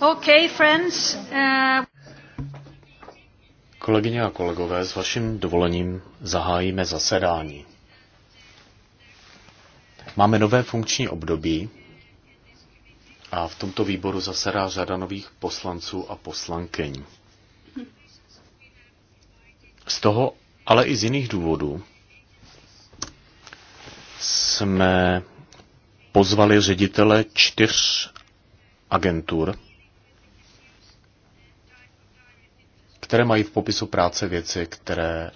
Okay, friends, uh... Kolegyně a kolegové, s vaším dovolením zahájíme zasedání. Máme nové funkční období a v tomto výboru zasedá řada nových poslanců a poslankyň. Z toho, ale i z jiných důvodů, jsme pozvali ředitele čtyř agentur, které mají v popisu práce věci, které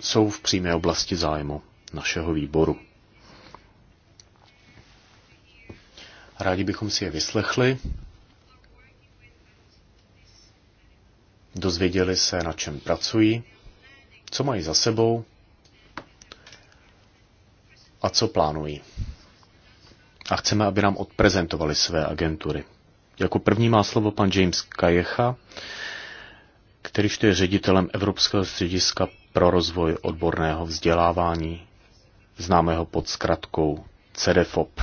jsou v přímé oblasti zájmu našeho výboru. Rádi bychom si je vyslechli, dozvěděli se, na čem pracují, co mají za sebou a co plánují. A chceme, aby nám odprezentovali své agentury. Jako první má slovo pan James Kajecha, který je ředitelem Evropského střediska pro rozvoj odborného vzdělávání, známého pod zkratkou CDFOP.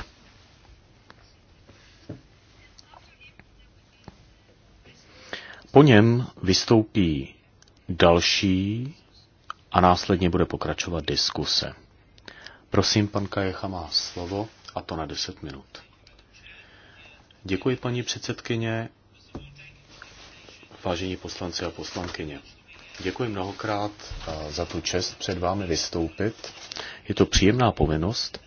Po něm vystoupí další a následně bude pokračovat diskuse. Prosím, pan Kajecha má slovo a to na 10 minut. Děkuji, paní předsedkyně vážení poslanci a poslankyně. Děkuji mnohokrát eh, za tu čest před vámi vystoupit. Je to příjemná povinnost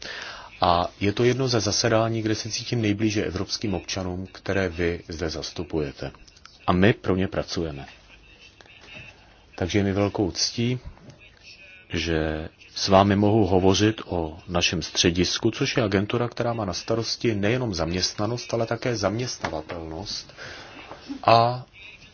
a je to jedno ze zasedání, kde se cítím nejblíže evropským občanům, které vy zde zastupujete. A my pro ně pracujeme. Takže je mi velkou ctí, že s vámi mohu hovořit o našem středisku, což je agentura, která má na starosti nejenom zaměstnanost, ale také zaměstnavatelnost a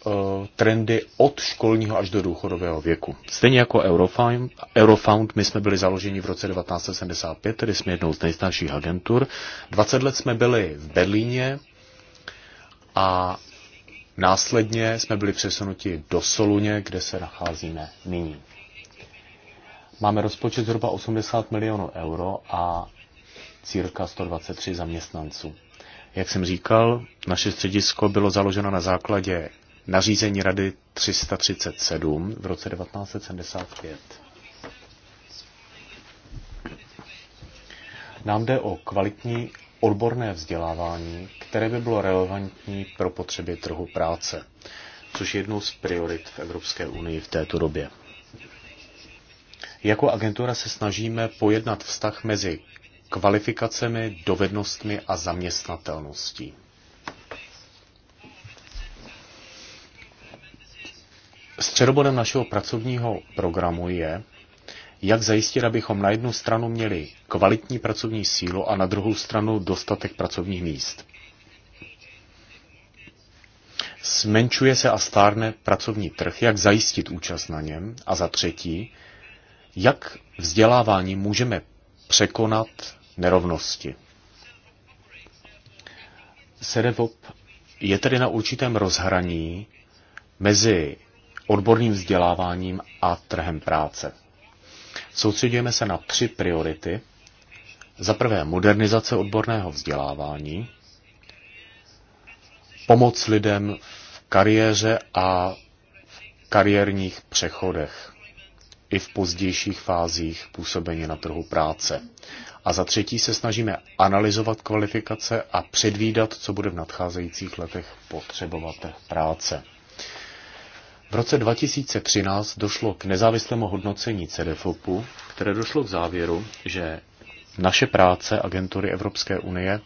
Eh, trendy od školního až do důchodového věku. Stejně jako Eurofound, Eurofound my jsme byli založeni v roce 1975, tedy jsme jednou z nejstarších agentur. 20 let jsme byli v Berlíně a následně jsme byli přesunuti do Soluně, kde se nacházíme nyní. Máme rozpočet zhruba 80 milionů euro a círka 123 zaměstnanců. Jak jsem říkal, naše středisko bylo založeno na základě nařízení Rady 337 v roce 1975. Nám jde o kvalitní odborné vzdělávání, které by bylo relevantní pro potřeby trhu práce, což je jednou z priorit v Evropské unii v této době. Jako agentura se snažíme pojednat vztah mezi kvalifikacemi, dovednostmi a zaměstnatelností. Středobodem našeho pracovního programu je, jak zajistit, abychom na jednu stranu měli kvalitní pracovní sílu a na druhou stranu dostatek pracovních míst. Zmenšuje se a stárne pracovní trh, jak zajistit účast na něm a za třetí, jak vzdělávání můžeme překonat nerovnosti. Sedevop je tedy na určitém rozhraní mezi odborným vzděláváním a trhem práce. Soustředujeme se na tři priority. Za prvé modernizace odborného vzdělávání, pomoc lidem v kariéře a v kariérních přechodech i v pozdějších fázích působení na trhu práce. A za třetí se snažíme analyzovat kvalifikace a předvídat, co bude v nadcházejících letech potřebovat práce. V roce 2013 došlo k nezávislému hodnocení CDFOPu, které došlo k závěru, že naše práce agentury Evropské unie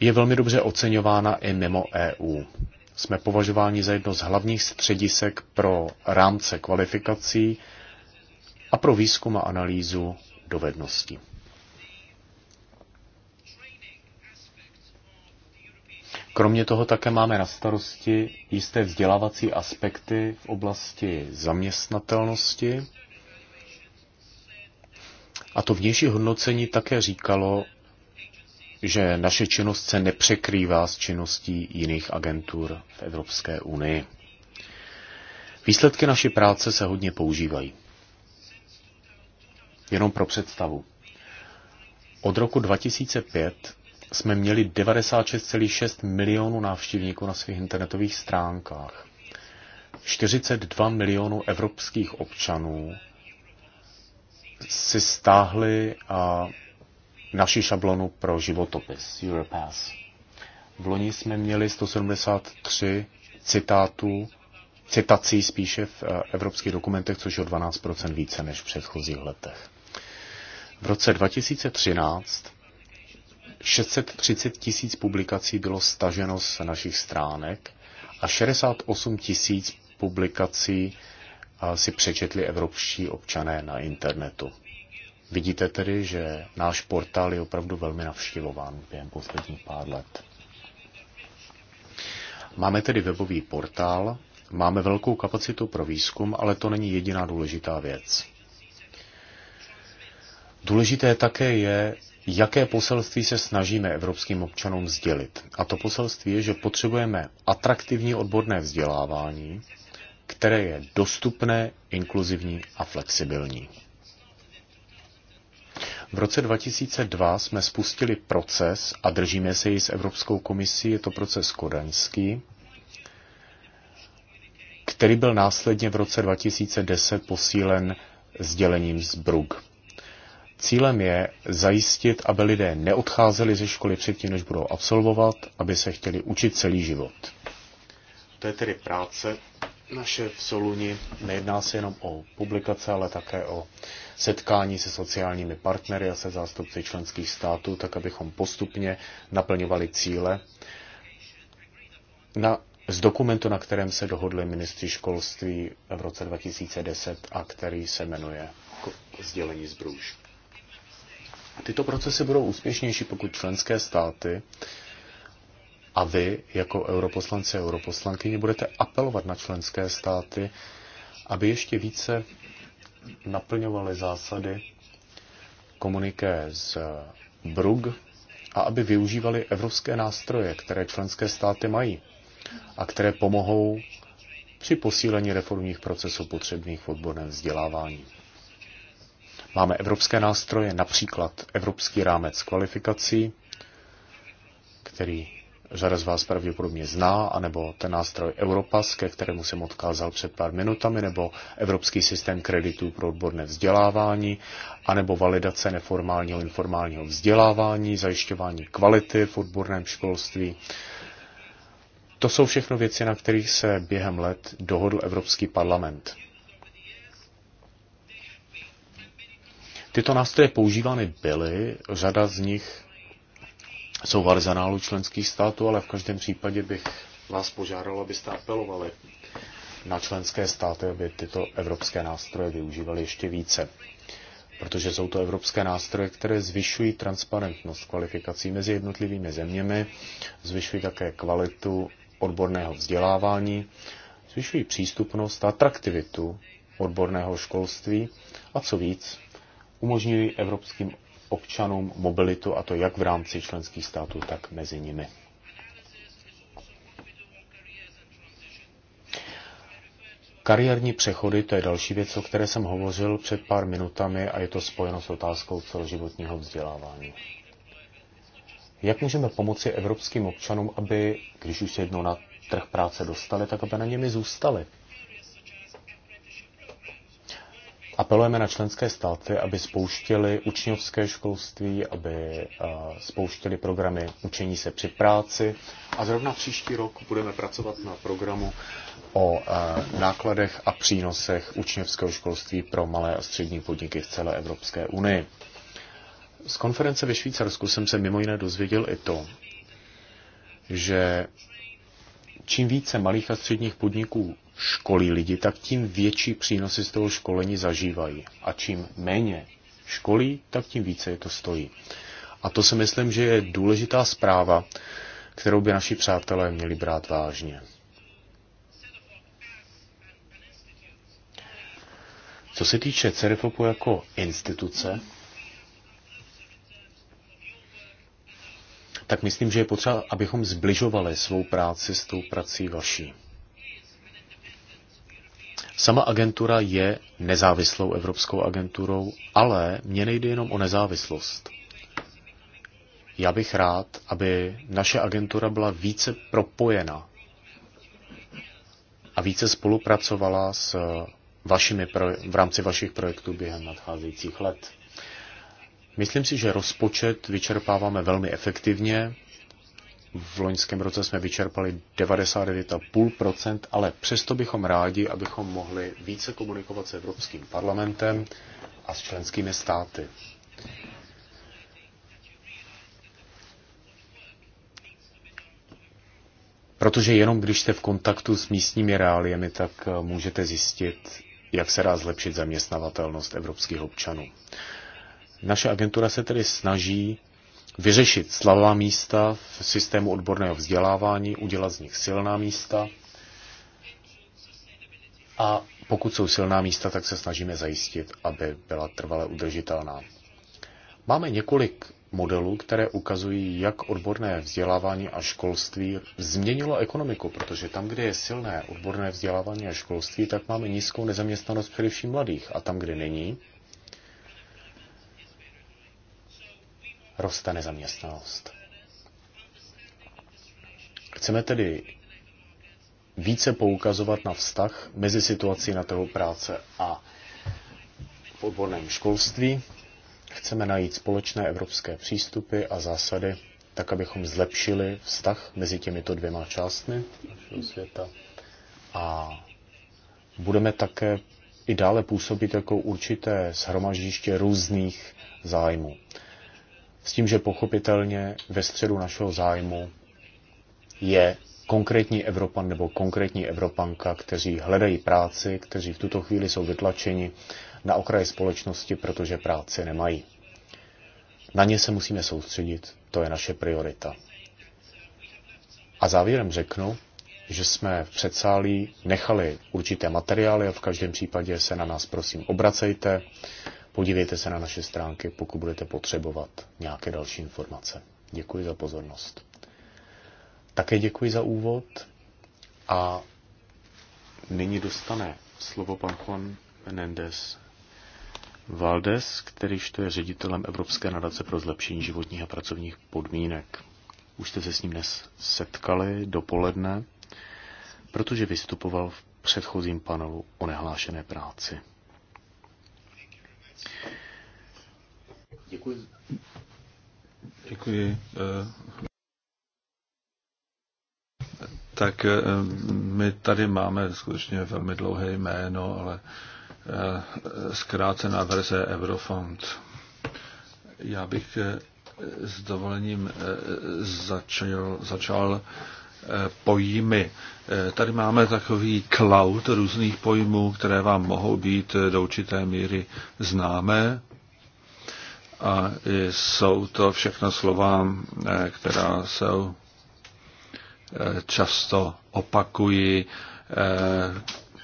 je velmi dobře oceňována i mimo EU. Jsme považováni za jedno z hlavních středisek pro rámce kvalifikací a pro výzkum a analýzu dovedností. Kromě toho také máme na starosti jisté vzdělávací aspekty v oblasti zaměstnatelnosti. A to vnější hodnocení také říkalo, že naše činnost se nepřekrývá s činností jiných agentur v Evropské unii. Výsledky naší práce se hodně používají. Jenom pro představu. Od roku 2005 jsme měli 96,6 milionů návštěvníků na svých internetových stránkách. 42 milionů evropských občanů si stáhli a, naši šablonu pro životopis Europass. V loni jsme měli 173 citátů, citací spíše v e, evropských dokumentech, což je o 12 více než v předchozích letech. V roce 2013 630 tisíc publikací bylo staženo z našich stránek a 68 tisíc publikací si přečetli evropští občané na internetu. Vidíte tedy, že náš portál je opravdu velmi navštěvován během posledních pár let. Máme tedy webový portál, máme velkou kapacitu pro výzkum, ale to není jediná důležitá věc. Důležité také je jaké poselství se snažíme evropským občanům sdělit. A to poselství je, že potřebujeme atraktivní odborné vzdělávání, které je dostupné, inkluzivní a flexibilní. V roce 2002 jsme spustili proces a držíme se ji s Evropskou komisí, je to proces kodaňský, který byl následně v roce 2010 posílen sdělením z Brug. Cílem je zajistit, aby lidé neodcházeli ze školy předtím, než budou absolvovat, aby se chtěli učit celý život. To je tedy práce naše v Soluni. Nejedná se jenom o publikace, ale také o setkání se sociálními partnery a se zástupci členských států, tak abychom postupně naplňovali cíle. Na, z dokumentu, na kterém se dohodli ministři školství v roce 2010 a který se jmenuje sdělení z Brůž. Tyto procesy budou úspěšnější, pokud členské státy a vy jako europoslanci a europoslankyně budete apelovat na členské státy, aby ještě více naplňovaly zásady komuniké z Brug a aby využívali evropské nástroje, které členské státy mají a které pomohou při posílení reformních procesů potřebných v odborném vzdělávání. Máme evropské nástroje, například Evropský rámec kvalifikací, který řada z vás pravděpodobně zná, anebo ten nástroj Europass, ke kterému jsem odkázal před pár minutami, nebo Evropský systém kreditů pro odborné vzdělávání, anebo validace neformálního informálního vzdělávání, zajišťování kvality v odborném školství. To jsou všechno věci, na kterých se během let dohodl Evropský parlament. Tyto nástroje používány byly, řada z nich jsou v arzenálu členských států, ale v každém případě bych vás požádal, abyste apelovali na členské státy, aby tyto evropské nástroje využívali ještě více. Protože jsou to evropské nástroje, které zvyšují transparentnost kvalifikací mezi jednotlivými zeměmi, zvyšují také kvalitu odborného vzdělávání, zvyšují přístupnost a atraktivitu odborného školství a co víc, umožnili evropským občanům mobilitu, a to jak v rámci členských států, tak mezi nimi. Kariérní přechody, to je další věc, o které jsem hovořil před pár minutami a je to spojeno s otázkou celoživotního vzdělávání. Jak můžeme pomoci evropským občanům, aby, když už se jednou na trh práce dostali, tak aby na němi zůstali? Apelujeme na členské státy, aby spouštěli učňovské školství, aby eh, spouštěli programy učení se při práci. A zrovna příští rok budeme pracovat na programu o eh, nákladech a přínosech učňovského školství pro malé a střední podniky v celé Evropské unii. Z konference ve Švýcarsku jsem se mimo jiné dozvěděl i to, že čím více malých a středních podniků školí lidi, tak tím větší přínosy z toho školení zažívají. A čím méně školí, tak tím více je to stojí. A to si myslím, že je důležitá zpráva, kterou by naši přátelé měli brát vážně. Co se týče CERFOPu jako instituce, tak myslím, že je potřeba, abychom zbližovali svou práci s tou prací vaší. Sama agentura je nezávislou evropskou agenturou, ale mně nejde jenom o nezávislost. Já bych rád, aby naše agentura byla více propojena a více spolupracovala s vašimi v rámci vašich projektů během nadcházejících let. Myslím si, že rozpočet vyčerpáváme velmi efektivně, v loňském roce jsme vyčerpali 99,5%, ale přesto bychom rádi, abychom mohli více komunikovat s Evropským parlamentem a s členskými státy. Protože jenom když jste v kontaktu s místními reáliemi, tak eh, můžete zjistit, jak se dá zlepšit zaměstnavatelnost evropských občanů. Naše agentura se tedy snaží vyřešit slabá místa v systému odborného vzdělávání, udělat z nich silná místa a pokud jsou silná místa, tak se snažíme zajistit, aby byla trvale udržitelná. Máme několik modelů, které ukazují, jak odborné vzdělávání a školství změnilo ekonomiku, protože tam, kde je silné odborné vzdělávání a školství, tak máme nízkou nezaměstnanost především mladých a tam, kde není, roste nezaměstnanost. Chceme tedy více poukazovat na vztah mezi situací na trhu práce a v odborném školství. Chceme najít společné evropské přístupy a zásady, tak abychom zlepšili vztah mezi těmito dvěma částmi našeho světa. A budeme také i dále působit jako určité shromaždiště různých zájmů. S tím, že pochopitelně ve středu našeho zájmu je konkrétní Evropan nebo konkrétní Evropanka, kteří hledají práci, kteří v tuto chvíli jsou vytlačeni na okraji společnosti, protože práci nemají. Na ně se musíme soustředit, to je naše priorita. A závěrem řeknu, že jsme v předsálí nechali určité materiály a v každém případě se na nás prosím obracejte. Podívejte se na naše stránky, pokud budete potřebovat nějaké další informace. Děkuji za pozornost. Také děkuji za úvod a nyní dostane slovo pan Juan Menendez Valdes, který je ředitelem Evropské nadace pro zlepšení životních a pracovních podmínek. Už jste se s ním dnes setkali dopoledne, protože vystupoval v předchozím panelu o nehlášené práci. Děkuji. Děkuji. Tak eh, my tady máme skutečně velmi dlouhé jméno, ale eh, zkrácená verze Eurofond. Já bych eh, s dovolením začal, začal pojmy. Tady máme takový cloud různých pojmů, které vám mohou být do určité míry známé. A jsou to všechno slova, která se často opakují,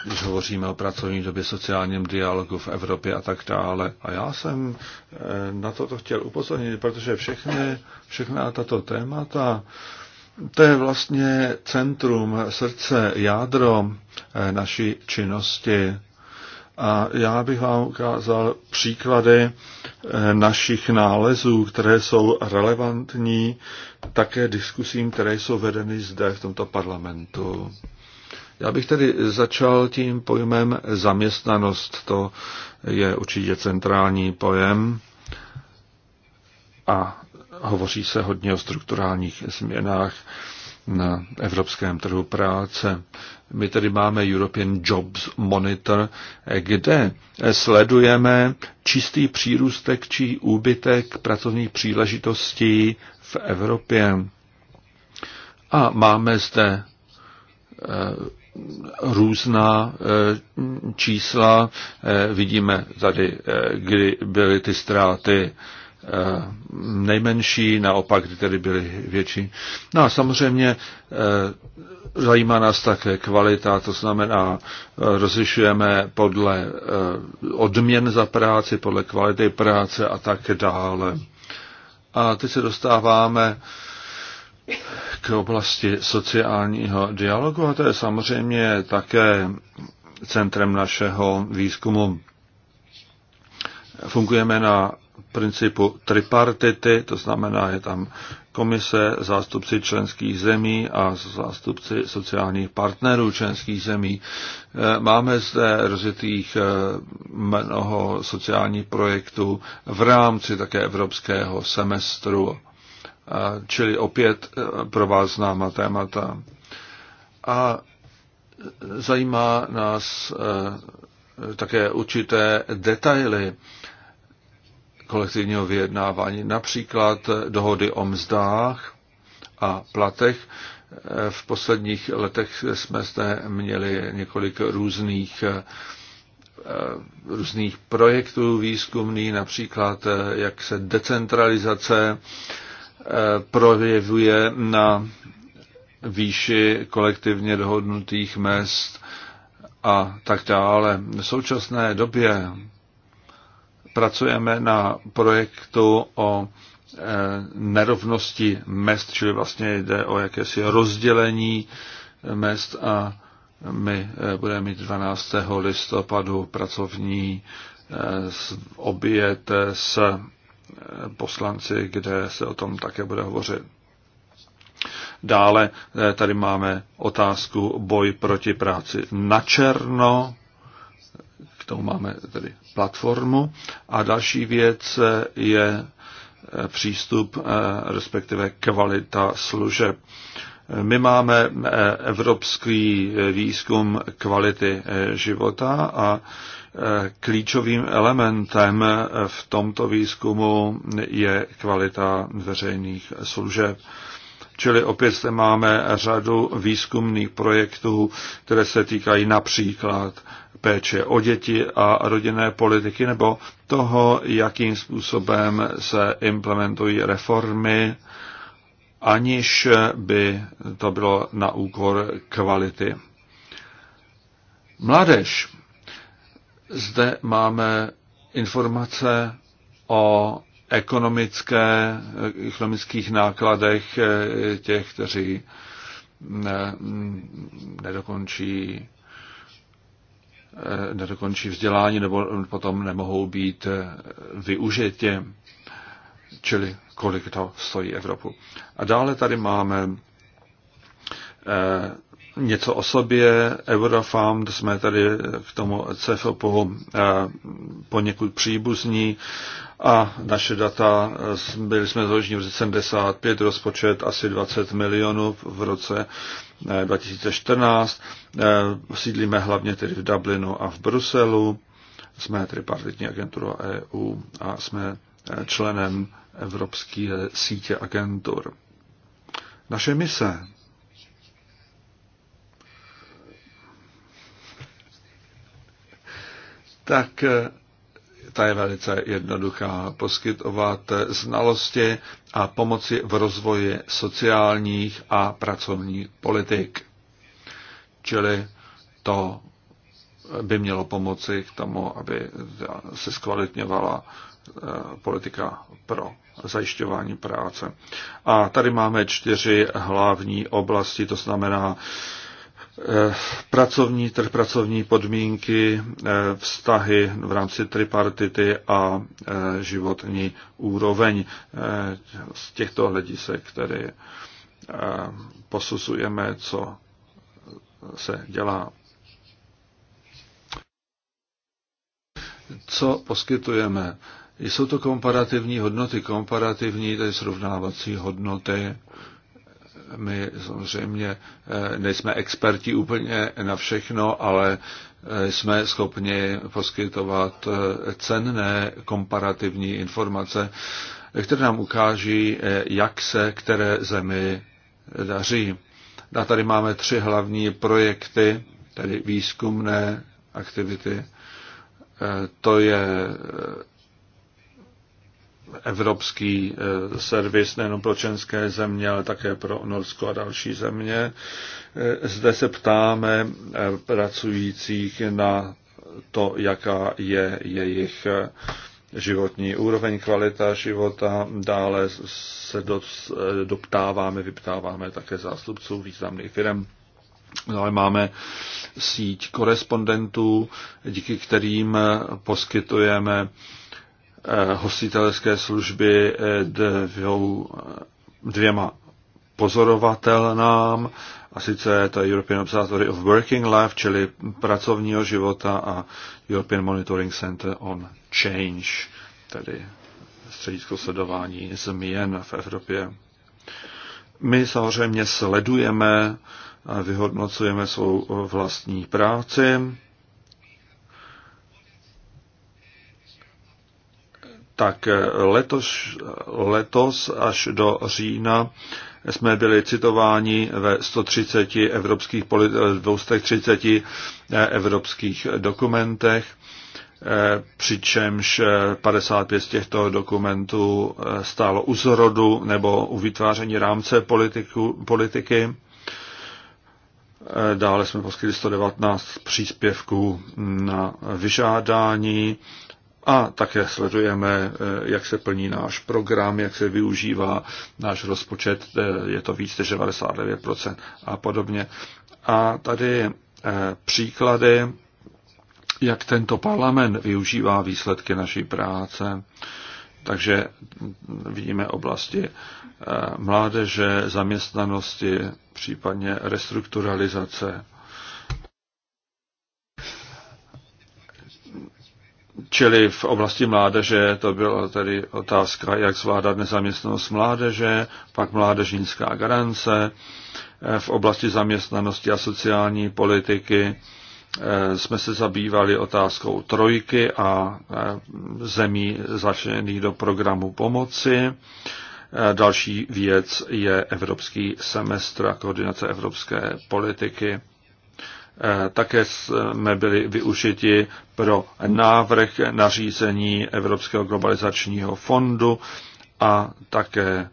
když hovoříme o pracovní době, sociálním dialogu v Evropě a tak dále. A já jsem eh, na toto chtěl upozornit, protože všechny, všechna tato témata to je vlastně centrum, srdce, jádro eh, naší činnosti. A já bych vám ukázal příklady eh, našich nálezů, které jsou relevantní také diskusím, které jsou vedeny zde v tomto parlamentu. Já bych tedy začal tím pojmem zaměstnanost. To je určitě centrální pojem. A hovoří se hodně o strukturálních změnách na evropském trhu práce. My tedy máme European Jobs Monitor, kde sledujeme čistý přírůstek či úbytek pracovních příležitostí v Evropě. A máme zde eh, různá eh, čísla. Eh, vidíme tady, kdy byly ty ztráty Eh, nejmenší, naopak kdy tedy byly větší. No a samozřejmě eh, zajímá nás také kvalita, to znamená, eh, rozlišujeme podle odměn za práci, podle kvality práce a tak dále. A teď se dostáváme k oblasti sociálního dialogu a to je samozřejmě také centrem našeho výzkumu. Fungujeme na principu tripartity, to znamená, je tam komise, zástupci členských zemí a zástupci sociálních partnerů členských zemí. Eh, máme zde rozjetých eh, mnoho sociálních projektů v rámci také evropského semestru, eh, čili opět pro vás známa témata. A zajímá nás také určité detaily kolektivního vyjednávání, například dohody o mzdách a platech. V posledních letech jsme zde měli několik různých eh, různých projektů výzkumných, například eh, jak se decentralizace eh, projevuje na výši kolektivně dohodnutých mest a tak dále. V současné době pracujeme na projektu o e, nerovnosti mest, čili vlastně jde o jakési rozdělení mest a my e, budeme mít 12. listopadu pracovní e, oběd s poslanci, kde se o tom také bude hovořit. Dále tady máme otázku boj proti práci na černo tomu máme tedy platformu. A další věc je eh, přístup, eh, respektive kvalita služeb. My máme eh, evropský výzkum kvality života a klíčovým elementem v tomto výzkumu je kvalita veřejných služeb. Čili opět zde máme řadu výzkumných projektů, které se týkají například péče o děti a rodinné politiky nebo toho, jakým způsobem se implementují reformy, aniž by to bylo na úkor kvality. Mládež. Zde máme informace o ekonomické, ekonomických nákladech těch, kteří nedokončí Eh, nedokončí vzdělání nebo potom nemohou být eh, využitě, čili kolik to stojí Evropu. A dále tady máme eh, něco o sobě. Eurofarm, jsme tady k tomu CFPu poněkud příbuzní a naše data, byli jsme založeni v roce 75, rozpočet asi 20 milionů v roce 2014, eh, eh, sídlíme hlavně tedy v Dublinu a v Bruselu, jsme tripartitní agentura EU a jsme eh, členem Evropské sítě agentur. Naše mise tak ta je velice jednoduchá. Poskytovat znalosti a pomoci v rozvoji sociálních a pracovních politik. Čili to by mělo pomoci k tomu, aby se zkvalitňovala eh, politika pro zajišťování práce. A tady máme čtyři hlavní oblasti, to znamená Eh, pracovní trh, pracovní podmínky, eh, vztahy v rámci tripartity a eh, životní úroveň. Z těchto hledisek které posuzujeme, co se dělá. Co poskytujeme? Jsou to komparativní hodnoty, komparativní, tedy srovnávací hodnoty my samozřejmě eh, nejsme experti úplně na všechno, ale eh, jsme schopni poskytovat eh, cenné komparativní informace, které nám ukáží, jak se které zemi daří. A tady máme tři hlavní projekty, tedy výzkumné aktivity. To je evropský eh, servis nejen pro členské země, ale také pro Norsko a další země. Eh, zde se ptáme eh, pracujících na to, jaká je jejich životní úroveň, kvalita života. Dále se doptáváme, vyptáváme také zástupců významných firm. Dále no máme síť korespondentů, díky kterým poskytujeme Eh, hostitelské služby eh, dvou, dvěma pozorovatelnám, a sice to European Observatory of Working Life, čili pracovního života a European Monitoring Center on Change, tedy středisko sledování změn v Evropě. My samozřejmě sledujeme a vyhodnocujeme svou vlastní práci tak eh, letos, letos až do října jsme byli citováni ve 130 evropských, 230 eh, eh, evropských dokumentech, přičemž 55 z těchto dokumentů stálo u zrodu nebo u vytváření rámce politiku, politiky. Dále jsme poskytli 119 příspěvků na vyžádání a také sledujeme, eh, jak se plní náš program, jak se využívá náš rozpočet, eh, je to víc než 99% a podobně. A tady eh, příklady, jak tento parlament využívá výsledky naší práce. Takže vidíme oblasti mládeže, zaměstnanosti, případně restrukturalizace Čili v oblasti mládeže to byla tedy otázka, jak zvládat nezaměstnanost mládeže, pak mládežnická garance. Eh, v oblasti zaměstnanosti a sociální politiky eh, jsme se zabývali otázkou trojky a eh, zemí začlených do programu pomoci. Další věc je evropský semestr a koordinace evropské politiky. Eh, také jsme byli využiti pro návrh nařízení Evropského globalizačního fondu a také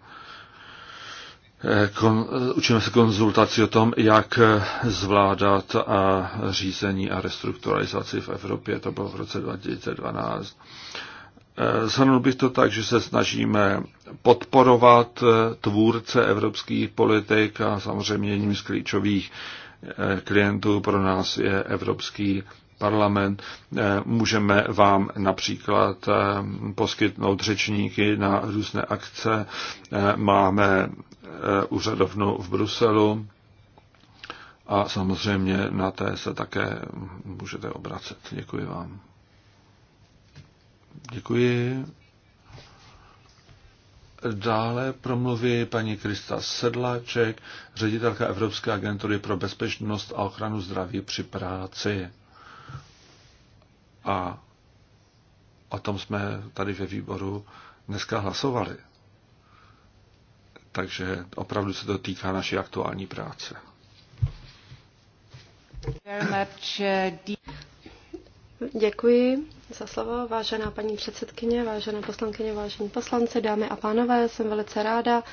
eh, kon, učíme se konzultaci o tom, jak zvládat a řízení a restrukturalizaci v Evropě. To bylo v roce 2012. Zhrnul eh, bych to tak, že se snažíme podporovat tvůrce evropských politik a samozřejmě jedním z klíčových klientů pro nás je Evropský parlament. Můžeme vám například eh, poskytnout řečníky na různé akce. Eh, máme eh, úřadovnu v Bruselu a samozřejmě na té se také můžete obracet. Děkuji vám. Děkuji. Dále promluví paní Krista Sedláček, ředitelka Evropské agentury pro bezpečnost a ochranu zdraví při práci. A o tom jsme tady ve výboru dneska hlasovali. Takže opravdu se to týká naší aktuální práce. Děkuji za slovo, vážená paní předsedkyně, vážené poslankyně, vážení poslanci, dámy a pánové. Jsem velice ráda,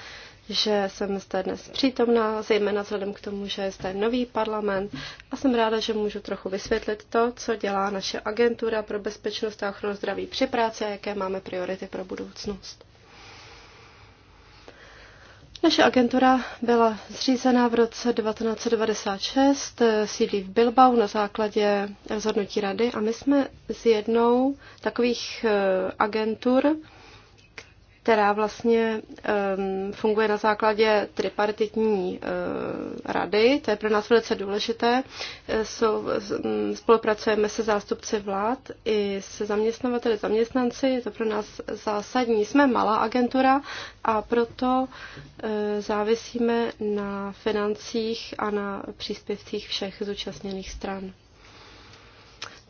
že jsem zde dnes přítomná, zejména vzhledem k tomu, že je zde nový parlament a jsem ráda, že můžu trochu vysvětlit to, co dělá naše agentura pro bezpečnost a ochranu zdraví při práci a jaké máme priority pro budoucnost. Naše agentura byla zřízena v roce 1996, eh, sídlí v Bilbao na základě rozhodnutí rady a my jsme z jednou takových eh, agentur, která vlastně um, funguje na základě tripartitní uh, rady. To je pro nás velice důležité. Eh, jsou, um, spolupracujeme se zástupci vlád i se zaměstnavateli, zaměstnanci. Je to pro nás zásadní. Jsme malá agentura a proto uh, závisíme na financích a na příspěvcích všech zúčastněných stran.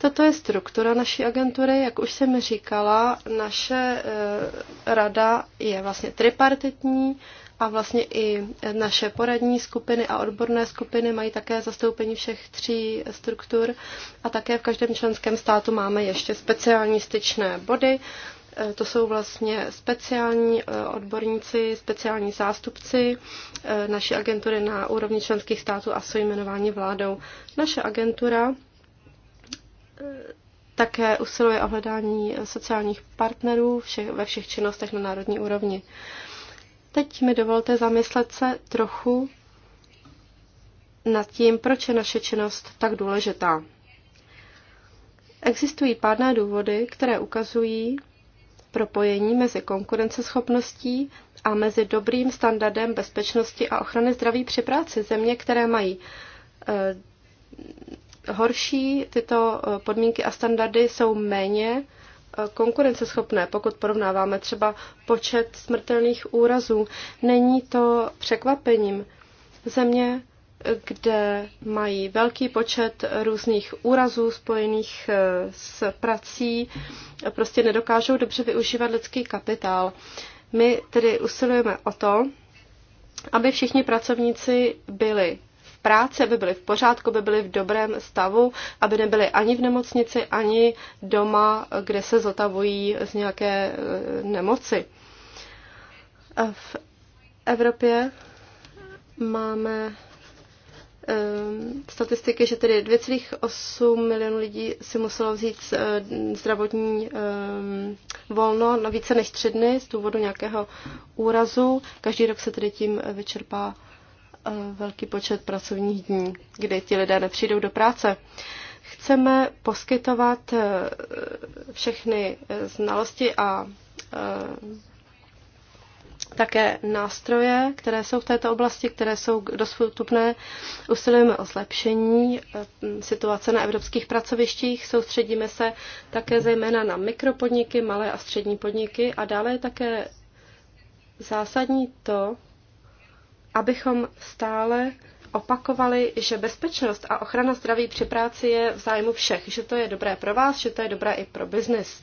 Toto je struktura naší agentury, jak už jsem říkala, naše eh, rada je vlastně tripartitní a vlastně i naše poradní skupiny a odborné skupiny mají také zastoupení všech tří struktur a také v každém členském státu máme ještě speciální styčné body. Eh, to jsou vlastně speciální eh, odborníci, speciální zástupci naší agentury na úrovni členských států a jsou jmenováni vládou. Naše agentura také usiluje o hledání sociálních partnerů všech, ve všech činnostech na národní úrovni. Teď mi dovolte zamyslet se trochu nad tím, proč je naše činnost tak důležitá. Existují pádné důvody, které ukazují propojení mezi konkurenceschopností a mezi dobrým standardem bezpečnosti a ochrany zdraví při práci země, které mají eh, horší, tyto e, podmínky a standardy jsou méně e, konkurenceschopné, pokud porovnáváme třeba počet smrtelných úrazů. Není to překvapením. Země, kde mají velký počet různých úrazů spojených e, s prací, prostě nedokážou dobře využívat lidský kapitál. My tedy usilujeme o to, aby všichni pracovníci byli práce, aby byli v pořádku, aby byli v dobrém stavu, aby nebyli ani v nemocnici, ani doma, kde se zotavují z nějaké eh, nemoci. V Evropě máme eh, statistiky, že tedy 2,8 milionů lidí si muselo vzít eh, zdravotní volno na více než tři dny z důvodu nějakého úrazu. Každý rok se tedy tím vyčerpá velký počet pracovních dní, kdy ti lidé nepřijdou do práce. Chceme poskytovat eh, všechny eh, znalosti a eh, také nástroje, které jsou v této oblasti, které jsou dostupné. Usilujeme o zlepšení situace na evropských pracovištích, soustředíme se také zejména na mikropodniky, malé a střední podniky a dále je také zásadní to, abychom stále opakovali, že bezpečnost a ochrana zdraví při práci je v zájmu všech, že to je dobré pro vás, že to je dobré i pro biznis.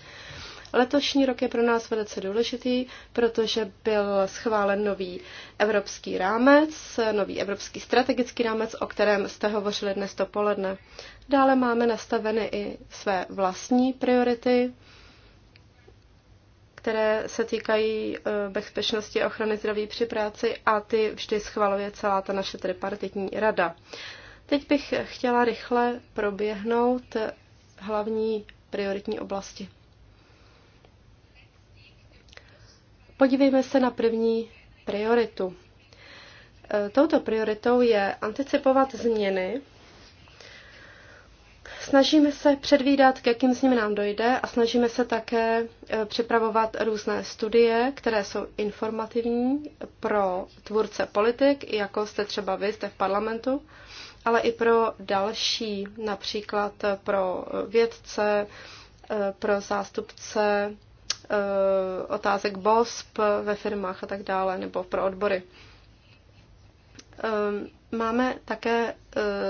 Letošní rok je pro nás velice důležitý, protože byl schválen nový evropský rámec, nový evropský strategický rámec, o kterém jste hovořili dnes dopoledne. Dále máme nastaveny i své vlastní priority, které se týkají e, bezpečnosti a ochrany zdraví při práci a ty vždy schvaluje celá ta naše tripartitní rada. Teď bych chtěla rychle proběhnout hlavní prioritní oblasti. Podívejme se na první prioritu. E, touto prioritou je anticipovat změny Snažíme se předvídat, k jakým nám dojde a snažíme se také e, připravovat různé studie, které jsou informativní pro tvůrce politik, jako jste třeba vy, jste v parlamentu, ale i pro další, například pro vědce, e, pro zástupce e, otázek BOSP ve firmách a tak dále, nebo pro odbory. Máme také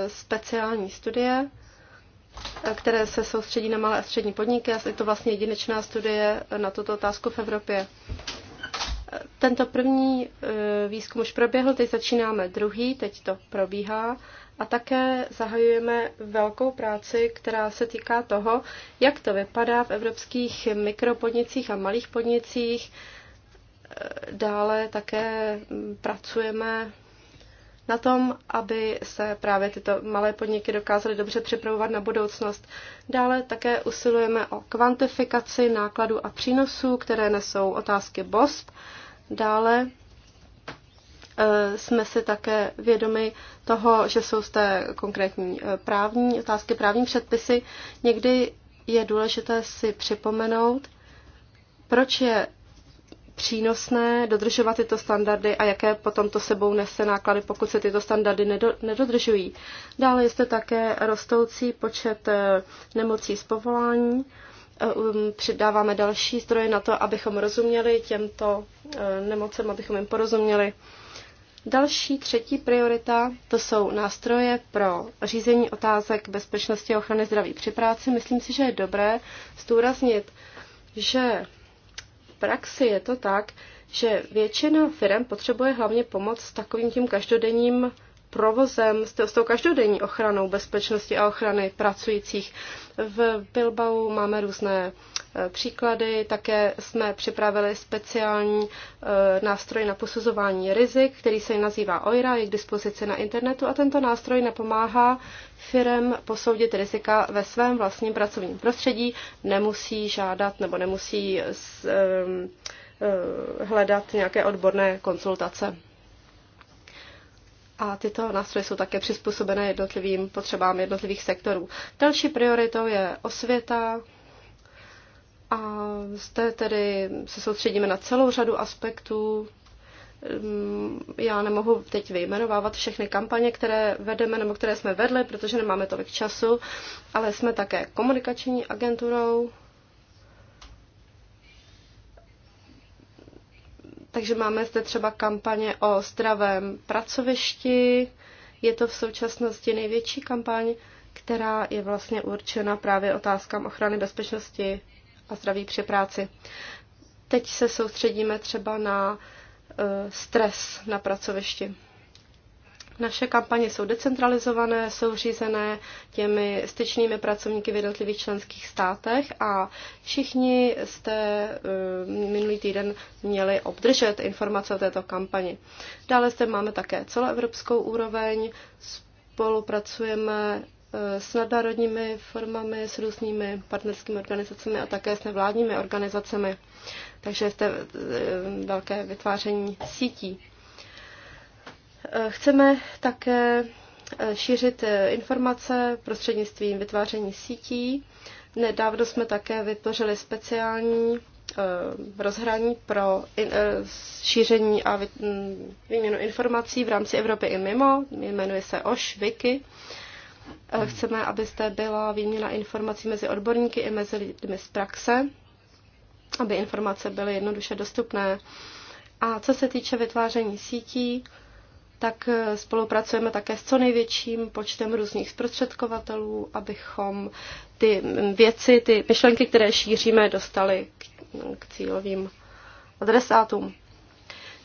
speciální studie, které se soustředí na malé a střední podniky a je to vlastně jedinečná studie na tuto otázku v Evropě. Tento první eh, výzkum už proběhl, teď začínáme druhý, teď to probíhá a také zahajujeme velkou práci, která se týká toho, jak to vypadá v evropských mikropodnicích a malých podnicích. Eh, dále také mm, pracujeme na tom, aby se právě tyto malé podniky dokázaly dobře připravovat na budoucnost. Dále také usilujeme o kvantifikaci nákladů a přínosů, které nesou otázky BOSP. Dále e, jsme si také vědomi toho, že jsou zde konkrétní e, právní otázky, právní předpisy. Někdy je důležité si připomenout, proč je přínosné dodržovat tyto standardy a jaké potom to sebou nese náklady, pokud se tyto standardy nedodržují. Dále je zde také rostoucí počet eh, nemocí z povolání. Eh, um, přidáváme další zdroje na to, abychom rozuměli těmto eh, nemocem, abychom jim porozuměli. Další třetí priorita to jsou nástroje pro řízení otázek bezpečnosti a ochrany zdraví při práci. Myslím si, že je dobré zdůraznit, že praxi je to tak, že většina firm potřebuje hlavně pomoc s takovým tím každodenním provozem, s, s tou každodenní ochranou bezpečnosti a ochrany pracujících. V Bilbao máme různé e, příklady, také jsme připravili speciální e, nástroj na posuzování rizik, který se nazývá OIRA, je k dispozici na internetu a tento nástroj napomáhá firem posoudit rizika ve svém vlastním pracovním prostředí, nemusí žádat nebo nemusí e, hledat nějaké odborné konzultace a tyto nástroje jsou také přizpůsobené jednotlivým potřebám jednotlivých sektorů. Další prioritou je osvěta a zde tedy se soustředíme na celou řadu aspektů. Já nemohu teď vyjmenovávat všechny kampaně, které vedeme nebo které jsme vedli, protože nemáme tolik času, ale jsme také komunikační agenturou Takže máme zde třeba kampaně o zdravém pracovišti. Je to v současnosti největší kampaň, která je vlastně určena právě otázkám ochrany bezpečnosti a zdraví při práci. Teď se soustředíme třeba na eh, stres na pracovišti. Naše kampaně jsou decentralizované, jsou řízené těmi styčnými pracovníky v jednotlivých členských státech a všichni jste eh, minulý týden měli obdržet informace o této kampani. Dále zde máme také celoevropskou úroveň, spolupracujeme eh, s nadnárodními formami, s různými partnerskými organizacemi a také s nevládními organizacemi. Takže jste eh, velké vytváření sítí. Eh, chceme také eh, šířit eh, informace prostřednictvím vytváření sítí. Nedávno jsme také vytvořili speciální rozhraní pro šíření a mm, výměnu informací v rámci Evropy i mimo. Jmenuje se OŠ, Wiki. Chceme, abyste byla výměna informací mezi odborníky i mezi lidmi z praxe, aby informace byly jednoduše dostupné. A co se týče vytváření sítí, tak eh, spolupracujeme také s co největším počtem různých zprostředkovatelů, abychom ty mm, věci, ty myšlenky, které šíříme, dostali k, k cílovým adresátům.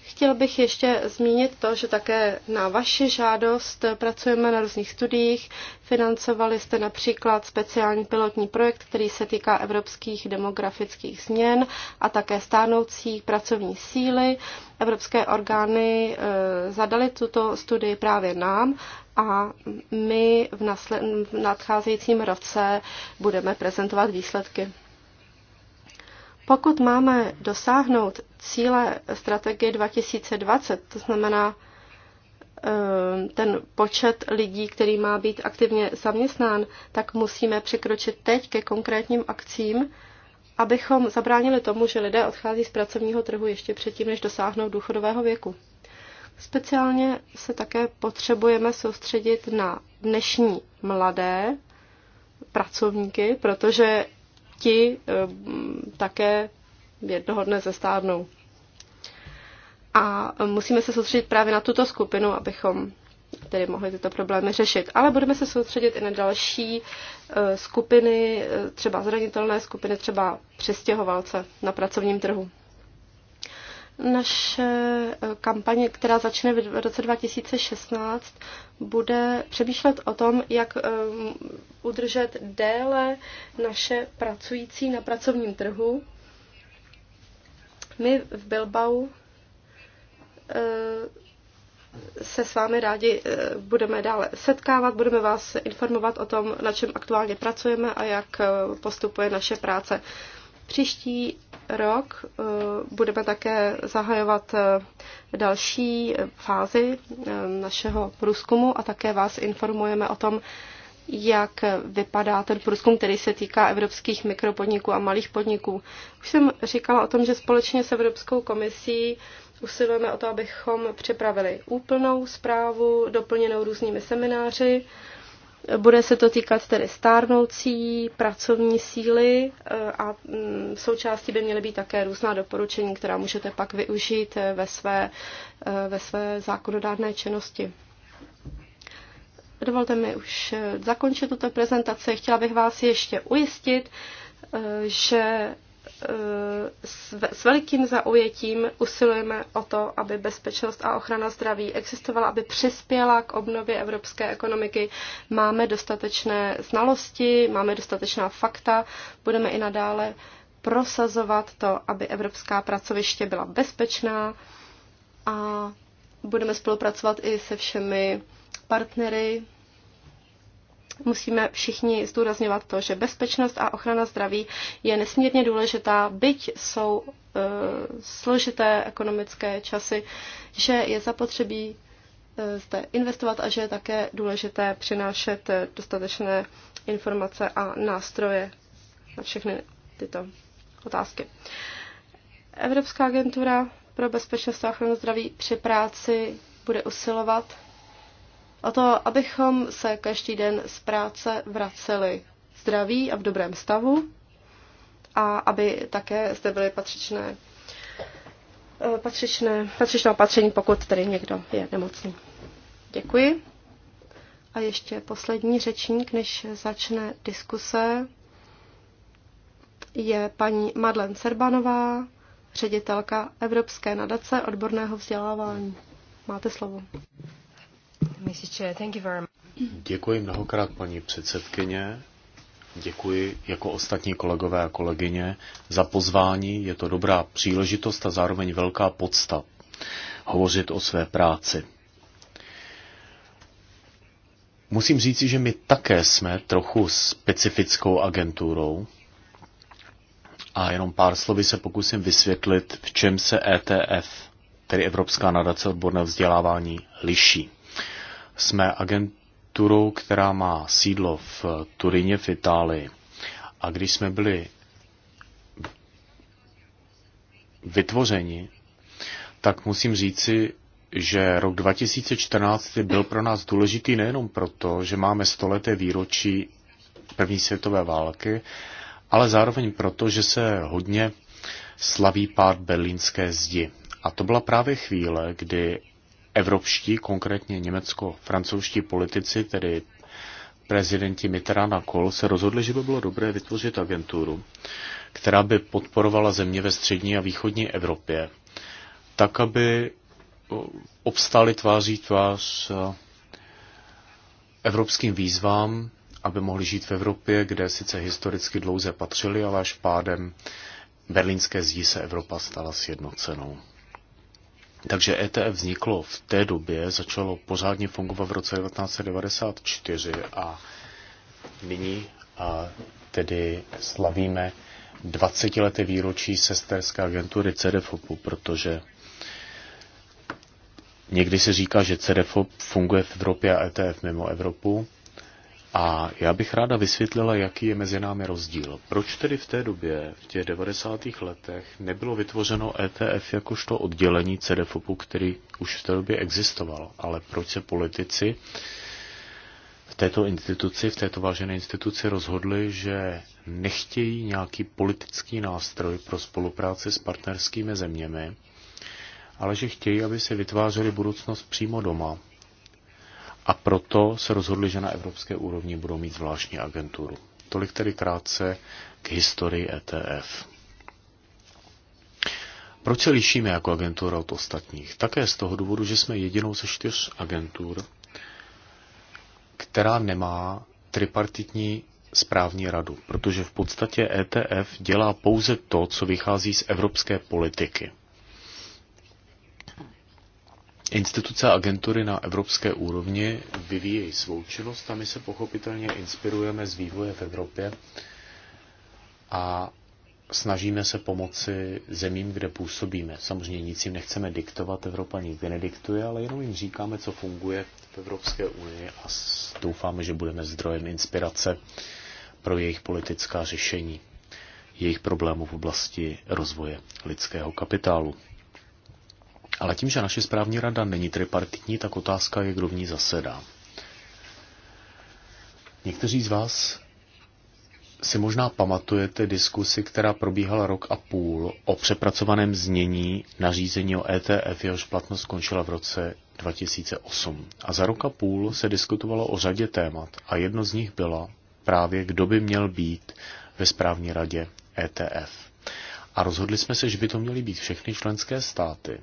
Chtěl bych ještě zmínit to, že také na vaši žádost pracujeme na různých studiích. Financovali jste například speciální pilotní projekt, který se týká evropských demografických změn a také stánoucí pracovní síly. Evropské orgány eh, zadali tuto studii právě nám a my v, nasle- v nadcházejícím roce budeme prezentovat výsledky. Pokud máme dosáhnout cíle strategie 2020, to znamená eh, ten počet lidí, který má být aktivně zaměstnán, tak musíme překročit teď ke konkrétním akcím, abychom zabránili tomu, že lidé odchází z pracovního trhu ještě předtím, než dosáhnou důchodového věku. Speciálně se také potřebujeme soustředit na dnešní mladé pracovníky, protože ti eh, také jednoho dne zestárnou. A musíme se soustředit právě na tuto skupinu, abychom tedy mohli tyto problémy řešit. Ale budeme se soustředit i na další eh, skupiny, eh, třeba zranitelné skupiny, třeba přestěhovalce na pracovním trhu. Naše eh, kampaně, která začne v roce 2016, bude přemýšlet o tom, jak eh, udržet déle naše pracující na pracovním trhu. My v Bilbao eh, se s vámi rádi budeme dále setkávat, budeme vás informovat o tom, na čem aktuálně pracujeme a jak postupuje naše práce. Příští rok eh, budeme také zahajovat eh, další fázi eh, našeho průzkumu a také vás informujeme o tom, jak vypadá ten průzkum, který se týká evropských mikropodniků a malých podniků. Už jsem říkala o tom, že společně s Evropskou komisí usilujeme o to, abychom připravili úplnou zprávu, doplněnou různými semináři bude se to týkat tedy stárnoucí pracovní síly eh, a mm, součástí by měly být také různá doporučení, která můžete pak využít eh, ve své, eh, ve své zákonodárné činnosti. Dovolte mi už zakončit tuto prezentaci. Chtěla bych vás ještě ujistit, že s velikým zaujetím usilujeme o to, aby bezpečnost a ochrana zdraví existovala, aby přispěla k obnově evropské ekonomiky. Máme dostatečné znalosti, máme dostatečná fakta, budeme i nadále prosazovat to, aby evropská pracoviště byla bezpečná a budeme spolupracovat i se všemi partnery musíme všichni zdůrazňovat to, že bezpečnost a ochrana zdraví je nesmírně důležitá, byť jsou e, složité ekonomické časy, že je zapotřebí e, zde investovat a že je také důležité přinášet dostatečné informace a nástroje na všechny tyto otázky. Evropská agentura pro bezpečnost a ochranu zdraví při práci bude usilovat a to, abychom se každý den z práce vraceli zdraví a v dobrém stavu a aby také zde byly patřičné, eh, patřičné, patřičné opatření, pokud tedy někdo je nemocný. Děkuji. A ještě poslední řečník, než začne diskuse, je paní Madlen Serbanová, ředitelka Evropské nadace odborného vzdělávání. Máte slovo. Děkuji mnohokrát, paní předsedkyně. Děkuji jako ostatní kolegové a kolegyně za pozvání. Je to dobrá příležitost a zároveň velká podsta hovořit o své práci. Musím říci, že my také jsme trochu specifickou agenturou a jenom pár slovy se pokusím vysvětlit, v čem se ETF, tedy Evropská nadace odborného vzdělávání, liší. Jsme agenturou, která má sídlo v Turině v Itálii. A když jsme byli vytvořeni, tak musím říci, že rok 2014 byl pro nás důležitý nejenom proto, že máme stoleté výročí první světové války, ale zároveň proto, že se hodně slaví pád berlínské zdi. A to byla právě chvíle, kdy evropští, konkrétně německo-francouzští politici, tedy prezidenti Mitterrand a Kohl, se rozhodli, že by bylo dobré vytvořit agenturu, která by podporovala země ve střední a východní Evropě, tak, aby obstáli tváří tvář eh, evropským výzvám, aby mohli žít v Evropě, kde sice historicky dlouze patřili, ale až pádem berlínské zdi se Evropa stala sjednocenou. Takže ETF vzniklo v té době, začalo pořádně fungovat v roce 1994 a nyní a tedy slavíme 20 leté výročí sesterské agentury CDFOPu, protože někdy se říká, že CDFOP funguje v Evropě a ETF mimo Evropu. A já bych ráda vysvětlila, jaký je mezi námi rozdíl. Proč tedy v té době, v těch 90. letech, nebylo vytvořeno ETF jakožto oddělení CDFOPu, který už v té době existoval, ale proč se politici v této instituci, v této vážené instituci rozhodli, že nechtějí nějaký politický nástroj pro spolupráci s partnerskými zeměmi, ale že chtějí, aby se vytvářeli budoucnost přímo doma, a proto se rozhodli, že na evropské úrovni budou mít zvláštní agenturu. Tolik tedy krátce k historii ETF. Proč se lišíme jako agentura od ostatních? Také z toho důvodu, že jsme jedinou ze čtyř agentur, která nemá tripartitní správní radu, protože v podstatě ETF dělá pouze to, co vychází z evropské politiky. Instituce a agentury na evropské úrovni vyvíjejí svou činnost a my se pochopitelně inspirujeme z vývoje v Evropě a snažíme se pomoci zemím, kde působíme. Samozřejmě nic jim nechceme diktovat, Evropa nikdy nediktuje, ale jenom jim říkáme, co funguje v Evropské unii a doufáme, že budeme zdrojem inspirace pro jejich politická řešení jejich problémů v oblasti rozvoje lidského kapitálu. Ale tím, že naše správní rada není tripartitní, tak otázka je, kdo v ní zasedá. Někteří z vás si možná pamatujete diskusi, která probíhala rok a půl o přepracovaném znění nařízení o ETF, jehož platnost skončila v roce 2008. A za rok a půl se diskutovalo o řadě témat a jedno z nich byla právě, kdo by měl být ve správní radě ETF. A rozhodli jsme se, že by to měly být všechny členské státy,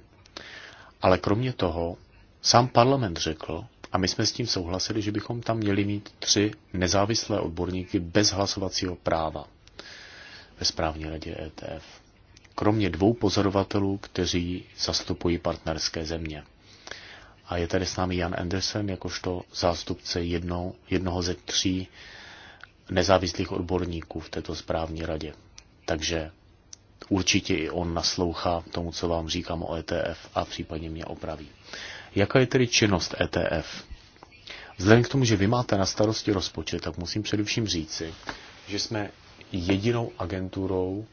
ale kromě toho, sám parlament řekl, a my jsme s tím souhlasili, že bychom tam měli mít tři nezávislé odborníky bez hlasovacího práva ve správní radě ETF. Kromě dvou pozorovatelů, kteří zastupují partnerské země. A je tady s námi Jan Andersen jakožto zástupce jedno, jednoho ze tří nezávislých odborníků v této správní radě. Takže Určitě i on naslouchá tomu, co vám říkám o ETF a případně mě opraví. Jaká je tedy činnost ETF? Vzhledem k tomu, že vy máte na starosti rozpočet, tak musím především říci, že jsme jedinou agenturou,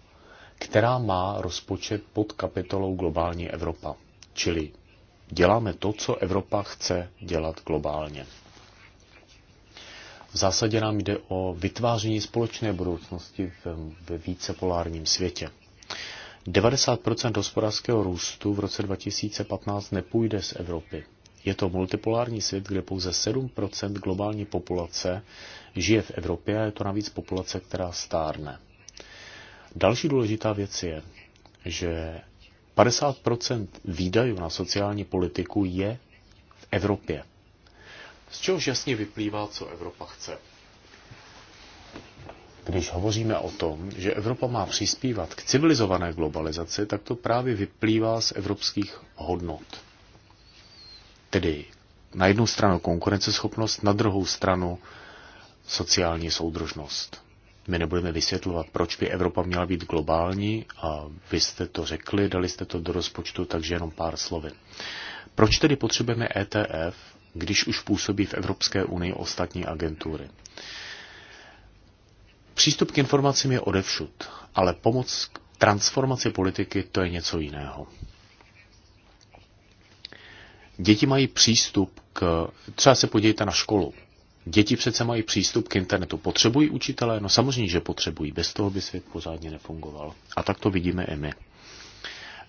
která má rozpočet pod kapitolou Globální Evropa. Čili děláme to, co Evropa chce dělat globálně. V zásadě nám jde o vytváření společné budoucnosti ve vícepolárním světě. 90% hospodářského růstu v roce 2015 nepůjde z Evropy. Je to multipolární svět, kde pouze 7% globální populace žije v Evropě a je to navíc populace, která stárne. Další důležitá věc je, že 50% výdajů na sociální politiku je v Evropě. Z čehož jasně vyplývá, co Evropa chce. Když hovoříme o tom, že Evropa má přispívat k civilizované globalizaci, tak to právě vyplývá z evropských hodnot. Tedy na jednu stranu konkurenceschopnost, na druhou stranu sociální soudržnost. My nebudeme vysvětlovat, proč by Evropa měla být globální a vy jste to řekli, dali jste to do rozpočtu, takže jenom pár slovy. Proč tedy potřebujeme ETF, když už působí v Evropské unii ostatní agentury? Přístup k informacím je odevšud, ale pomoc k transformaci politiky to je něco jiného. Děti mají přístup k... Třeba se podívejte na školu. Děti přece mají přístup k internetu. Potřebují učitelé? No samozřejmě, že potřebují. Bez toho by svět pořádně nefungoval. A tak to vidíme i my.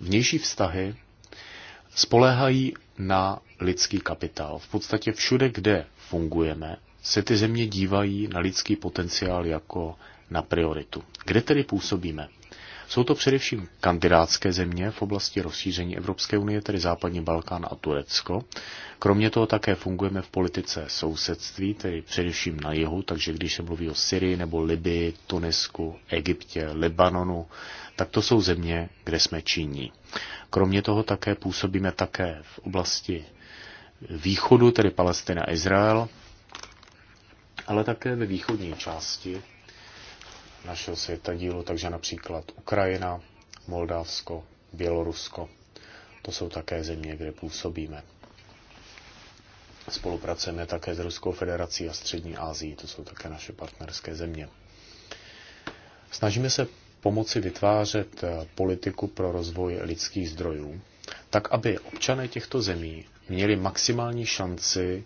Vnější vztahy spoléhají na lidský kapitál. V podstatě všude, kde fungujeme, se ty země dívají na lidský potenciál jako na prioritu. Kde tedy působíme? Jsou to především kandidátské země v oblasti rozšíření Evropské unie, tedy Západní Balkán a Turecko. Kromě toho také fungujeme v politice sousedství, tedy především na jihu, takže když se mluví o Syrii nebo Libii, Tunisku, Egyptě, Libanonu, tak to jsou země, kde jsme činní. Kromě toho také působíme také v oblasti východu, tedy Palestina a Izrael, ale také ve východní části našeho světa dílu, takže například Ukrajina, Moldávsko, Bělorusko. To jsou také země, kde působíme. Spolupracujeme také s Ruskou federací a Střední Asií, to jsou také naše partnerské země. Snažíme se pomoci vytvářet eh, politiku pro rozvoj lidských zdrojů, tak aby občané těchto zemí měli maximální šanci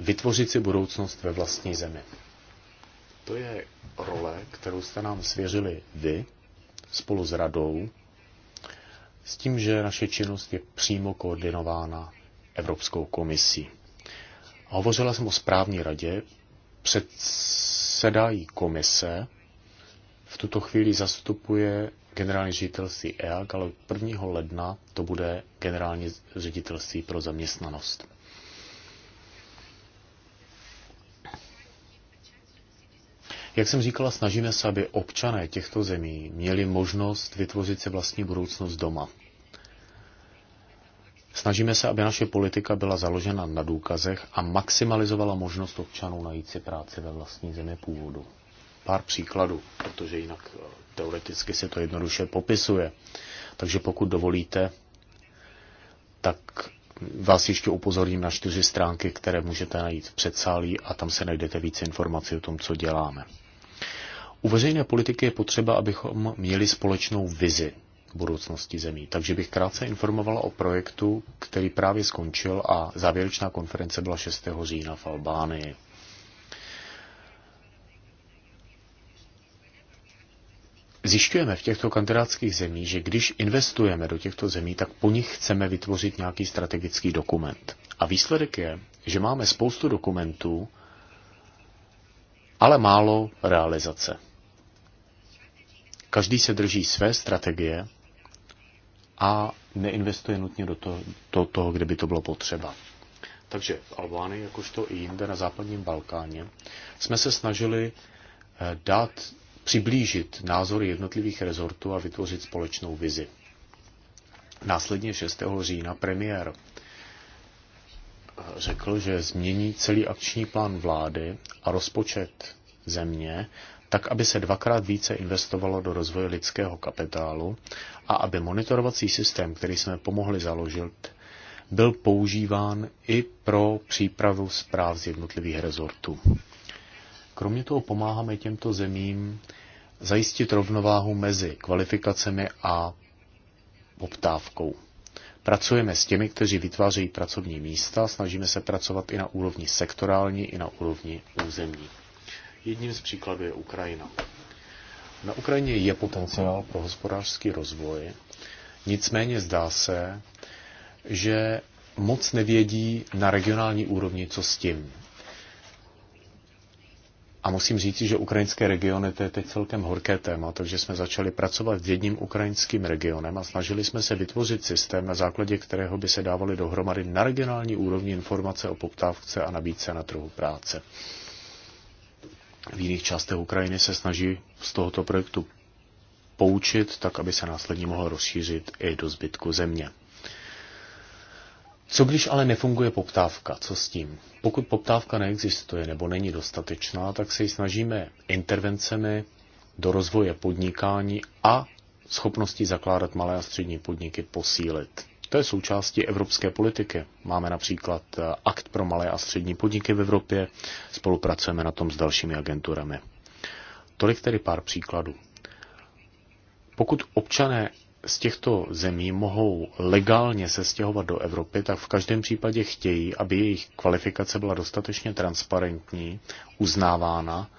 vytvořit si budoucnost ve vlastní zemi. To je role, kterou jste nám svěřili vy spolu s radou, s tím, že naše činnost je přímo koordinována Evropskou komisí. A hovořila jsem o správní radě, předsedají komise, v tuto chvíli zastupuje generální ředitelství EAG, ale od 1. ledna to bude generální ředitelství pro zaměstnanost. Jak jsem říkala, snažíme se, aby občané těchto zemí měli možnost vytvořit si vlastní budoucnost doma. Snažíme se, aby naše politika byla založena na důkazech a maximalizovala možnost občanů najít si práci ve vlastní zemi původu. Pár příkladů, protože jinak eh, teoreticky se to jednoduše popisuje. Takže pokud dovolíte, tak vás ještě upozorním na čtyři stránky, které můžete najít v předsálí a tam se najdete více informací o tom, co děláme. U veřejné politiky je potřeba, abychom měli společnou vizi budoucnosti zemí. Takže bych krátce informovala o projektu, který právě skončil a závěrečná konference byla 6. října v Albánii. Zjišťujeme v těchto kandidátských zemích, že když investujeme do těchto zemí, tak po nich chceme vytvořit nějaký strategický dokument. A výsledek je, že máme spoustu dokumentů, ale málo realizace. Každý se drží své strategie a neinvestuje nutně do toho, do toho kde by to bylo potřeba. Takže v Albánii, jakožto i jinde na západním Balkáně, jsme se snažili eh, dát přiblížit názory jednotlivých rezortů a vytvořit společnou vizi. Následně 6. října premiér řekl, že změní celý akční plán vlády a rozpočet země, tak aby se dvakrát více investovalo do rozvoje lidského kapitálu a aby monitorovací systém, který jsme pomohli založit, byl používán i pro přípravu zpráv z jednotlivých rezortů. Kromě toho pomáháme těmto zemím zajistit rovnováhu mezi kvalifikacemi a poptávkou. Pracujeme s těmi, kteří vytvářejí pracovní místa, snažíme se pracovat i na úrovni sektorální, i na úrovni územní. Jedním z příkladů je Ukrajina. Na Ukrajině je potenciál pro hospodářský rozvoj, nicméně zdá se, že moc nevědí na regionální úrovni, co s tím. A musím říct, že ukrajinské regiony, to je teď celkem horké téma, takže jsme začali pracovat s jedním ukrajinským regionem a snažili jsme se vytvořit systém, na základě kterého by se dávaly dohromady na regionální úrovni informace o poptávce a nabídce na trhu práce. V jiných částech Ukrajiny se snaží z tohoto projektu poučit, tak aby se následně mohl rozšířit i do zbytku země. Co když ale nefunguje poptávka? Co s tím? Pokud poptávka neexistuje nebo není dostatečná, tak se ji snažíme intervencemi do rozvoje podnikání a schopnosti zakládat malé a střední podniky posílit. To je součástí evropské politiky. Máme například eh, akt pro malé a střední podniky v Evropě, spolupracujeme na tom s dalšími agenturami. Tolik tedy pár příkladů. Pokud občané z těchto zemí mohou legálně se stěhovat do Evropy, tak v každém případě chtějí, aby jejich kvalifikace byla dostatečně transparentní, uznávána.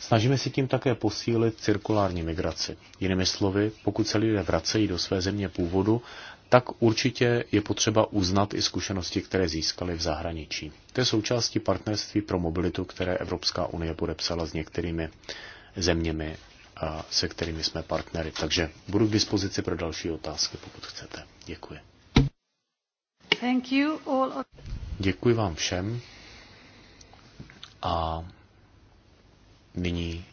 Snažíme se tím také posílit cirkulární migraci. Jinými slovy, pokud se lidé vracejí do své země původu, tak určitě je potřeba uznat i zkušenosti, které získali v zahraničí. To je součástí partnerství pro mobilitu, které Evropská unie podepsala s některými zeměmi se kterými jsme partnery. Takže budu k dispozici pro další otázky, pokud chcete. Děkuji. Thank you all... Děkuji vám všem. A nyní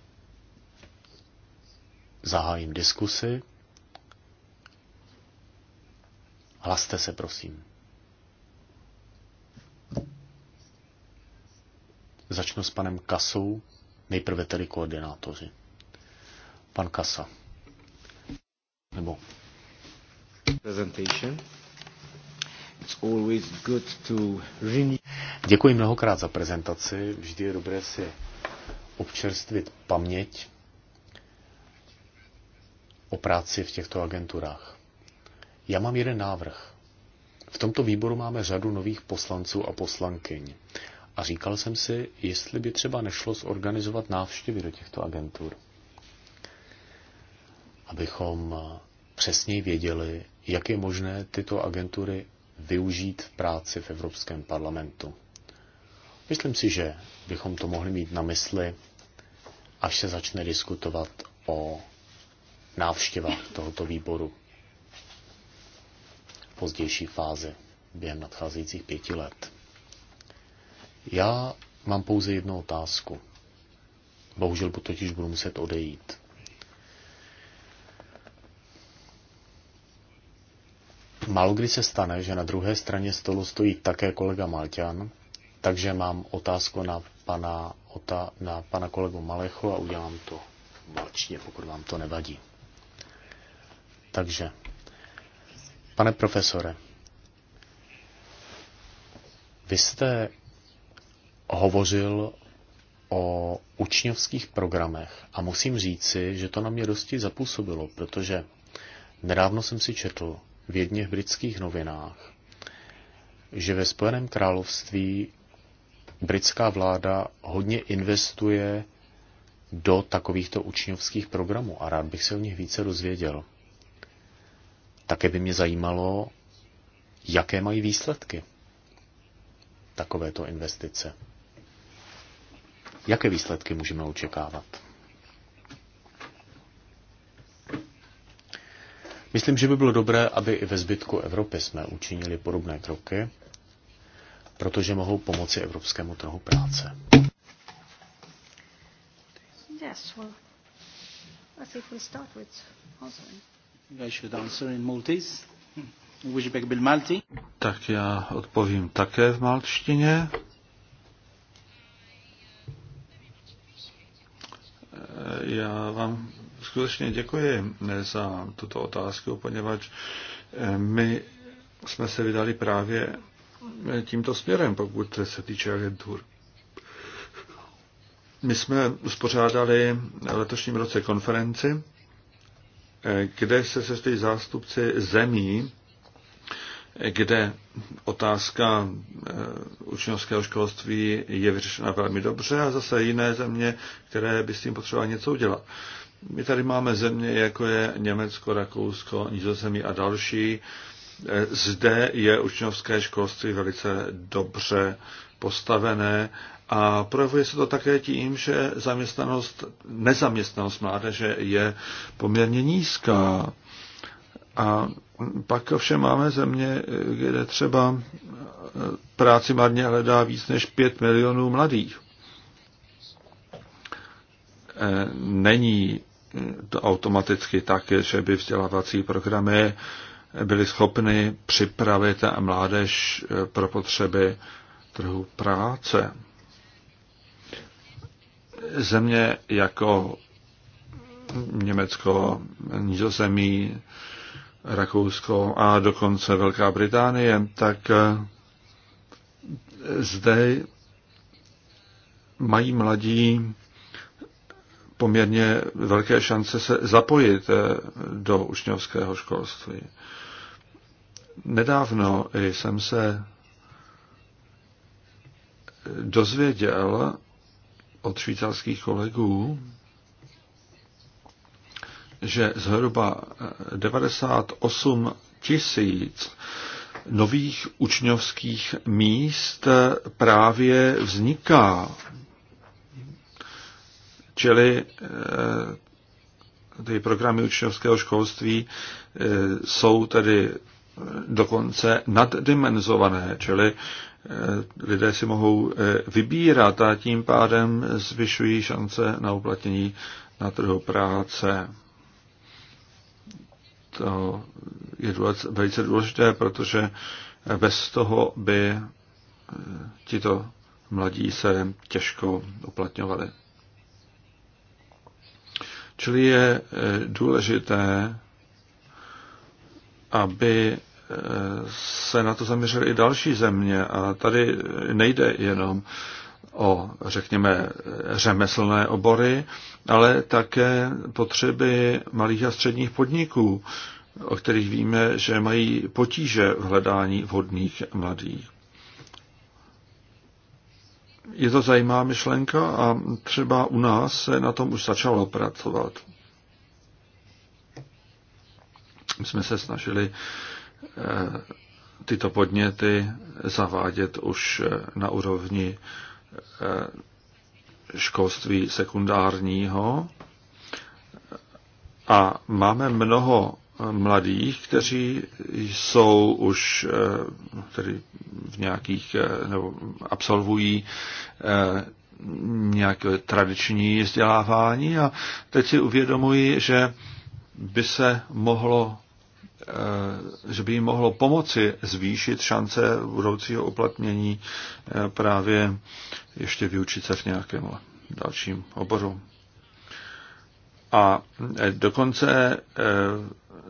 zahájím diskusy. Hlaste se, prosím. Začnu s panem Kasou, nejprve tedy koordinátoři. Pan Kasa. Nebo. To... Děkuji mnohokrát za prezentaci. Vždy je dobré si občerstvit paměť o práci v těchto agenturách. Já mám jeden návrh. V tomto výboru máme řadu nových poslanců a poslankyň. A říkal jsem si, jestli by třeba nešlo zorganizovat návštěvy do těchto agentur abychom eh, přesněji věděli, jak je možné tyto agentury využít v práci v Evropském parlamentu. Myslím si, že bychom to mohli mít na mysli, až se začne diskutovat o návštěvách tohoto výboru v pozdější fázi během nadcházejících pěti let. Já mám pouze jednu otázku. Bohužel totiž budu muset odejít. Málo kdy se stane, že na druhé straně stolu stojí také kolega Malťan, takže mám otázku na pana, ota, na pana kolegu Malecho a udělám to mladšině, pokud vám to nevadí. Takže, pane profesore, vy jste hovořil o učňovských programech a musím říci, že to na mě dosti zapůsobilo, protože nedávno jsem si četl, v jedněch britských novinách, že ve Spojeném království britská vláda hodně investuje do takovýchto učňovských programů a rád bych se o nich více dozvěděl. Také by mě zajímalo, jaké mají výsledky takovéto investice. Jaké výsledky můžeme očekávat? Myslím, že by bylo dobré, aby i ve zbytku Evropy jsme učinili podobné kroky, protože mohou pomoci evropskému trhu práce. Yes, well, I think we start with hmm. Tak já odpovím také v malčtině. E, já vám skutečně děkuji eh, za tuto otázku, poněvadž eh, my jsme se vydali právě eh, tímto směrem, pokud se týče agentur. My jsme uspořádali v letošním roce konferenci, kde se sešli zástupci zemí, kde otázka učňovského školství je vyřešena velmi dobře a zase jiné země, které by s tím potřebovaly něco udělat. My tady máme země, jako je Německo, Rakousko, Nizozemí a další. Eh, zde je učňovské školství velice dobře postavené a projevuje se to také tím, že zaměstnanost, nezaměstnanost mládeže je poměrně nízká. A pak ovšem máme země, kde třeba eh, práci marně hledá víc než 5 milionů mladých. Eh, není to automaticky tak, že by vzdělávací programy byly schopny připravit mládež pro potřeby trhu práce. Země jako Německo, Nizozemí, Rakousko a dokonce Velká Británie, tak eh, zde mají mladí poměrně velké šance se zapojit eh, do učňovského školství. Nedávno jsem se dozvěděl od švýcarských kolegů, že zhruba 98 eh, tisíc nových učňovských míst eh, právě vzniká Čili eh, ty programy učňovského školství eh, jsou tedy eh, dokonce naddimenzované, čili lidé si mohou vybírat a tím pádem zvyšují šance na uplatnění na trhu práce. To je velice důležité, protože bez toho by tito mladí se těžko uplatňovali. Čili je eh, důležité, aby eh, se na to zaměřily i další země. A tady nejde jenom o, řekněme, řemeslné obory, ale také potřeby malých a středních podniků, o kterých víme, že mají potíže v hledání vhodných mladých je to zajímavá myšlenka a třeba u nás se na tom už začalo pracovat. My jsme se snažili eh, tyto podněty zavádět už eh, na úrovni eh, školství sekundárního a máme mnoho mladých, kteří jsou už eh, tedy v nějakých, eh, nebo absolvují eh, nějaké tradiční vzdělávání a teď si uvědomují, že by se mohlo že by jim mohlo pomoci zvýšit šance budoucího uplatnění právě ještě vyučit se v nějakém dalším oboru. A dokonce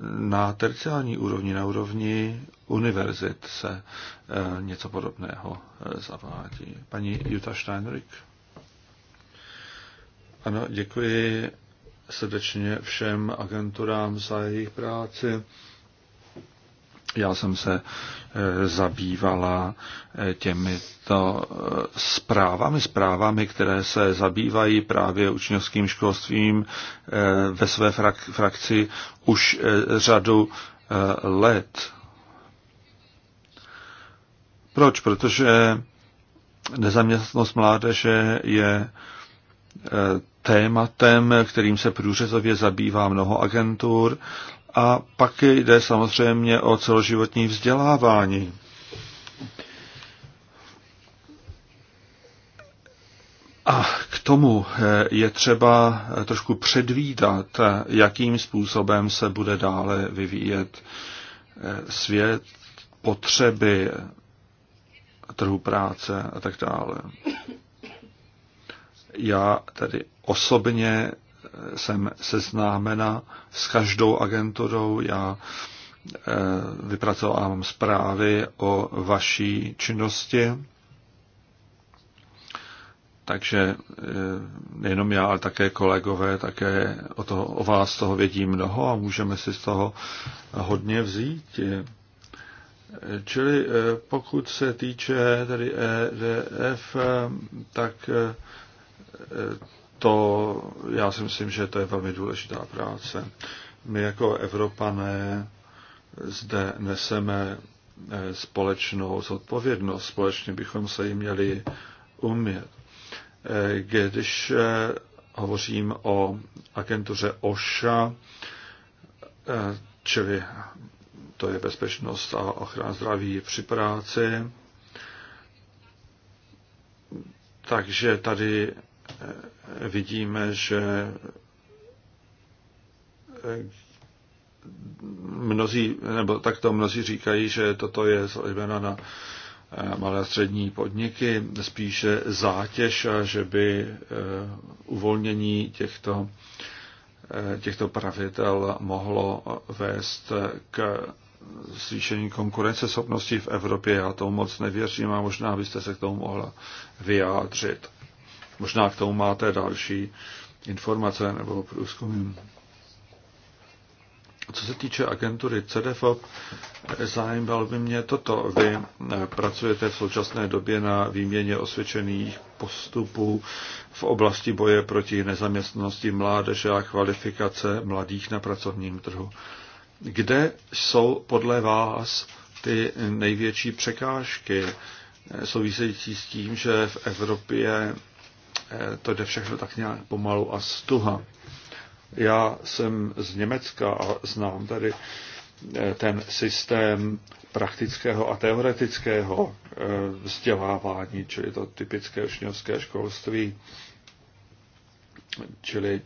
na terciální úrovni, na úrovni univerzit se eh, něco podobného eh, zavádí. Paní Jutta Steinrich. Ano, děkuji srdečně všem agenturám za jejich práci já jsem se eh, zabývala eh, těmito eh, zprávami, zprávami, které se zabývají právě učňovským školstvím ve své frak- frakci už řadu let. Proč? Protože nezaměstnost mládeže je tématem, kterým se průřezově zabývá mnoho agentur a pak jde samozřejmě o celoživotní vzdělávání. A k tomu eh, je třeba eh, trošku předvídat, eh, jakým způsobem se bude dále vyvíjet svět, potřeby trhu práce a tak dále. Já tedy osobně jsem seznámena s každou agenturou. Já eh, vypracovávám zprávy o vaší činnosti. Takže eh, nejenom já, ale také kolegové, také o, to, o vás toho vědí mnoho a můžeme si z toho hodně vzít. Eh, čili pokud se týče tedy EDF, tak to já si myslím, že to je velmi důležitá práce. My jako Evropané zde neseme eh, společnou zodpovědnost, společně bychom se jim měli umět. Eh, když eh, hovořím o agentuře OSHA, čili to je bezpečnost a ochrana zdraví při práci, takže tady vidíme, že mnozí, nebo takto mnozí říkají, že toto je zejména na eh, malé a střední podniky spíše zátěž a že by eh, uvolnění těchto, eh, těchto pravidel mohlo vést k zvýšení konkurenceschopnosti v Evropě. Já tomu moc nevěřím a možná byste se k tomu mohla vyjádřit. Možná k tomu máte další informace nebo průzkumy. Co se týče agentury CDFOP, zajímalo by mě toto. Vy eh, pracujete v současné době na výměně osvědčených postupů v oblasti boje proti nezaměstnanosti mládeže a kvalifikace mladých na pracovním trhu. Kde jsou podle vás ty největší překážky související s tím, že v Evropě Eh, to jde všechno tak nějak pomalu a stuha. Já jsem z Německa a znám tady eh, ten systém praktického a teoretického eh, vzdělávání, čili to typické učňovské školství. Čili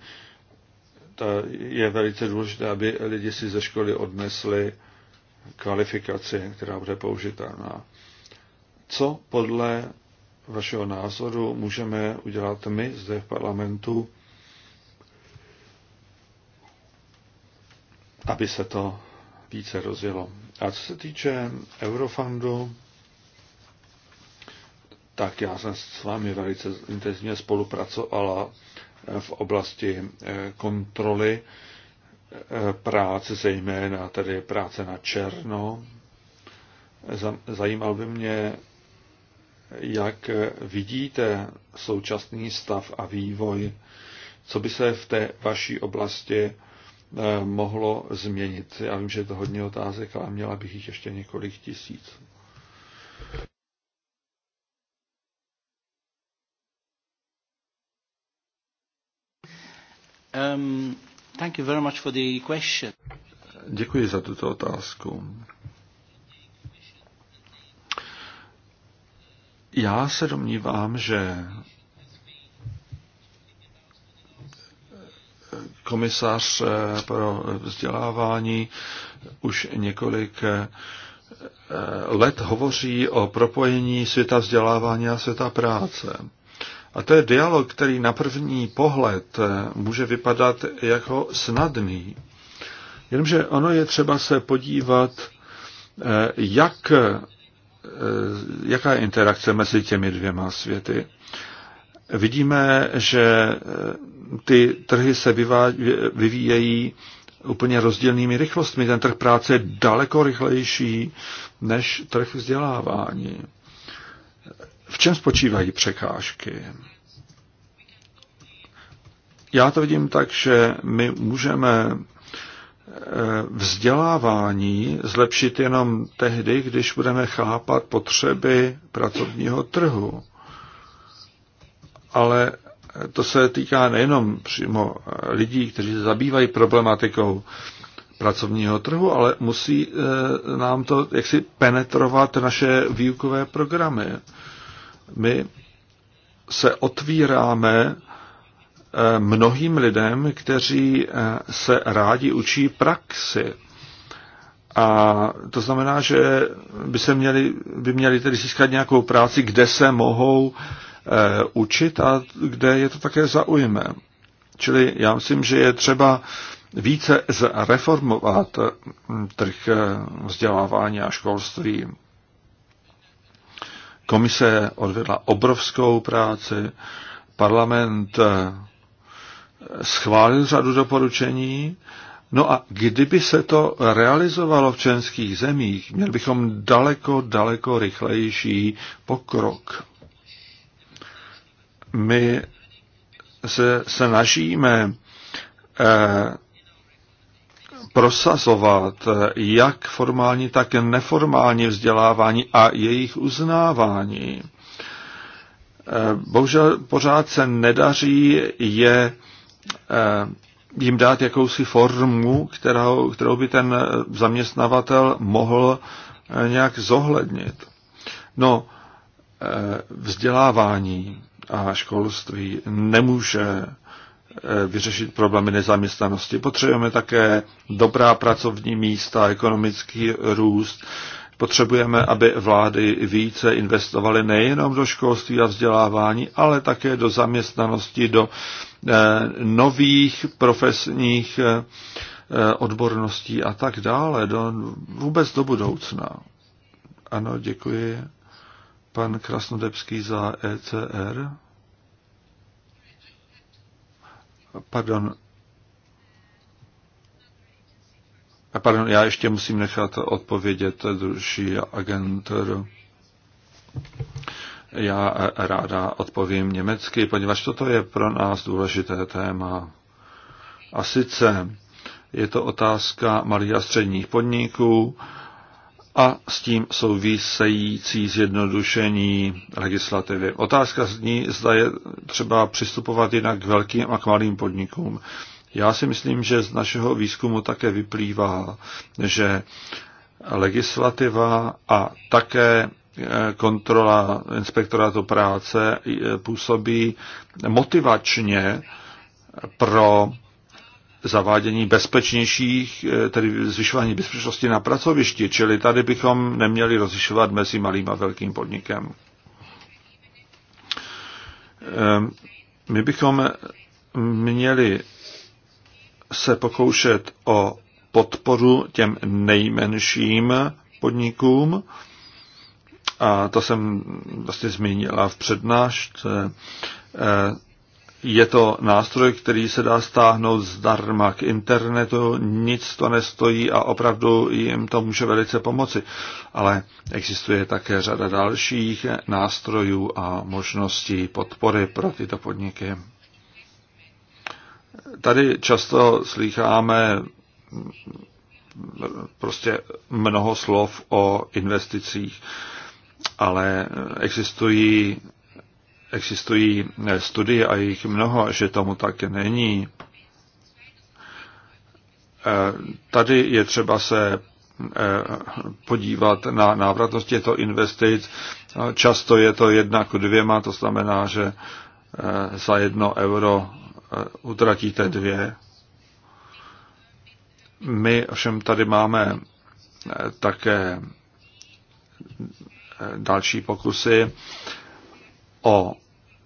to je velice důležité, aby lidi si ze školy odnesli kvalifikaci, která bude použitelná. Co podle vašeho názoru můžeme udělat my zde v parlamentu, aby se to více rozjelo. A co se týče Eurofundu, tak já jsem s vámi velice intenzivně spolupracovala v oblasti eh, kontroly eh, práce, zejména tedy práce na černo. Zajímal by mě jak vidíte současný stav a vývoj, co by se v té vaší oblasti eh, mohlo změnit. Já vím, že je to hodně otázek, ale měla bych jich ještě několik tisíc. Um, thank you very much for the question. Děkuji za tuto otázku. Já se domnívám, že komisař eh, pro vzdělávání už několik eh, let hovoří o propojení světa vzdělávání a světa práce. A to je dialog, který na první pohled eh, může vypadat jako snadný. Jenomže ono je třeba se podívat, jak Eh, jaká je interakce mezi těmi dvěma světy. Vidíme, že eh, ty trhy se vyvíjejí úplně rozdílnými rychlostmi. Ten trh práce je daleko rychlejší než trh vzdělávání. V čem spočívají překážky? Já to vidím tak, že my můžeme Eh, vzdělávání zlepšit jenom tehdy, když budeme chápat potřeby pracovního trhu. Ale to se týká nejenom přímo lidí, kteří se zabývají problematikou pracovního trhu, ale musí eh, nám to jaksi penetrovat naše výukové programy. My se otvíráme mnohým lidem, kteří eh, se rádi učí praxi. A to znamená, že by, se měli, by měli tedy získat nějakou práci, kde se mohou eh, učit a kde je to také zaujme. Čili já myslím, že je třeba více zreformovat hm, trh eh, vzdělávání a školství. Komise odvedla obrovskou práci, parlament schválil řadu doporučení, No a kdyby se to realizovalo v členských zemích, měli bychom daleko, daleko rychlejší pokrok. My se snažíme eh, prosazovat jak formální, tak neformální vzdělávání a jejich uznávání. Eh, bohužel pořád se nedaří je Eh, jim dát jakousi formu, kterou, kterou by ten eh, zaměstnavatel mohl eh, nějak zohlednit. No, vzdělávání a školství nemůže vyřešit problémy nezaměstnanosti. Potřebujeme také dobrá pracovní místa, ekonomický růst, Potřebujeme, aby vlády více investovaly nejenom do školství a vzdělávání, ale také do zaměstnanosti, do eh, nových profesních eh, eh, odborností a tak dále, do, vůbec do budoucna. Ano, děkuji pan Krasnodebský za ECR. Pardon, Pardon, já ještě musím nechat odpovědět druhý agenturu. Já ráda odpovím německy, poněvadž toto je pro nás důležité téma. A sice je to otázka malých a středních podniků a s tím související zjednodušení legislativy. Otázka zní, zda je třeba přistupovat jinak k velkým a k malým podnikům. Já si myslím, že z našeho výzkumu také vyplývá, že legislativa a také eh, kontrola inspektorátu práce eh, působí motivačně pro zavádění bezpečnějších, eh, tedy zvyšování bezpečnosti na pracovišti, čili tady bychom neměli rozlišovat mezi malým a velkým podnikem. My bychom měli se pokoušet o podporu těm nejmenším podnikům. A to jsem vlastně zmínila v přednášce. Eh, je to nástroj, který se dá stáhnout zdarma k internetu, nic to nestojí a opravdu jim to může velice pomoci. Ale existuje také řada dalších nástrojů a možností podpory pro tyto podniky. Tady často slycháme prostě mnoho slov o investicích, ale existují, existují studie a jich mnoho, že tomu tak není. Eh, tady je třeba se eh, podívat na návratnost těchto investic. Často je to jedna k dvěma, to znamená, že eh, za jedno euro utratíte dvě. My ovšem tady máme eh, také eh, další pokusy o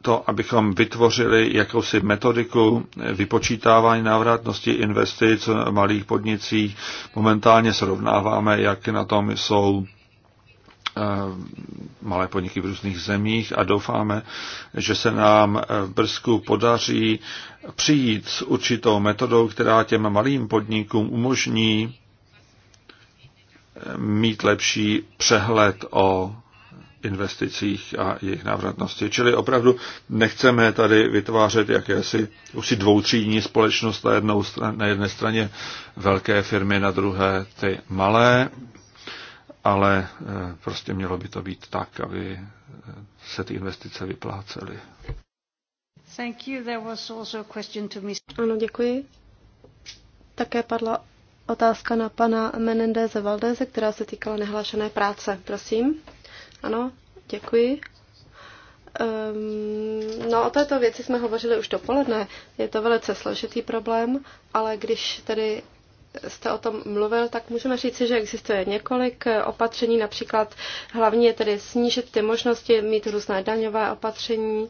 to, abychom vytvořili jakousi metodiku vypočítávání návratnosti investic v malých podnicích. Momentálně srovnáváme, jak na tom jsou malé podniky v různých zemích a doufáme, že se nám v brzku podaří přijít s určitou metodou, která těm malým podnikům umožní mít lepší přehled o investicích a jejich návratnosti. Čili opravdu nechceme tady vytvářet jakési už dvoutřídní společnost na, jednou, na jedné straně velké firmy, na druhé ty malé ale eh, prostě mělo by to být tak, aby eh, se ty investice vyplácely. Thank you. There was also a question to Ano, děkuji. Také padla otázka na pana Menendeze Valdeze, která se týkala nehlášené práce. Prosím. Ano, děkuji. Um, no o této věci jsme hovořili už dopoledne. Je to velice složitý problém, ale když tedy jste o tom mluvil, tak můžeme říci, že existuje několik opatření, například hlavně je tedy snížit ty možnosti, mít různé daňové opatření,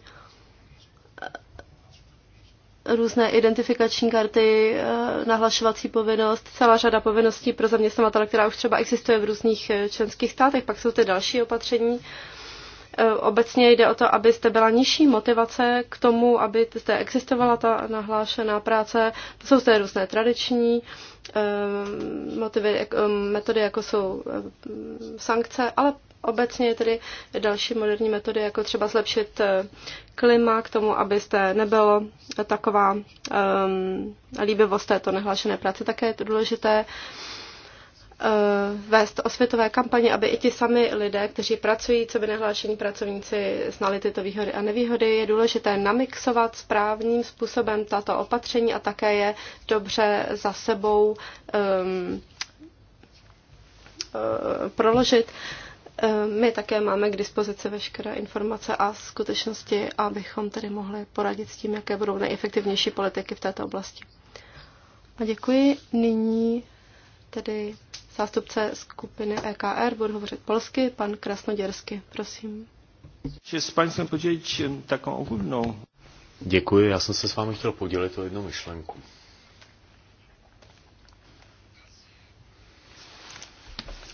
různé identifikační karty, eh, nahlašovací povinnost, celá řada povinností pro zaměstnavatele, která už třeba existuje v různých eh, členských státech. Pak jsou ty další opatření, Eh, obecně jde o to, abyste byla nižší motivace k tomu, aby zde existovala ta nahlášená práce. To Jsou zde různé tradiční eh, motivy, eh, metody, jako jsou sankce, ale obecně je tedy další moderní metody, jako třeba zlepšit klima k tomu, abyste nebylo taková líbivost této nahlášené práce. Také je to důležité Eh, vést osvětové kampaně, aby i ti sami lidé, kteří pracují, co by nehlášení pracovníci, znali tyto výhody a nevýhody. Je důležité namixovat správným způsobem tato opatření a také je dobře za sebou um, uh, proložit. Ehm, my také máme k dispozici veškeré informace a skutečnosti, abychom tedy mohli poradit s tím, jaké budou nejefektivnější politiky v této oblasti. A děkuji. Nyní tedy zástupce skupiny EKR, budu hovořit polsky, pan Krasnoděrsky, prosím. Chci s panem podělit takovou ogólnou. Děkuji, já jsem se s vámi chtěl podělit o jednu myšlenku.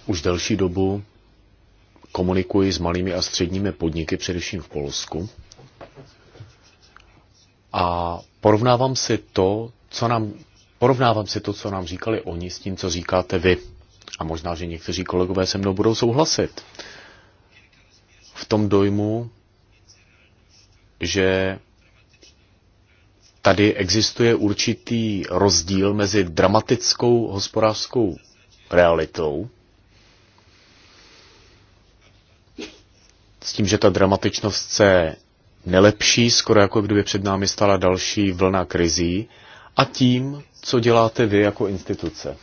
Už delší dobu komunikuji s malými a středními podniky, především v Polsku. A porovnávám si to, co nám, porovnávám si to, co nám říkali oni s tím, co říkáte vy a možná, že někteří kolegové se mnou budou souhlasit, v tom dojmu, že tady existuje určitý rozdíl mezi dramatickou hospodářskou realitou, s tím, že ta dramatičnost se nelepší, skoro jako kdyby před námi stala další vlna krizí, a tím, co děláte vy jako instituce.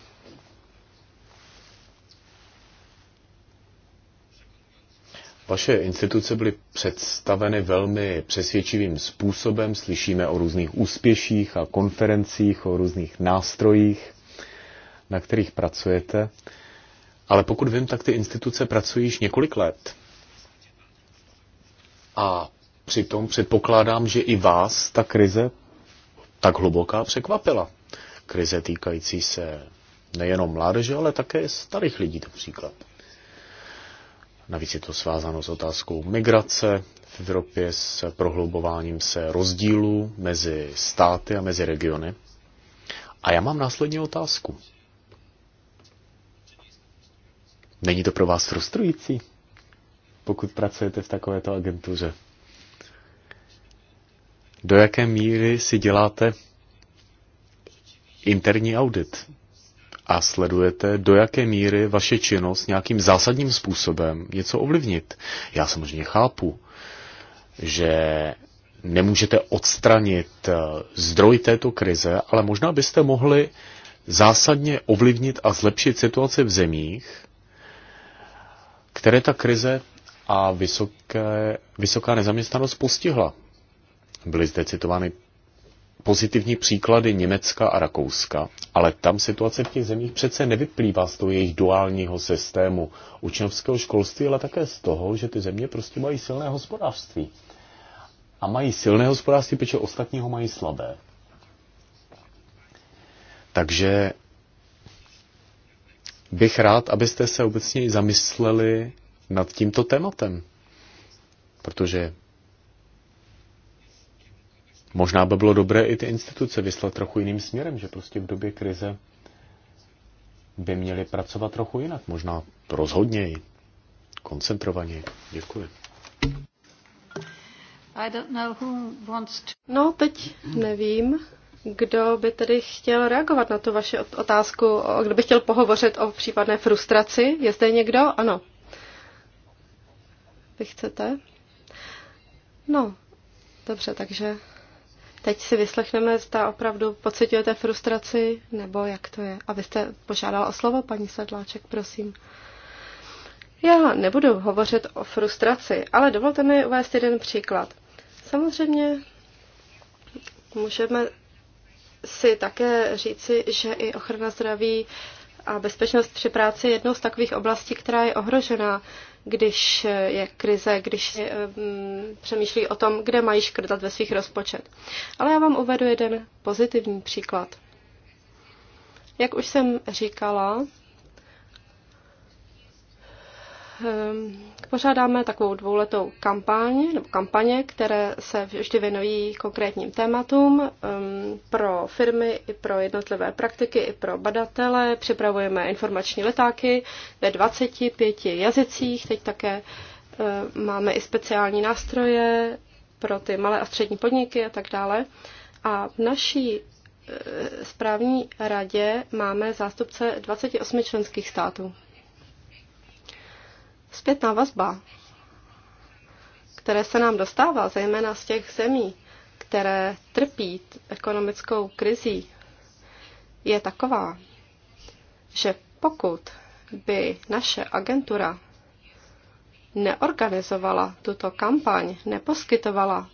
Vaše instituce byly představeny velmi přesvědčivým způsobem. Slyšíme o různých úspěších a konferencích, o různých nástrojích, na kterých pracujete. Ale pokud vím, tak ty instituce pracují již několik let. A přitom předpokládám, že i vás ta krize tak hluboká překvapila. Krize týkající se nejenom mládeže, ale také starých lidí například. Navíc je to svázáno s otázkou migrace v Evropě s prohlubováním se rozdílů mezi státy a mezi regiony. A já mám následně otázku. Není to pro vás frustrující, pokud pracujete v takovéto agentuře? Do jaké míry si děláte interní audit? a sledujete, do jaké míry vaše činnost nějakým zásadním způsobem něco ovlivnit. Já samozřejmě chápu, že nemůžete odstranit eh, zdroj této krize, ale možná byste mohli zásadně ovlivnit a zlepšit situaci v zemích, které ta krize a vysoké, vysoká nezaměstnanost postihla. Byly zde citovány pozitivní příklady Německa a Rakouska, ale tam situace v těch zemích přece nevyplývá z toho jejich duálního systému učňovského školství, ale také z toho, že ty země prostě mají silné hospodářství. A mají silné hospodářství, protože ostatního mají slabé. Takže bych rád, abyste se obecně i zamysleli nad tímto tématem. Protože Možná by bylo dobré i ty instituce vyslat trochu jiným směrem, že prostě v době krize by měli pracovat trochu jinak, možná rozhodněji, koncentrovaněji. Děkuji. I don't know who wants to... No, teď nevím, kdo by tedy chtěl reagovat na tu vaši otázku, kdo by chtěl pohovořit o případné frustraci. Je zde někdo? Ano. Vy chcete? No, dobře, takže Teď si vyslechneme, zda opravdu pocitujete frustraci, nebo jak to je. A vy jste požádala o slovo, paní Sedláček, prosím. Já nebudu hovořit o frustraci, ale dovolte mi uvést jeden příklad. Samozřejmě můžeme si také říci, že i ochrana zdraví a bezpečnost při práci je jednou z takových oblastí, která je ohrožená když je krize, když eh, mm, přemýšlí o tom, kde mají škrtat ve svých rozpočet. Ale já vám uvedu jeden pozitivní příklad. Jak už jsem říkala, Ehm, pořádáme takovou dvouletou kampaň, nebo kampaně, které se vždy věnují konkrétním tématům ehm, pro firmy i pro jednotlivé praktiky, i pro badatele. Připravujeme informační letáky ve 25 jazycích. Teď také ehm, máme i speciální nástroje pro ty malé a střední podniky a tak dále. A v naší správní radě máme zástupce 28 členských států. Zpětná vazba, které se nám dostává, zejména z těch zemí, které trpí ekonomickou krizí, je taková, že pokud by naše agentura neorganizovala tuto kampaň, neposkytovala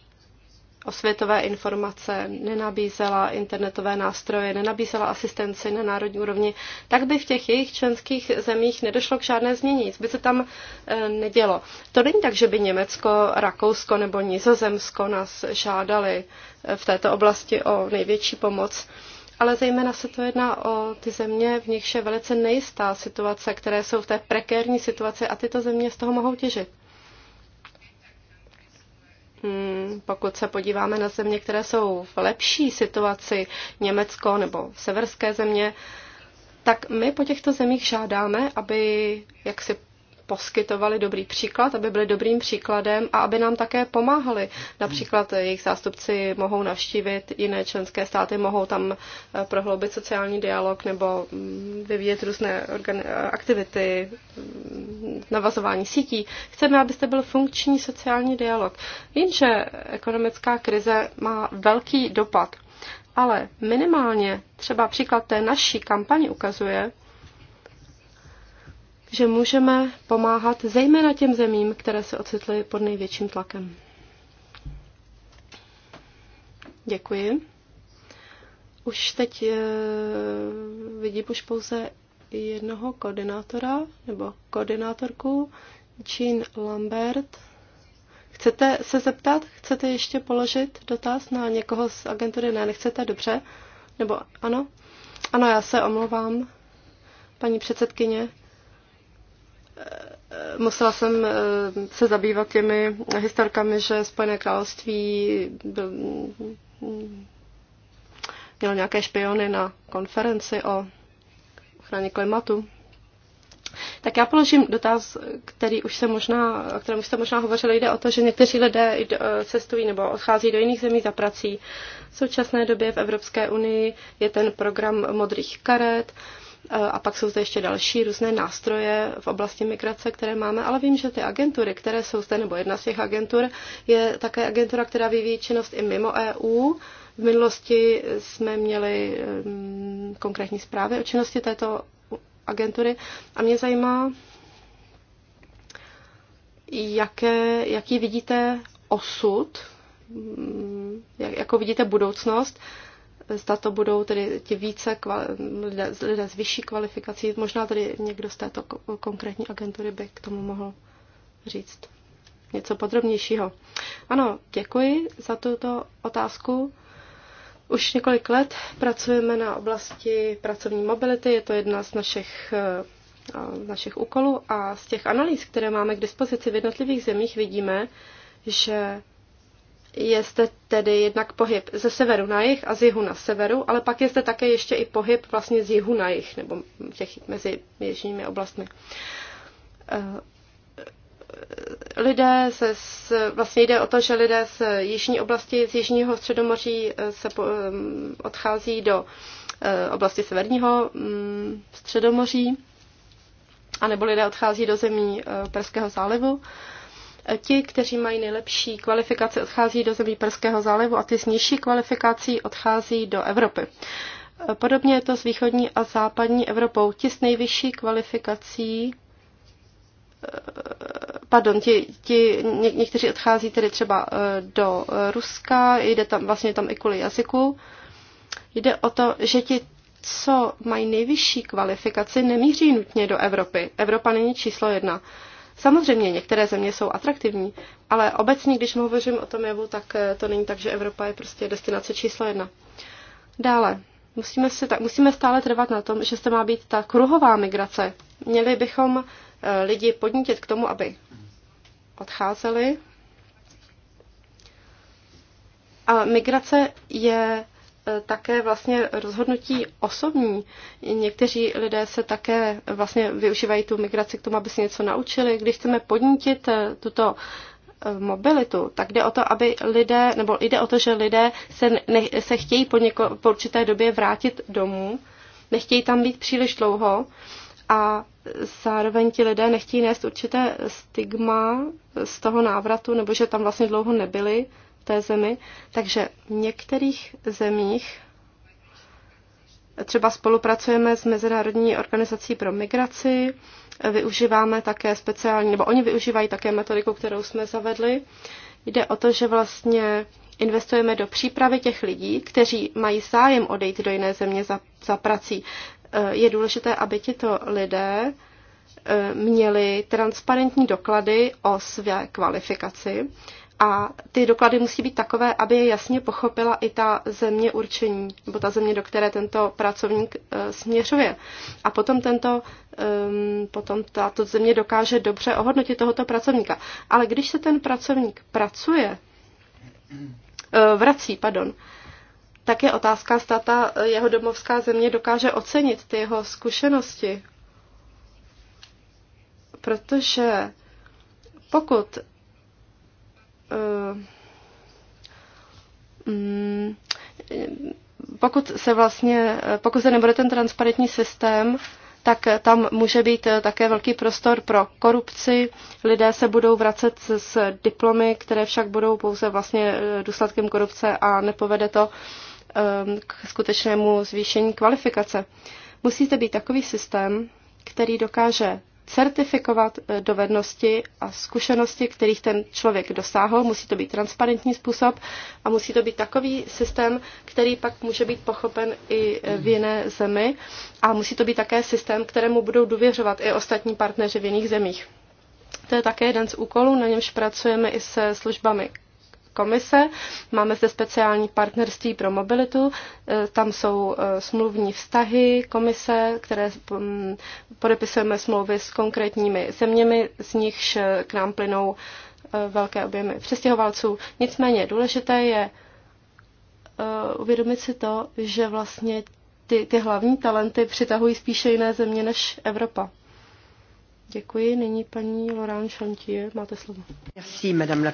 osvětové informace, nenabízela internetové nástroje, nenabízela asistenci na národní úrovni, tak by v těch jejich členských zemích nedošlo k žádné změně, nic by se tam eh, nedělo. To není tak, že by Německo, Rakousko nebo Nizozemsko nás žádali eh, v této oblasti o největší pomoc ale zejména se to jedná o ty země, v nichž je velice nejistá situace, které jsou v té prekérní situaci a tyto země z toho mohou těžit. Hmm, pokud se podíváme na země, které jsou v lepší situaci, Německo nebo severské země, tak my po těchto zemích žádáme, aby jaksi poskytovali dobrý příklad, aby byli dobrým příkladem a aby nám také pomáhali. Například jejich zástupci mohou navštívit jiné členské státy, mohou tam eh, prohloubit sociální dialog nebo mm, vyvíjet různé eh, aktivity, mm, navazování sítí. Chceme, abyste byl funkční sociální dialog. Vím, že ekonomická krize má velký dopad, ale minimálně třeba příklad té naší kampaně ukazuje, že můžeme pomáhat zejména těm zemím, které se ocitly pod největším tlakem. Děkuji. Už teď e, vidím už pouze jednoho koordinátora nebo koordinátorku, Jean Lambert. Chcete se zeptat? Chcete ještě položit dotaz na někoho z agentury? Ne, nechcete? Dobře. Nebo ano? Ano, já se omlouvám, paní předsedkyně musela jsem eh, se zabývat těmi historkami, že Spojené království byl, měl nějaké špiony na konferenci o ochraně klimatu. Tak já položím dotaz, který už se možná, o kterém už jste možná hovořili, jde o to, že někteří lidé eh, cestují nebo odchází do jiných zemí za prací. V současné době v Evropské unii je ten program modrých karet. Um, Eh, a pak jsou zde ještě další různé nástroje v oblasti migrace, které máme, ale vím, že ty agentury, které jsou zde, nebo jedna z těch agentur, je také agentura, která vyvíjí činnost i mimo EU. V minulosti jsme měli ehm, konkrétní zprávy o činnosti této agentury a mě zajímá, jaké, jaký vidíte osud, mm, jak, jako vidíte budoucnost zda to budou tedy ti více kvali- lidé, lidé s vyšší kvalifikací. Možná tady někdo z této konkrétní agentury by k tomu mohl říct něco podrobnějšího. Ano, děkuji za tuto otázku. Už několik let pracujeme na oblasti pracovní mobility, je to jedna z našich, eh, našich úkolů a z těch analýz, které máme k dispozici v jednotlivých zemích, vidíme, že je zde tedy jednak pohyb ze severu na jih a z jihu na severu, ale pak je zde také ještě i pohyb vlastně z jihu na jih, nebo těch mezi jižními oblastmi. Eh, lidé se, z, vlastně jde o to, že lidé z jižní oblasti, z jižního středomoří eh, se po, eh, odchází do oblasti severního mm, středomoří, anebo lidé odchází do zemí Perského zálivu. Ti, kteří mají nejlepší kvalifikaci, odchází do zemí Perského zálivu a ty s nižší kvalifikací odchází do Evropy. Podobně je to s východní a západní Evropou. Ti s nejvyšší kvalifikací eh, pardon, ti, ti ně, někteří odchází tedy třeba eh, do eh, Ruska, jde tam vlastně tam i kvůli jazyku. Jde o to, že ti, co mají nejvyšší kvalifikaci, nemíří nutně do Evropy. Evropa není číslo jedna. Samozřejmě některé země jsou atraktivní, ale obecně, když mluvím o tom jevu, tak eh, to není tak, že Evropa je prostě destinace číslo jedna. Dále, musíme, si, tak, musíme stále trvat na tom, že se má být ta kruhová migrace. Měli bychom eh, lidi podnítit k tomu, aby odcházeli. A migrace je Eh, také vlastně rozhodnutí osobní. Někteří lidé se také vlastně využívají tu migraci k tomu, aby si něco naučili. Když chceme podnítit eh, tuto eh, mobilitu, tak jde o to, aby lidé, nebo jde o to, že lidé se, ne, se chtějí po, něko, po určité době vrátit domů, nechtějí tam být příliš dlouho a zároveň ti lidé nechtějí nést určité stigma z toho návratu, nebo že tam vlastně dlouho nebyli, té zemi. Takže v některých zemích třeba spolupracujeme s Mezinárodní organizací pro migraci, využíváme také speciální, nebo oni využívají také metodiku, kterou jsme zavedli. Jde o to, že vlastně investujeme do přípravy těch lidí, kteří mají zájem odejít do jiné země za, za prací. Eh, je důležité, aby tito lidé eh, měli transparentní doklady o své kvalifikaci a ty doklady musí být takové, aby je jasně pochopila i ta země určení, nebo ta země, do které tento pracovník e, směřuje. A potom, tento, e, potom tato země dokáže dobře ohodnotit tohoto pracovníka. Ale když se ten pracovník pracuje, e, vrací, pardon, tak je otázka, zda ta jeho domovská země dokáže ocenit ty jeho zkušenosti. Protože pokud Eh, mm, pokud se vlastně, pokud se nebude ten transparentní systém, tak tam může být eh, také velký prostor pro korupci. Lidé se budou vracet s diplomy, které však budou pouze vlastně eh, důsledkem korupce a nepovede to k skutečnému zvýšení kvalifikace. Musíte být takový systém, který dokáže certifikovat eh, dovednosti a zkušenosti, kterých ten člověk dosáhl. Musí to být transparentní způsob a musí to být takový systém, který pak může být pochopen i eh, v jiné zemi a musí to být také systém, kterému budou důvěřovat i ostatní partneři v jiných zemích. To je také jeden z úkolů, na němž pracujeme i se službami komise. Máme zde speciální partnerství pro mobilitu. E, tam jsou e, smluvní vztahy komise, které mm, podepisujeme smlouvy s konkrétními zeměmi, z nichž e, k nám plynou velké objemy přestěhovalců. Nicméně důležité je uvědomit si to, že vlastně ty, ty hlavní talenty přitahují spíše jiné země než Evropa. Děkuji. Nyní paní Laurent Chantier, máte slovo. Merci, madame la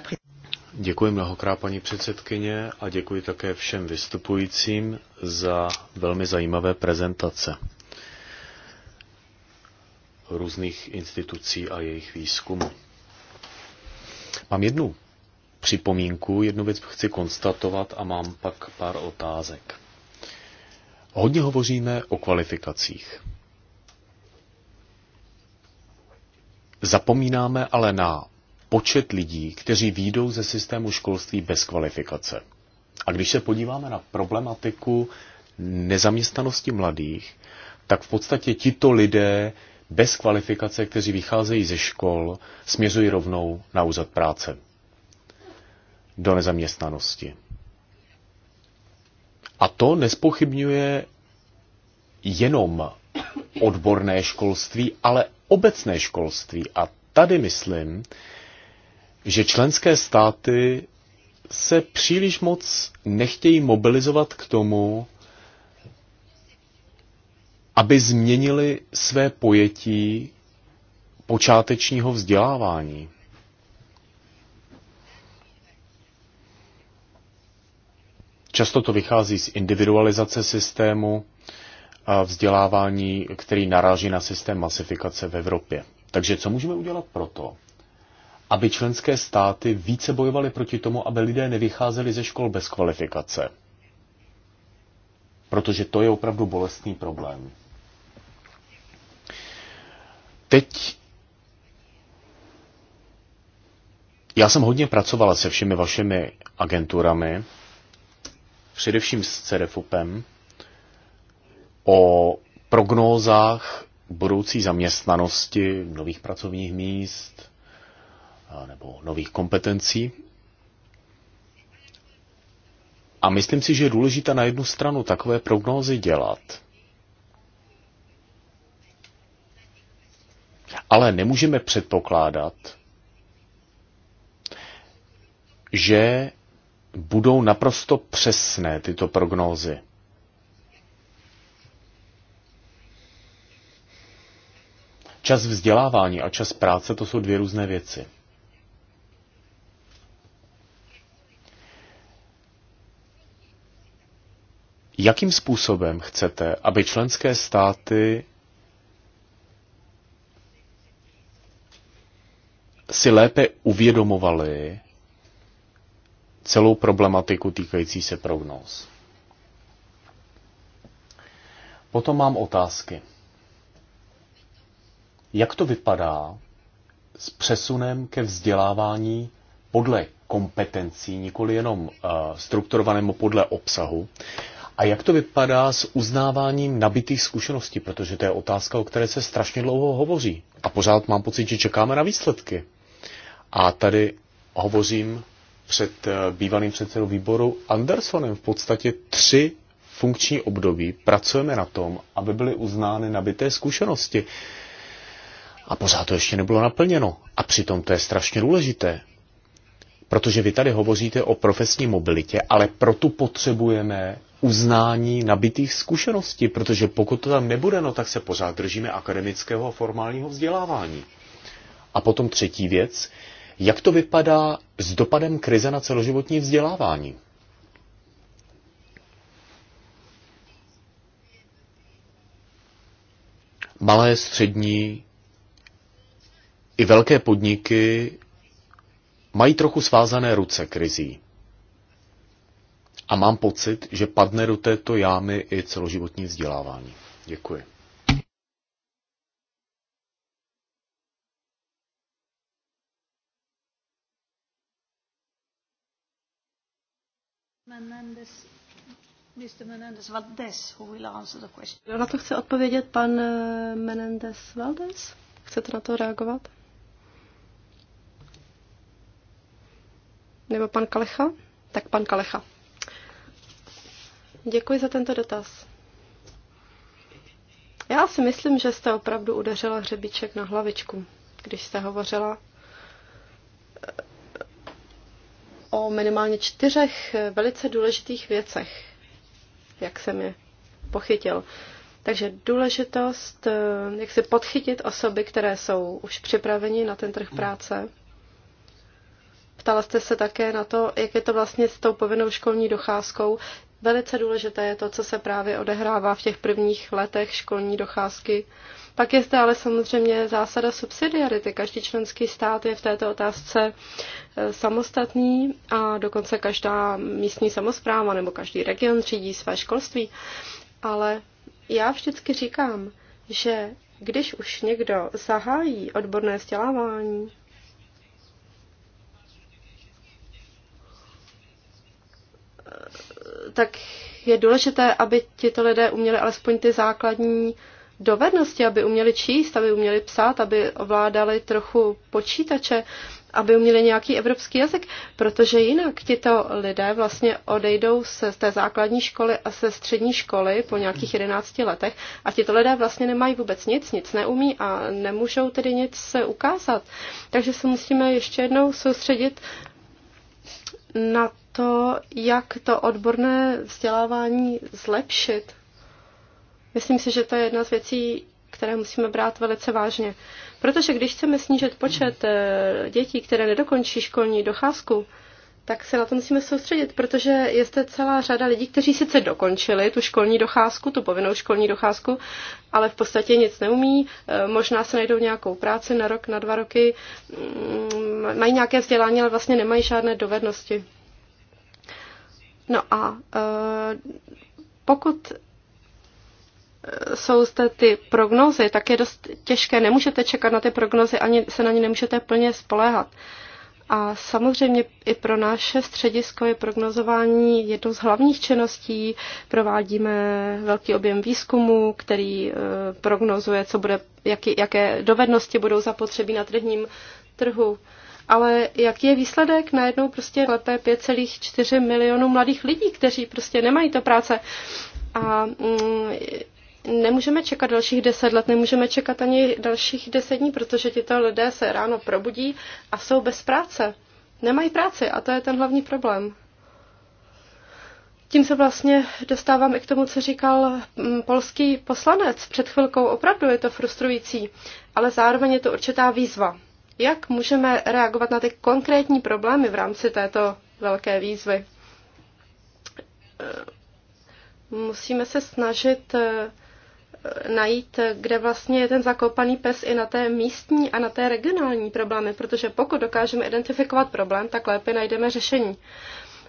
Děkuji mnohokrát paní předsedkyně a děkuji také všem vystupujícím za velmi zajímavé prezentace různých institucí a jejich výzkumu. Mám jednu připomínku, jednu věc chci konstatovat a mám pak pár otázek. Hodně hovoříme o kvalifikacích. Zapomínáme ale na počet lidí, kteří výjdou ze systému školství bez kvalifikace. A když se podíváme na problematiku nezaměstnanosti mladých, tak v podstatě tito lidé bez kvalifikace, kteří vycházejí ze škol, směřují rovnou na úřad práce do nezaměstnanosti. A to nespochybňuje jenom odborné školství, ale obecné školství. A tady myslím, že členské státy se příliš moc nechtějí mobilizovat k tomu, aby změnili své pojetí počátečního vzdělávání. Často to vychází z individualizace systému a vzdělávání, který naráží na systém masifikace v Evropě. Takže co můžeme udělat proto, aby členské státy více bojovaly proti tomu, aby lidé nevycházeli ze škol bez kvalifikace. Protože to je opravdu bolestný problém. Teď já jsem hodně pracovala se všemi vašimi agenturami, především s CDFUPem, o prognózách budoucí zaměstnanosti, nových pracovních míst, nebo nových kompetencí. A myslím si, že je důležité na jednu stranu takové prognózy dělat. Ale nemůžeme předpokládat, že budou naprosto přesné tyto prognózy. Čas vzdělávání a čas práce to jsou dvě různé věci. Jakým způsobem chcete, aby členské státy si lépe uvědomovaly celou problematiku týkající se prognóz? Potom mám otázky. Jak to vypadá s přesunem ke vzdělávání podle kompetencí, nikoli jenom eh, strukturovanému podle obsahu, a jak to vypadá s uznáváním nabitých zkušeností? Protože to je otázka, o které se strašně dlouho hovoří. A pořád mám pocit, že čekáme na výsledky. A tady hovořím před eh, bývalým předsedou výboru Andersonem. V podstatě tři funkční období pracujeme na tom, aby byly uznány nabité zkušenosti. A pořád to ještě nebylo naplněno. A přitom to je strašně důležité. Protože vy tady hovoříte o profesní mobilitě, ale proto potřebujeme uznání nabitých zkušeností, protože pokud to tam nebude, no tak se pořád držíme akademického a formálního vzdělávání. A potom třetí věc, jak to vypadá s dopadem krize na celoživotní vzdělávání? Malé, střední i velké podniky mají trochu svázané ruce krizí. A mám pocit, že padne do této jámy i celoživotní vzdělávání. Děkuji. Menendez, Mr. Menendez Valdez, who will answer the question. Na to chce odpovědět pan eh, Menendez Valdez? Chcete na to reagovat? Nebo pan Kalecha? Tak pan Kalecha. Děkuji za tento dotaz. Já si myslím, že jste opravdu udeřila hřebíček na hlavičku, když jste hovořila eh, o minimálně čtyřech eh, velice důležitých věcech, jak jsem je pochytil. Takže důležitost, eh, jak si podchytit osoby, které jsou už připraveni na ten trh práce, Ptala jste se také na to, jak je to vlastně s tou povinnou školní docházkou. Velice důležité je to, co se právě odehrává v těch prvních letech školní docházky. Pak je zde ale samozřejmě zásada subsidiarity. Každý členský stát je v této otázce eh, samostatný a dokonce každá místní samozpráva nebo každý region řídí své školství. Ale já vždycky říkám, že když už někdo zahájí odborné vzdělávání, tak je důležité, aby tito lidé uměli alespoň ty základní dovednosti, aby uměli číst, aby uměli psát, aby ovládali trochu počítače, aby uměli nějaký evropský jazyk, protože jinak tito lidé vlastně odejdou se, z té základní školy a se střední školy po nějakých 11 letech a tito lidé vlastně nemají vůbec nic, nic neumí a nemůžou tedy nic ukázat. Takže se musíme ještě jednou soustředit na to, jak to odborné vzdělávání zlepšit. Myslím si, že to je jedna z věcí, které musíme brát velice vážně. Protože když chceme snížit počet eh, dětí, které nedokončí školní docházku, tak se na to musíme soustředit, protože je zde celá řada lidí, kteří sice dokončili tu školní docházku, tu povinnou školní docházku, ale v podstatě nic neumí, e, možná se najdou nějakou práci na rok, na dva roky, mm, mají nějaké vzdělání, ale vlastně nemají žádné dovednosti. No a e, pokud e, jsou zde ty prognozy, tak je dost těžké, nemůžete čekat na ty prognozy, ani se na ně nemůžete plně spoléhat. A samozřejmě i pro naše středisko je prognozování jednou z hlavních činností. Provádíme velký objem výzkumu, který eh, prognozuje, co bude, jaký, jaké dovednosti budou zapotřebí na tržním trhu. Ale jaký je výsledek? Najednou prostě lepé 5,4 milionů mladých lidí, kteří prostě nemají to práce. A mm, nemůžeme čekat dalších deset let, nemůžeme čekat ani dalších deset dní, protože tito lidé se ráno probudí a jsou bez práce. Nemají práci a to je ten hlavní problém. Tím se vlastně dostávám i k tomu, co říkal mm, polský poslanec před chvilkou. Opravdu je to frustrující, ale zároveň je to určitá výzva. Jak můžeme reagovat na ty konkrétní problémy v rámci této velké výzvy? Musíme se snažit eh, najít, kde vlastně je ten zakopaný pes i na té místní a na té regionální problémy, protože pokud dokážeme identifikovat problém, tak lépe najdeme řešení.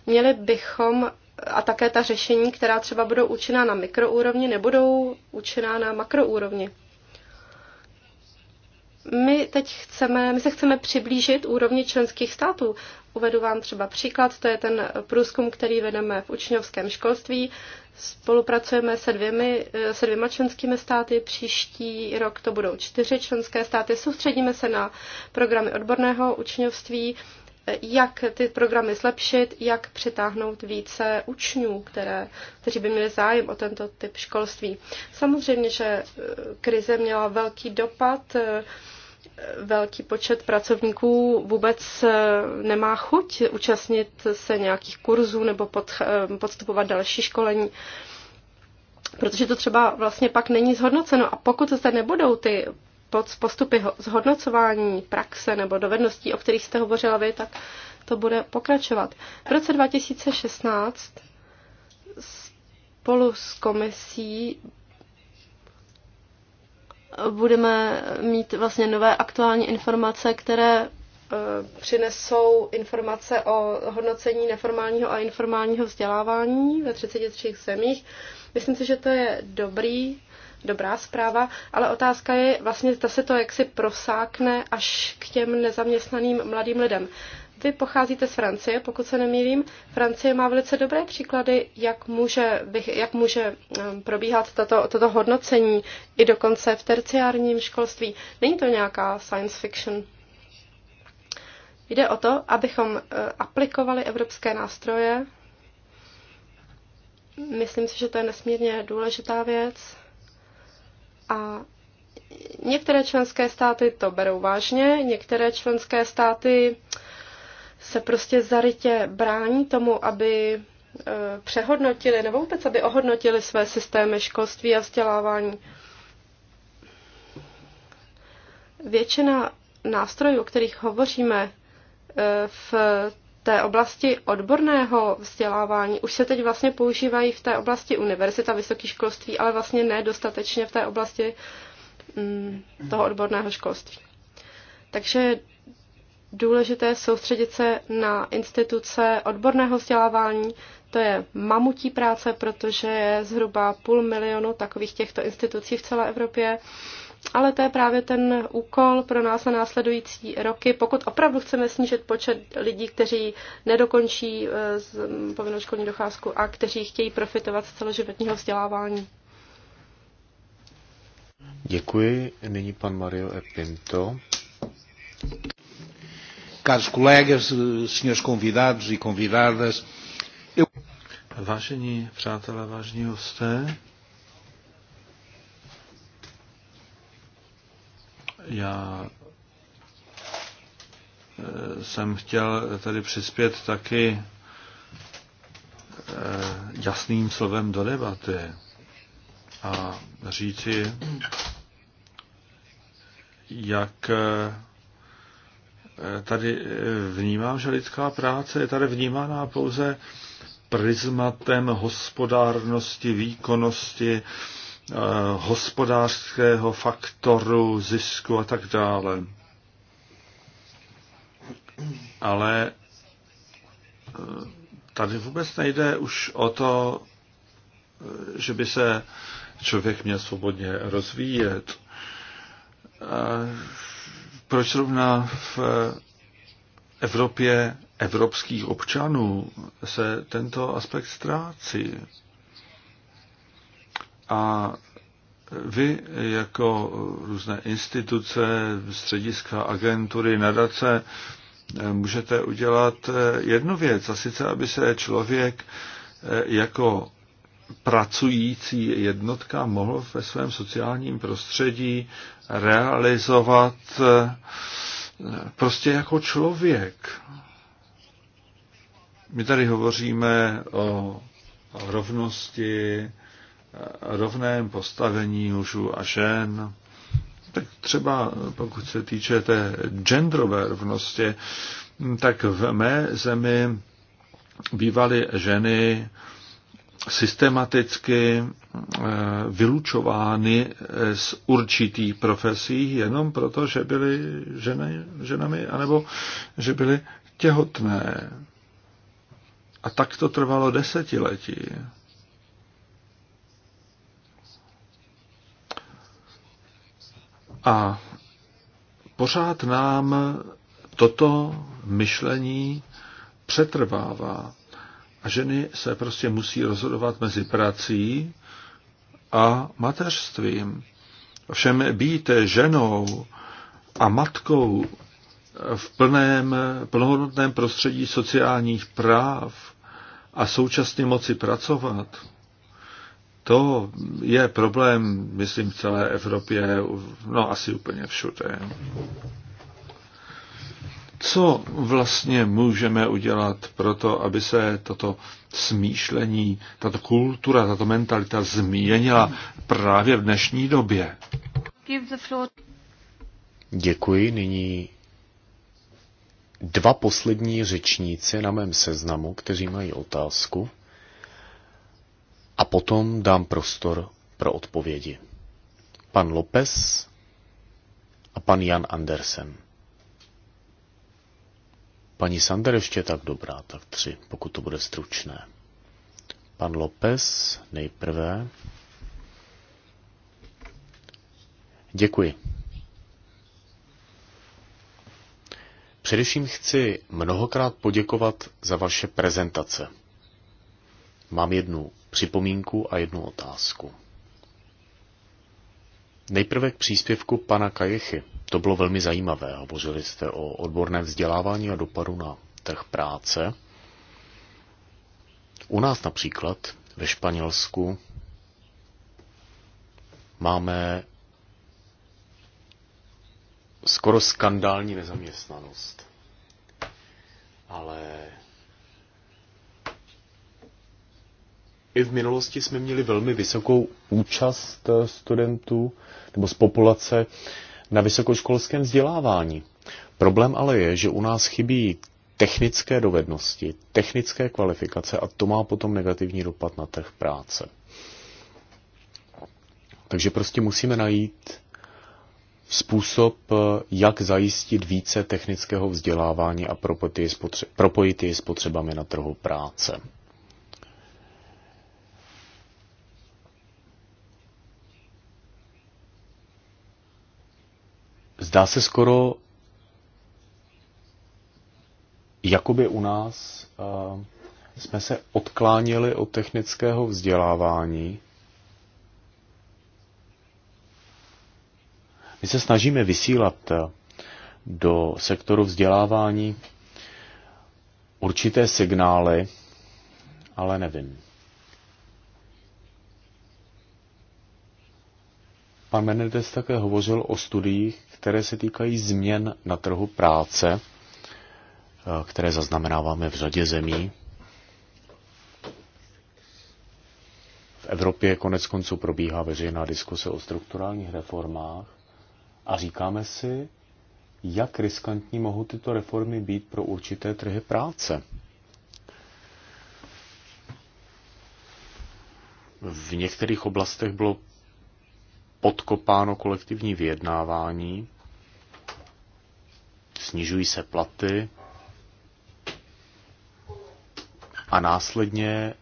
Měli bychom a také ta řešení, která třeba budou účinná na mikroúrovni, nebudou účinná na makroúrovni my teď chceme, my se chceme přiblížit úrovni členských států. Uvedu vám třeba příklad, to je ten průzkum, který vedeme v učňovském školství. Spolupracujeme se, dvěmi, se dvěma členskými státy, příští rok to budou čtyři členské státy. Soustředíme se na programy odborného učňovství, jak ty programy zlepšit, jak přitáhnout více učňů, které, kteří by měli zájem o tento typ školství. Samozřejmě, že krize měla velký dopad velký počet pracovníků vůbec eh, nemá chuť účastnit se nějakých kurzů nebo pod, eh, podstupovat další školení, protože to třeba vlastně pak není zhodnoceno. A pokud zde nebudou ty postupy zhodnocování praxe nebo dovedností, o kterých jste hovořila vy, tak to bude pokračovat. V roce 2016 spolu s komisí budeme mít vlastně nové aktuální informace, které eh, přinesou informace o hodnocení neformálního a informálního vzdělávání ve 33 zemích. Myslím si, že to je dobrý, dobrá zpráva, ale otázka je vlastně, zda se to jaksi prosákne až k těm nezaměstnaným mladým lidem. Vy pocházíte z Francie, pokud se nemýlím. Francie má velice dobré příklady, jak může, jak může ehm, probíhat tato, toto hodnocení i dokonce v terciárním školství. Není to nějaká science fiction. Jde o to, abychom eh, aplikovali evropské nástroje. Myslím si, že to je nesmírně důležitá věc. A některé členské státy to berou vážně, některé členské státy se prostě zarytě brání tomu, aby eh, přehodnotili, nebo vůbec, aby ohodnotili své systémy školství a vzdělávání. Většina nástrojů, o kterých hovoříme eh, v té oblasti odborného vzdělávání, už se teď vlastně používají v té oblasti univerzita, vysoké školství, ale vlastně nedostatečně v té oblasti mm, toho odborného školství. Takže důležité soustředit se na instituce odborného vzdělávání. To je mamutí práce, protože je zhruba půl milionu takových těchto institucí v celé Evropě. Ale to je právě ten úkol pro nás na následující roky. Pokud opravdu chceme snížit počet lidí, kteří nedokončí eh, povinnou školní docházku a kteří chtějí profitovat z celoživotního vzdělávání. Děkuji. Nyní pan Mario Epinto caros colegas, eh, senhores convidados e convidadas. Eu... Vážení přátelé, vážení hosté, já eh, jsem chtěl tady přispět taky eh, jasným slovem do debaty a říci, jak tady eh, vnímám, že lidská práce je tady vnímána pouze prismatem hospodárnosti, výkonnosti, eh, hospodářského faktoru, zisku a tak dále. Ale eh, tady vůbec nejde už o to, že by se člověk měl svobodně rozvíjet proč rovna v Evropě evropských občanů se tento aspekt ztrácí. A vy jako různé instituce, střediska, agentury, nadace můžete udělat jednu věc, a sice, aby se člověk jako pracující jednotka mohl ve svém sociálním prostředí realizovat eh, prostě jako člověk. My tady hovoříme o rovnosti, eh, rovném postavení mužů a žen. Tak třeba pokud se týče té genderové rovnosti, tak v mé zemi bývaly ženy systematicky eh, vylučovány eh, z určitých profesí jenom proto, že byly ženy, ženami, anebo že byly těhotné. A tak to trvalo desetiletí. A pořád nám toto myšlení přetrvává ženy se prostě musí rozhodovat mezi prací a mateřstvím. Všem být ženou a matkou v plném, plnohodnotném prostředí sociálních práv a současně moci pracovat, to je problém, myslím, v celé Evropě, no asi úplně všude co vlastně můžeme udělat pro to, aby se toto smýšlení, tato kultura, tato mentalita změnila právě v dnešní době. Děkuji. Nyní dva poslední řečníci na mém seznamu, kteří mají otázku. A potom dám prostor pro odpovědi. Pan Lopez a pan Jan Andersen. Paní Sander ještě tak dobrá, tak tři, pokud to bude stručné. Pan López nejprve. Děkuji. Především chci mnohokrát poděkovat za vaše prezentace. Mám jednu připomínku a jednu otázku. Nejprve k příspěvku pana Kajechy. To bylo velmi zajímavé. Hovořili jste o odborné vzdělávání a dopadu na trh práce. U nás například ve Španělsku máme skoro skandální nezaměstnanost. Ale I v minulosti jsme měli velmi vysokou účast eh, studentů nebo z populace na vysokoškolském vzdělávání. Problém ale je, že u nás chybí technické dovednosti, technické kvalifikace a to má potom negativní dopad na trh práce. Takže prostě musíme najít způsob, eh, jak zajistit více technického vzdělávání a propojit je s potřebami na trhu práce. Zdá se skoro, jakoby u nás uh, jsme se odklánili od technického vzdělávání. My se snažíme vysílat eh, do sektoru vzdělávání určité signály, ale nevím. Pan Menendez také hovořil o studiích, které se týkají změn na trhu práce, eh, které zaznamenáváme v řadě zemí. V Evropě konec konců probíhá veřejná diskuse o strukturálních reformách a říkáme si, jak riskantní mohou tyto reformy být pro určité trhy práce. V některých oblastech bylo podkopáno kolektivní vyjednávání, snižují se platy a následně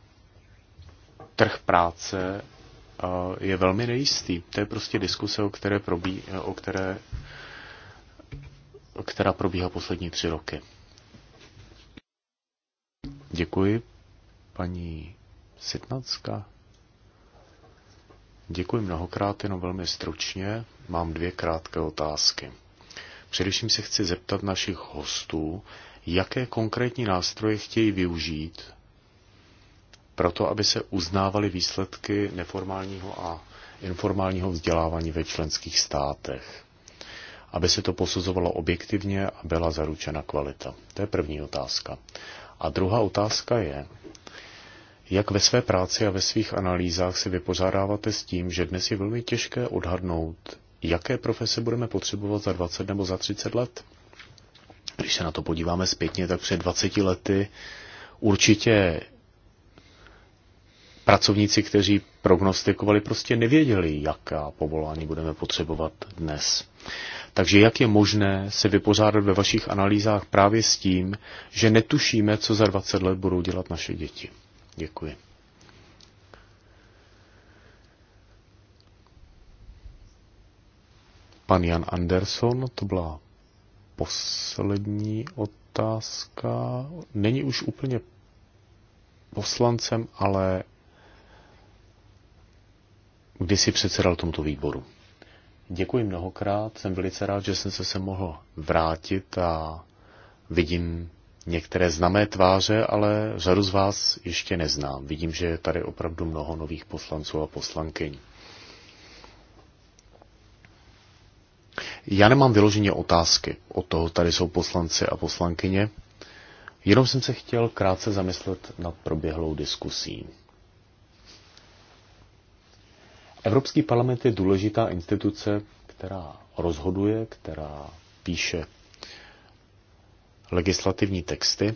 trh práce eh, je velmi nejistý. To je prostě diskuse, o které, probí, o které která probíhá poslední tři roky. Děkuji, paní Sitnacka. Děkuji mnohokrát, jenom velmi stručně. Mám dvě krátké otázky. Především se chci zeptat našich hostů, jaké konkrétní nástroje chtějí využít proto, aby se uznávaly výsledky neformálního a informálního vzdělávání ve členských státech. Aby se to posuzovalo objektivně a byla zaručena kvalita. To je první otázka. A druhá otázka je, jak ve své práci a ve svých analýzách si vypořádáváte s tím, že dnes je velmi těžké odhadnout, jaké profese budeme potřebovat za 20 nebo za 30 let? Když se na to podíváme zpětně, tak před 20 lety určitě pracovníci, kteří prognostikovali, prostě nevěděli, jaká povolání budeme potřebovat dnes. Takže jak je možné se vypořádat ve vašich analýzách právě s tím, že netušíme, co za 20 let budou dělat naše děti? Děkuji. Pan Jan Anderson, to byla poslední otázka. Není už úplně poslancem, ale kdy si předsedal tomuto výboru. Děkuji mnohokrát, jsem velice rád, že jsem se sem mohl vrátit a vidím některé známé tváře, ale řadu z vás ještě neznám. Vidím, že je tady opravdu mnoho nových poslanců a poslankyň. Já nemám vyloženě otázky. Od toho tady jsou poslanci a poslankyně. Jenom jsem se chtěl krátce zamyslet nad proběhlou diskusí. Evropský parlament je důležitá instituce, která rozhoduje, která píše legislativní texty.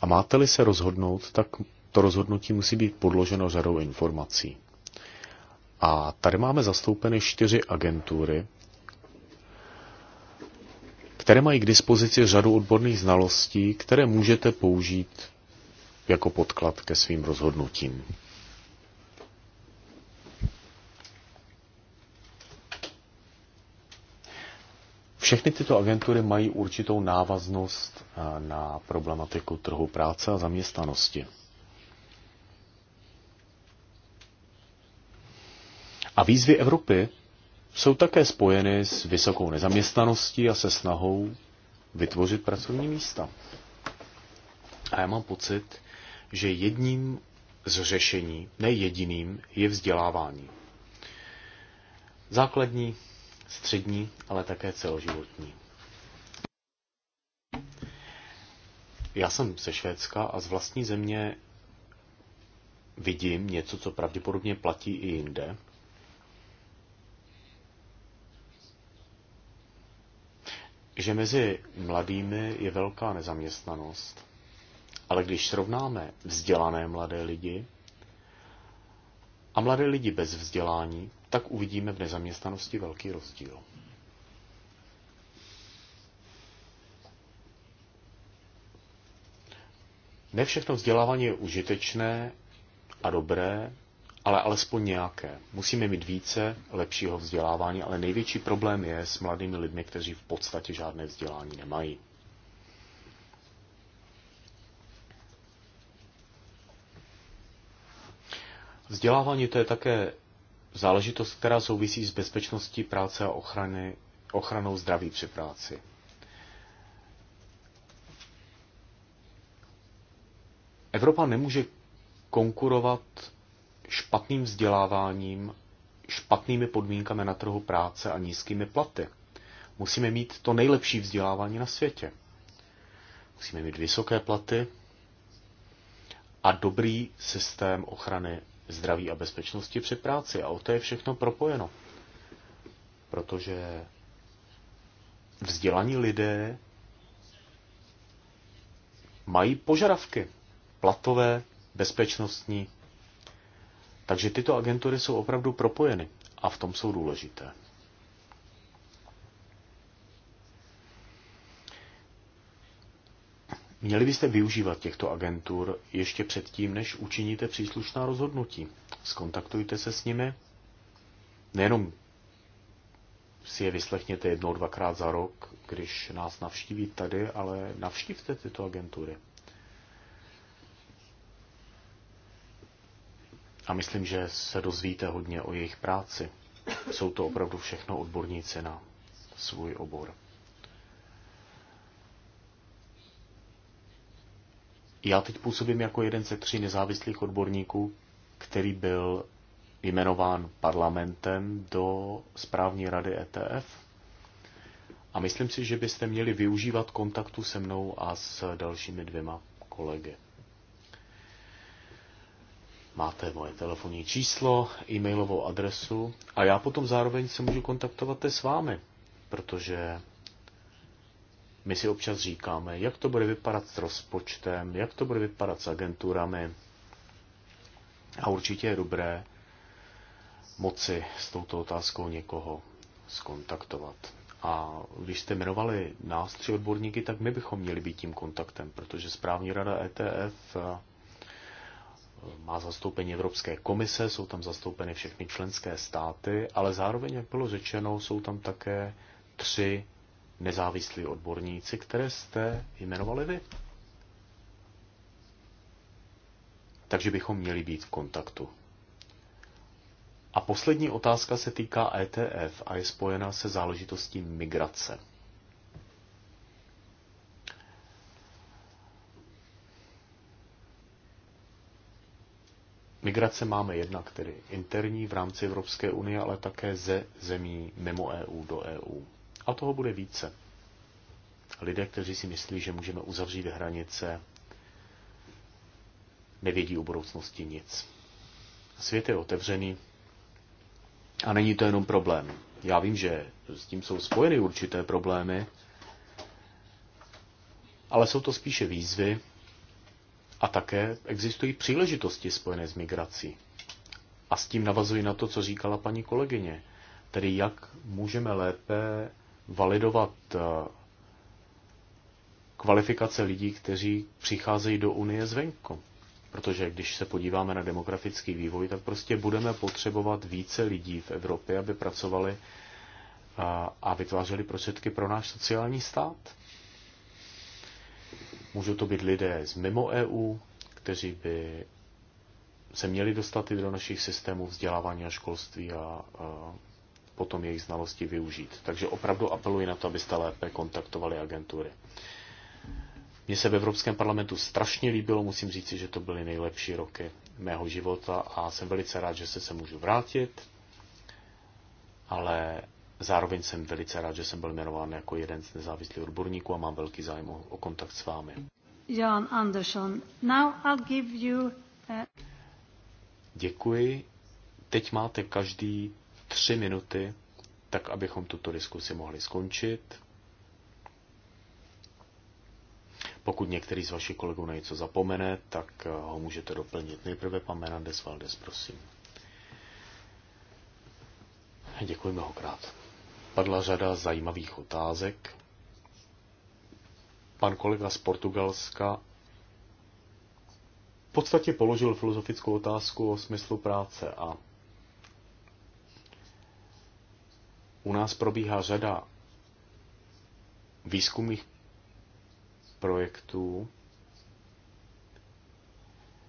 A máte-li se rozhodnout, tak to rozhodnutí musí být podloženo řadou informací. A tady máme zastoupeny čtyři agentury, které mají k dispozici řadu odborných znalostí, které můžete použít jako podklad ke svým rozhodnutím. Všechny tyto agentury mají určitou návaznost eh, na problematiku trhu práce a zaměstnanosti. A výzvy Evropy jsou také spojeny s vysokou nezaměstnaností a se snahou vytvořit pracovní místa. A já mám pocit, že jedním z řešení, ne jediným, je vzdělávání. Základní střední, ale také celoživotní. Já jsem ze Švédska a z vlastní země vidím něco, co pravděpodobně platí i jinde. Že mezi mladými je velká nezaměstnanost. Ale když srovnáme vzdělané mladé lidi a mladé lidi bez vzdělání, tak uvidíme v nezaměstnanosti velký rozdíl. Ne všechno vzdělávání je užitečné a dobré, ale alespoň nějaké. Musíme mít více lepšího vzdělávání, ale největší problém je s mladými lidmi, kteří v podstatě žádné vzdělání nemají. Vzdělávání to je také záležitost, která souvisí s bezpečností práce a ochrany, ochranou zdraví při práci. Evropa nemůže konkurovat špatným vzděláváním, špatnými podmínkami na trhu práce a nízkými platy. Musíme mít to nejlepší vzdělávání na světě. Musíme mít vysoké platy a dobrý systém ochrany zdraví a bezpečnosti při práci. A o to je všechno propojeno. Protože vzdělaní lidé mají požadavky platové, bezpečnostní. Takže tyto agentury jsou opravdu propojeny a v tom jsou důležité. Měli byste využívat těchto agentur ještě předtím, než učiníte příslušná rozhodnutí. Skontaktujte se s nimi. Nejenom si je vyslechněte jednou, dvakrát za rok, když nás navštíví tady, ale navštívte tyto agentury. A myslím, že se dozvíte hodně o jejich práci. Jsou to opravdu všechno odborníci na svůj obor. Já teď působím jako jeden ze tří nezávislých odborníků, který byl jmenován parlamentem do správní rady ETF. A myslím si, že byste měli využívat kontaktu se mnou a s dalšími dvěma kolegy. Máte moje telefonní číslo, e-mailovou adresu a já potom zároveň se můžu kontaktovat s vámi, protože my si občas říkáme, jak to bude vypadat s rozpočtem, jak to bude vypadat s agenturami. A určitě je dobré moci s touto otázkou někoho skontaktovat. A když jste jmenovali nás tři odborníky, tak my bychom měli být tím kontaktem, protože správní rada ETF eh, má zastoupení Evropské komise, jsou tam zastoupeny všechny členské státy, ale zároveň, jak bylo řečeno, jsou tam také tři nezávislí odborníci, které jste jmenovali vy. Takže bychom měli být v kontaktu. A poslední otázka se týká ETF a je spojená se záležitostí migrace. Migrace máme jedna, tedy interní v rámci Evropské unie, ale také ze zemí mimo EU do EU. A toho bude více. Lidé, kteří si myslí, že můžeme uzavřít hranice, nevědí o budoucnosti nic. Svět je otevřený a není to jenom problém. Já vím, že s tím jsou spojeny určité problémy, ale jsou to spíše výzvy a také existují příležitosti spojené s migrací. A s tím navazuji na to, co říkala paní kolegyně, tedy jak můžeme lépe validovat eh, kvalifikace lidí, kteří přicházejí do Unie zvenku. Protože když se podíváme na demografický vývoj, tak prostě budeme potřebovat více lidí v Evropě, aby pracovali eh, a vytvářeli prostředky pro náš sociální stát. Můžou to být lidé z mimo EU, kteří by se měli dostat i do našich systémů vzdělávání a školství a, a eh, potom jejich znalosti využít. Takže opravdu apeluji na to, abyste lépe kontaktovali agentury. Mně se v Evropském parlamentu strašně líbilo, musím říci, že to byly nejlepší roky mého života a jsem velice rád, že se se můžu vrátit, ale zároveň jsem velice rád, že jsem byl jmenován jako jeden z nezávislých odborníků a mám velký zájem o, o kontakt s vámi. Jan Anderson, now I'll give you a... Děkuji. Teď máte každý tři minuty, tak abychom tuto diskusi mohli skončit. Pokud některý z vašich kolegů na něco zapomene, tak eh, ho můžete doplnit. Nejprve pan Menandes Valdes, prosím. Děkuji mnohokrát. Padla řada zajímavých otázek. Pan kolega z Portugalska v podstatě položil filozofickou otázku o smyslu práce a U nás probíhá řada výzkumných projektů,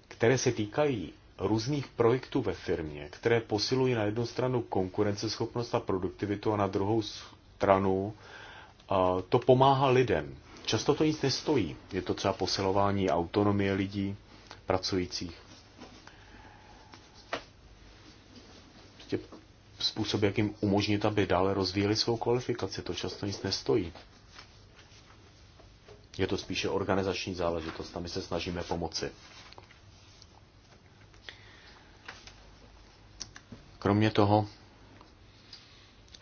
které se týkají různých projektů ve firmě, které posilují na jednu stranu konkurenceschopnost a produktivitu a na druhou stranu to pomáhá lidem. Často to nic nestojí. Je to třeba posilování autonomie lidí pracujících. způsob, jak jim umožnit, aby dále rozvíjeli svou kvalifikaci. To často nic nestojí. Je to spíše organizační záležitost a my se snažíme pomoci. Kromě toho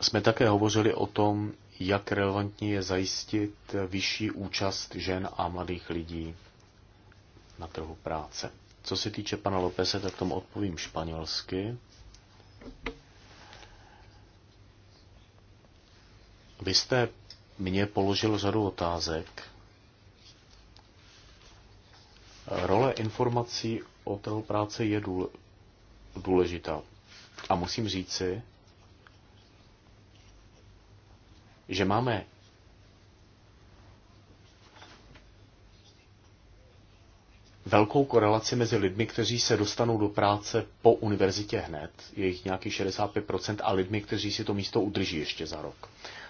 jsme také hovořili o tom, jak relevantní je zajistit vyšší účast žen a mladých lidí na trhu práce. Co se týče pana Lopese, tak tomu odpovím španělsky. Vy jste mě položil řadu otázek. Role informací o trhu práce je důležitá. A musím říci, že máme velkou korelaci mezi lidmi, kteří se dostanou do práce po univerzitě hned, je nějaký 65%, a lidmi, kteří si to místo udrží ještě za rok.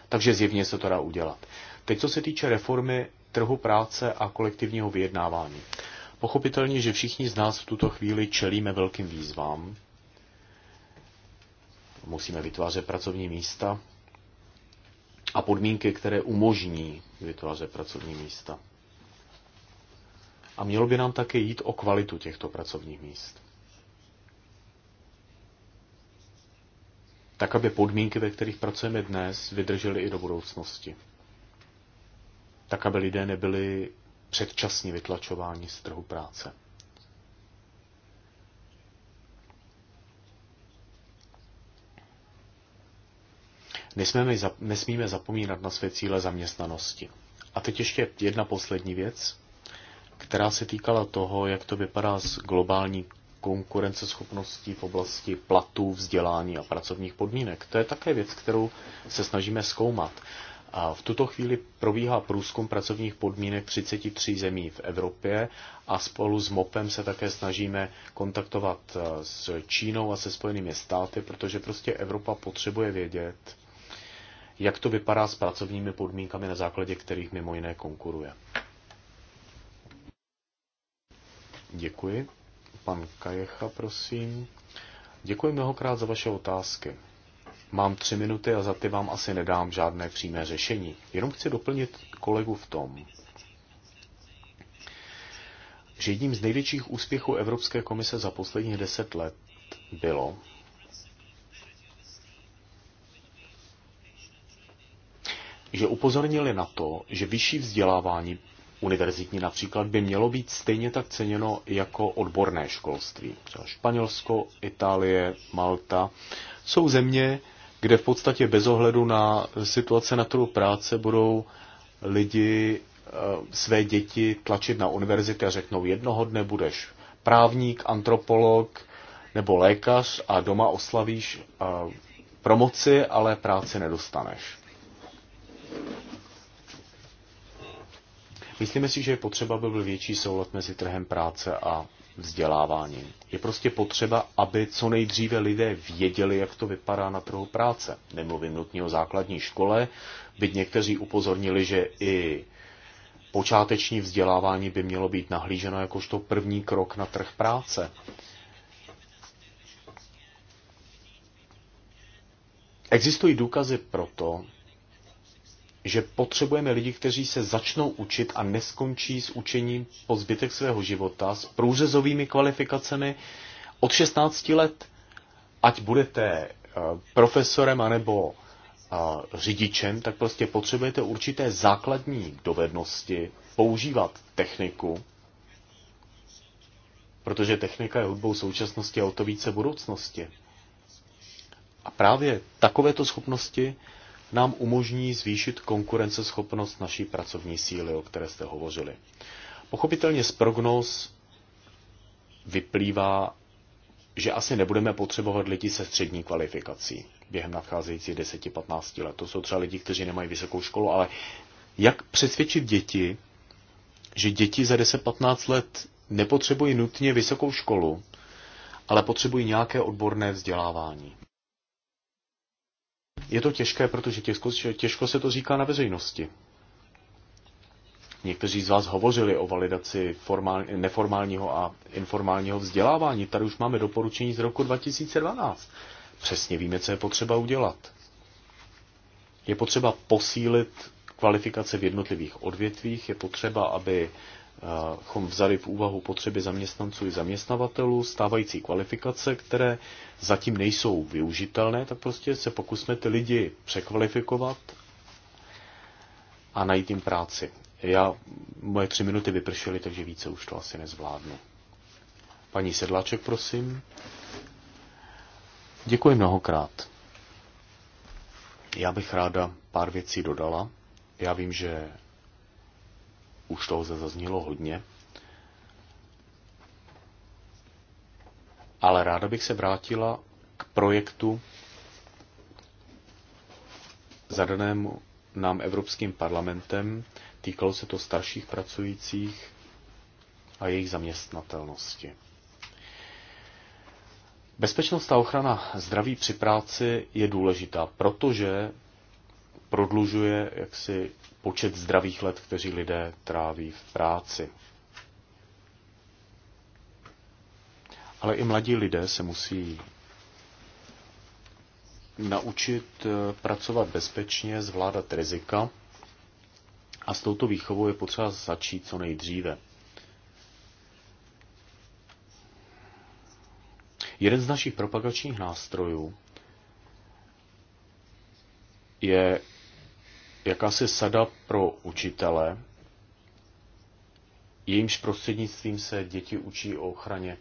Takže zjevně se to dá udělat. Teď, co se týče reformy trhu práce a kolektivního vyjednávání. Pochopitelně, že všichni z nás v tuto chvíli čelíme velkým výzvám. Musíme vytvářet pracovní místa a podmínky, které umožní vytvářet pracovní místa. A mělo by nám také jít o kvalitu těchto pracovních míst. tak aby podmínky, ve kterých pracujeme dnes, vydržely i do budoucnosti. Tak, aby lidé nebyli předčasně vytlačováni z trhu práce. Nesmíme, zapomínat na své cíle zaměstnanosti. A teď ještě jedna poslední věc, která se týkala toho, jak to vypadá s globální konkurenceschopností v oblasti platů, vzdělání a pracovních podmínek. To je také věc, kterou se snažíme zkoumat. A v tuto chvíli probíhá průzkum pracovních podmínek 33 zemí v Evropě a spolu s MOPem se také snažíme kontaktovat eh, s Čínou a se Spojenými státy, protože prostě Evropa potřebuje vědět, jak to vypadá s pracovními podmínkami, na základě kterých mimo jiné konkuruje. Děkuji. Pan Kajecha, prosím. Děkuji mnohokrát za vaše otázky. Mám tři minuty a za ty vám asi nedám žádné přímé řešení. Jenom chci doplnit kolegu v tom, že jedním z největších úspěchů Evropské komise za posledních deset let bylo, že upozornili na to, že vyšší vzdělávání univerzitní například by mělo být stejně tak ceněno jako odborné školství. Třeba Španělsko, Itálie, Malta jsou země, kde v podstatě bez ohledu na situace na trhu práce budou lidi eh, své děti tlačit na univerzity a řeknou jednoho dne budeš právník, antropolog nebo lékař a doma oslavíš eh, promoci, ale práci nedostaneš. Myslíme si, že je potřeba, aby byl větší soulad mezi trhem práce a vzděláváním. Je prostě potřeba, aby co nejdříve lidé věděli, jak to vypadá na trhu práce. Nemluvím nutně o základní škole, byť někteří upozornili, že i počáteční vzdělávání by mělo být nahlíženo jakožto první krok na trh práce. Existují důkazy pro to, že potřebujeme lidi, kteří se začnou učit a neskončí s učením po zbytek svého života, s průřezovými kvalifikacemi od 16 let, ať budete eh, profesorem anebo eh, řidičem, tak prostě potřebujete určité základní dovednosti používat techniku, protože technika je hudbou současnosti a o to více budoucnosti. A právě takovéto schopnosti nám umožní zvýšit konkurenceschopnost naší pracovní síly, o které jste hovořili. Pochopitelně z prognóz vyplývá, že asi nebudeme potřebovat lidi se střední kvalifikací během nadcházející 10-15 let. To jsou třeba lidi, kteří nemají vysokou školu, ale jak přesvědčit děti, že děti za 10-15 let nepotřebují nutně vysokou školu, ale potřebují nějaké odborné vzdělávání. Je to těžké, protože těžko, těžko se to říká na veřejnosti. Někteří z vás hovořili o validaci formál, neformálního a informálního vzdělávání. Tady už máme doporučení z roku 2012. Přesně víme, co je potřeba udělat. Je potřeba posílit kvalifikace v jednotlivých odvětvích, je potřeba, aby chom vzali v úvahu potřeby zaměstnanců i zaměstnavatelů, stávající kvalifikace, které zatím nejsou využitelné, tak prostě se pokusme ty lidi překvalifikovat a najít jim práci. Já, moje tři minuty vypršely, takže více už to asi nezvládnu. Paní Sedláček, prosím. Děkuji mnohokrát. Já bych ráda pár věcí dodala. Já vím, že už toho zaznělo hodně. Ale ráda bych se vrátila k projektu zadanému nám Evropským parlamentem. Týkalo se to starších pracujících a jejich zaměstnatelnosti. Bezpečnost a ochrana zdraví při práci je důležitá, protože prodlužuje jaksi počet zdravých let, kteří lidé tráví v práci. Ale i mladí lidé se musí naučit eh, pracovat bezpečně, zvládat rizika a s touto výchovou je potřeba začít co nejdříve. Jeden z našich propagačních nástrojů je jakási sada pro učitele, jejímž prostřednictvím se děti učí o ochraně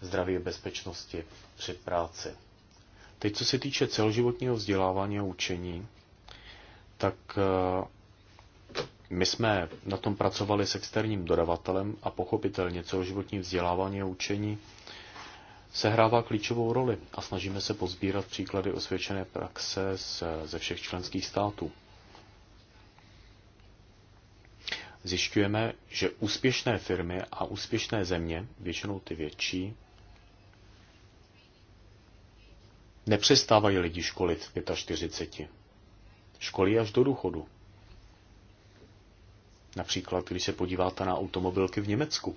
zdraví a bezpečnosti při práci. Teď, co se týče celoživotního vzdělávání a učení, tak eh, my jsme na tom pracovali s externím dodavatelem a pochopitelně celoživotní vzdělávání a učení sehrává klíčovou roli a snažíme se pozbírat příklady osvědčené praxe ze všech členských států. zjišťujeme, že úspěšné firmy a úspěšné země, většinou ty větší, nepřestávají lidi školit v 45. Školí až do důchodu. Například, když se podíváte na automobilky v Německu.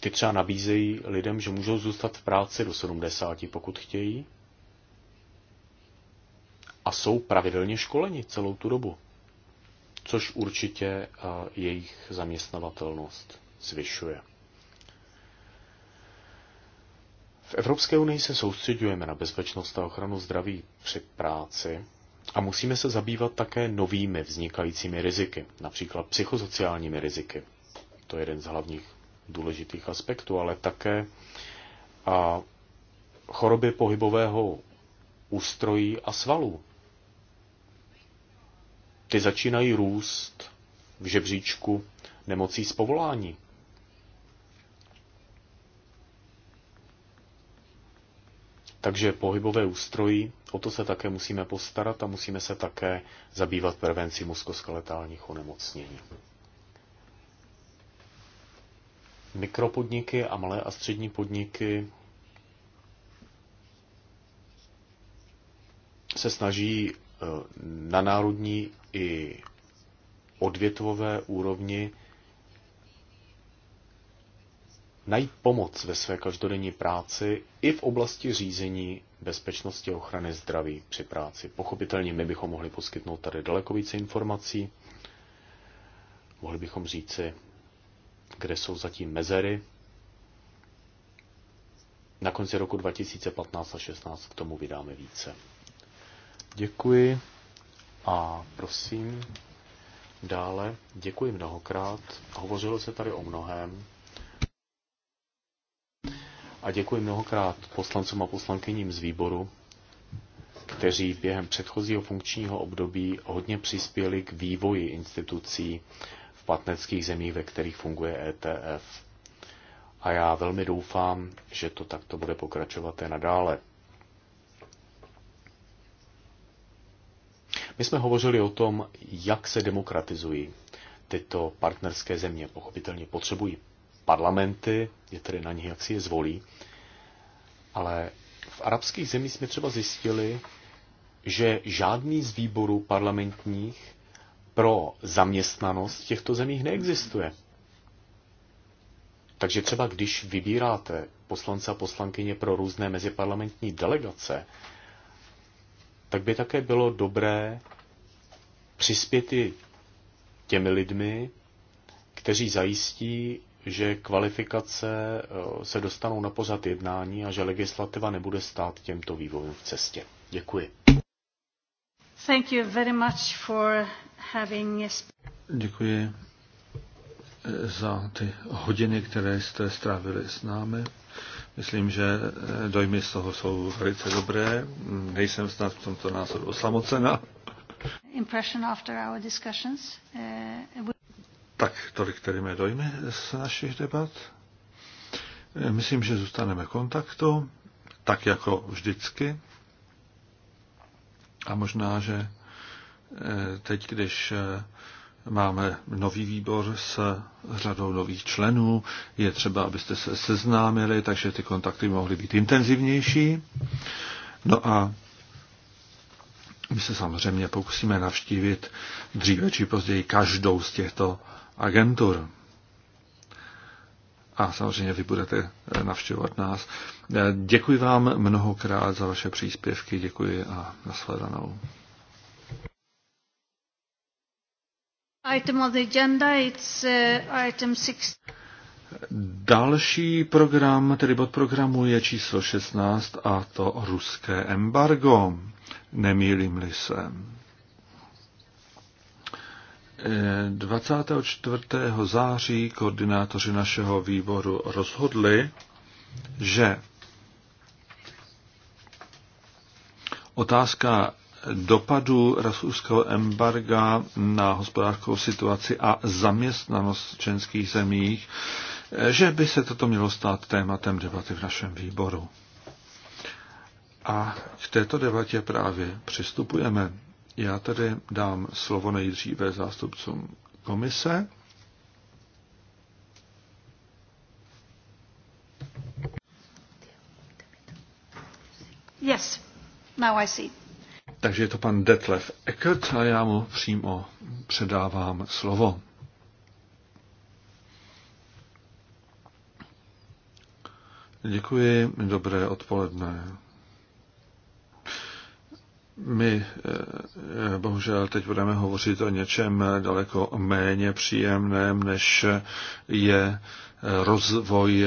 Ty třeba nabízejí lidem, že můžou zůstat v práci do 70, pokud chtějí, a jsou pravidelně školeni celou tu dobu, což určitě eh, jejich zaměstnavatelnost zvyšuje. V Evropské unii se soustředujeme na bezpečnost a ochranu zdraví při práci a musíme se zabývat také novými vznikajícími riziky, například psychosociálními riziky. To je jeden z hlavních důležitých aspektů, ale také a eh, choroby pohybového ústrojí a svalů ty začínají růst v žebříčku nemocí z povolání. Takže pohybové ústrojí, o to se také musíme postarat a musíme se také zabývat prevencí muskoskeletálních onemocnění. Mikropodniky a malé a střední podniky se snaží eh, na národní i odvětvové úrovni najít pomoc ve své každodenní práci i v oblasti řízení bezpečnosti a ochrany zdraví při práci. Pochopitelně my bychom mohli poskytnout tady daleko více informací, mohli bychom říci, kde jsou zatím mezery. Na konci roku 2015 a 16 k tomu vydáme více. Děkuji. A prosím, dále děkuji mnohokrát. Hovořilo se tady o mnohem. A děkuji mnohokrát poslancům a poslankyním z výboru, kteří během předchozího funkčního období hodně přispěli k vývoji institucí v patneckých zemích, ve kterých funguje ETF. A já velmi doufám, že to takto bude pokračovat i nadále. My jsme hovořili o tom, jak se demokratizují tyto partnerské země. Pochopitelně potřebují parlamenty, je tedy na nich, jak si je zvolí. Ale v arabských zemích jsme třeba zjistili, že žádný z výborů parlamentních pro zaměstnanost v těchto zemích neexistuje. Takže třeba když vybíráte poslance a poslankyně pro různé meziparlamentní delegace, tak by také bylo dobré přispět těmi lidmi, kteří zajistí, že kvalifikace eh, se dostanou na pořad jednání a že legislativa nebude stát těmto vývojům v cestě. Děkuji. Thank you very much for having... Děkuji eh, za ty hodiny, které jste strávili s námi. Myslím, že eh, dojmy z toho jsou velice dobré. Nejsem snad v tomto názoru osamocena. Impression after our discussions. Eh, tak, tolik tedy mé dojmy z našich debat. Eh, myslím, že zůstaneme v kontaktu, tak jako vždycky. A možná, že teď, když Máme nový výbor s řadou nových členů. Je třeba, abyste se seznámili, takže ty kontakty mohly být intenzivnější. No a my se samozřejmě pokusíme navštívit dříve či později každou z těchto agentur. A samozřejmě vy budete navštěvovat nás. Děkuji vám mnohokrát za vaše příspěvky, děkuji a nashledanou. Item on the agenda, it's uh, item six. Další program, tedy bod programu je číslo 16 a to ruské embargo, nemýlím-li se. 24. Eh, září koordinátoři našeho výboru rozhodli, že otázka dopadu rakouského embarga na hospodářskou situaci a zaměstnanost v členských zemích, že by se toto mělo stát tématem debaty v našem výboru. A k této debatě právě přistupujeme. Já tedy dám slovo nejdříve zástupcům komise. Yes, now I see. Takže je to pan Detlef Eckert a já mu přímo předávám slovo. Děkuji, dobré odpoledne. My eh, bohužel teď budeme hovořit o něčem daleko méně příjemném, než je rozvoj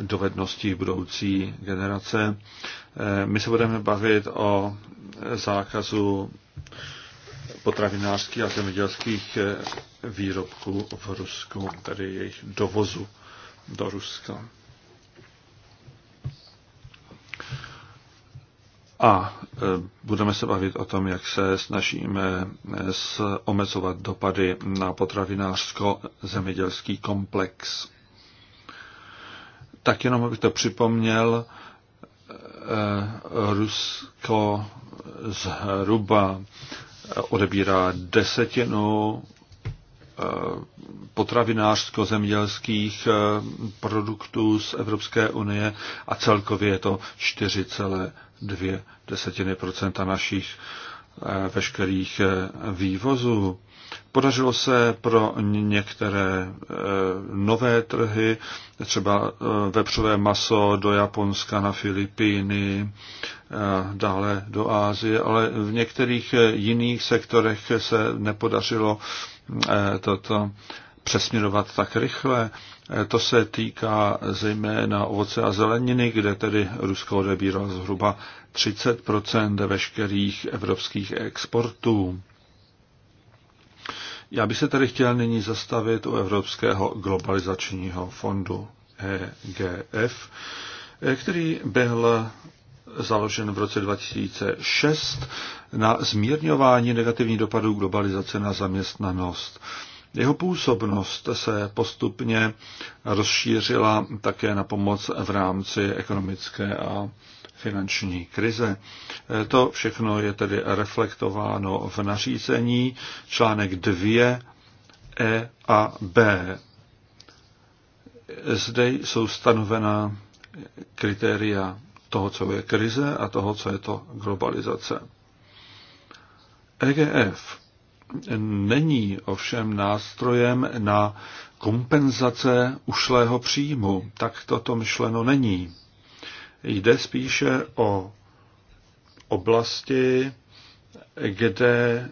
dovedností budoucí generace my se budeme bavit o zákazu potravinářských a zemědělských eh, výrobků v Rusku, tedy jejich dovozu do Ruska. A eh, budeme se bavit o tom, jak se snažíme eh, omezovat dopady na potravinářsko-zemědělský komplex. Tak jenom abych to připomněl, Eh, Rusko zhruba odebírá desetinu eh, potravinářsko-zemědělských eh, produktů z Evropské unie a celkově je to 4,2 desetiny procenta našich Eh, veškerých eh, vývozů. Podařilo se pro některé eh, nové trhy, třeba vepřové maso do Japonska, na Filipíny, dále do Ázie, ale v některých jiných sektorech se nepodařilo toto přesměrovat tak rychle. Eh, to se týká zejména ovoce a zeleniny, kde tedy Rusko odebírá zhruba 30 veškerých evropských exportů. Já bych se tady chtěl nyní zastavit u Evropského globalizačního fondu EGF, eh, který byl založen v roce 2006 na zmírňování negativních dopadů globalizace na zaměstnanost. Jeho působnost se postupně rozšířila také na pomoc v rámci ekonomické a finanční krize. To všechno je tedy reflektováno v nařízení článek 2 E a B. Zde jsou stanovena kritéria toho, co je krize a toho, co je to globalizace. EGF není ovšem nástrojem na kompenzace ušlého příjmu. Tak toto myšleno není. Jde spíše o oblasti, kde eh,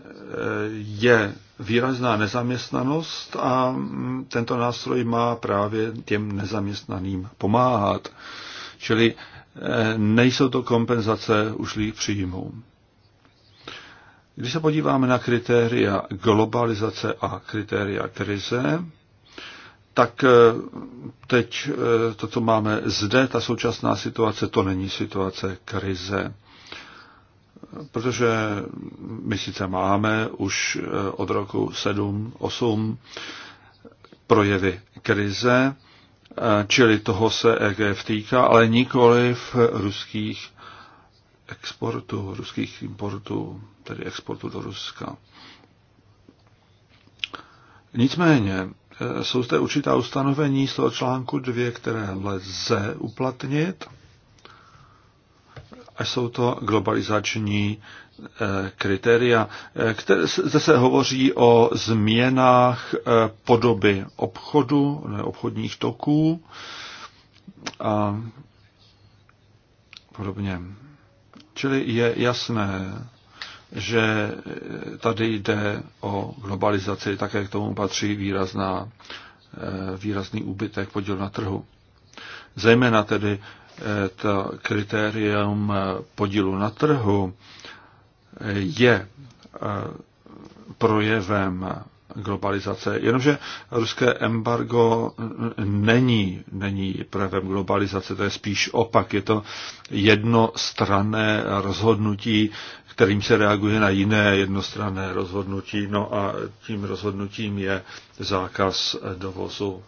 je výrazná nezaměstnanost a mm, tento nástroj má právě těm nezaměstnaným pomáhat. Čili eh, nejsou to kompenzace ušlých příjmů. Když se podíváme na kritéria globalizace a kritéria krize, tak eh, teď eh, to, co máme zde, ta současná situace, to není situace krize. Protože my sice máme už eh, od roku 7-8 projevy krize, čili toho se EGF týká, ale nikoli v ruských exportu, ruských importů, tedy exportu do Ruska. Nicméně eh, jsou zde určitá ustanovení z toho článku 2, které lze uplatnit, a jsou to globalizační eh, kritéria. Eh, zde se hovoří o změnách podoby obchodu, obchodních toků a podobně. Čili je jasné, že tady jde o globalizaci, také k tomu patří výrazná, eh, výrazný úbytek podíl na trhu. Zejména tedy eh, to kritérium eh, podílu na trhu je projevem globalizace. Jenomže ruské embargo není, není prvem globalizace, to je spíš opak. Je to jednostranné rozhodnutí, kterým se reaguje na jiné jednostranné rozhodnutí. No a tím rozhodnutím je zákaz dovozu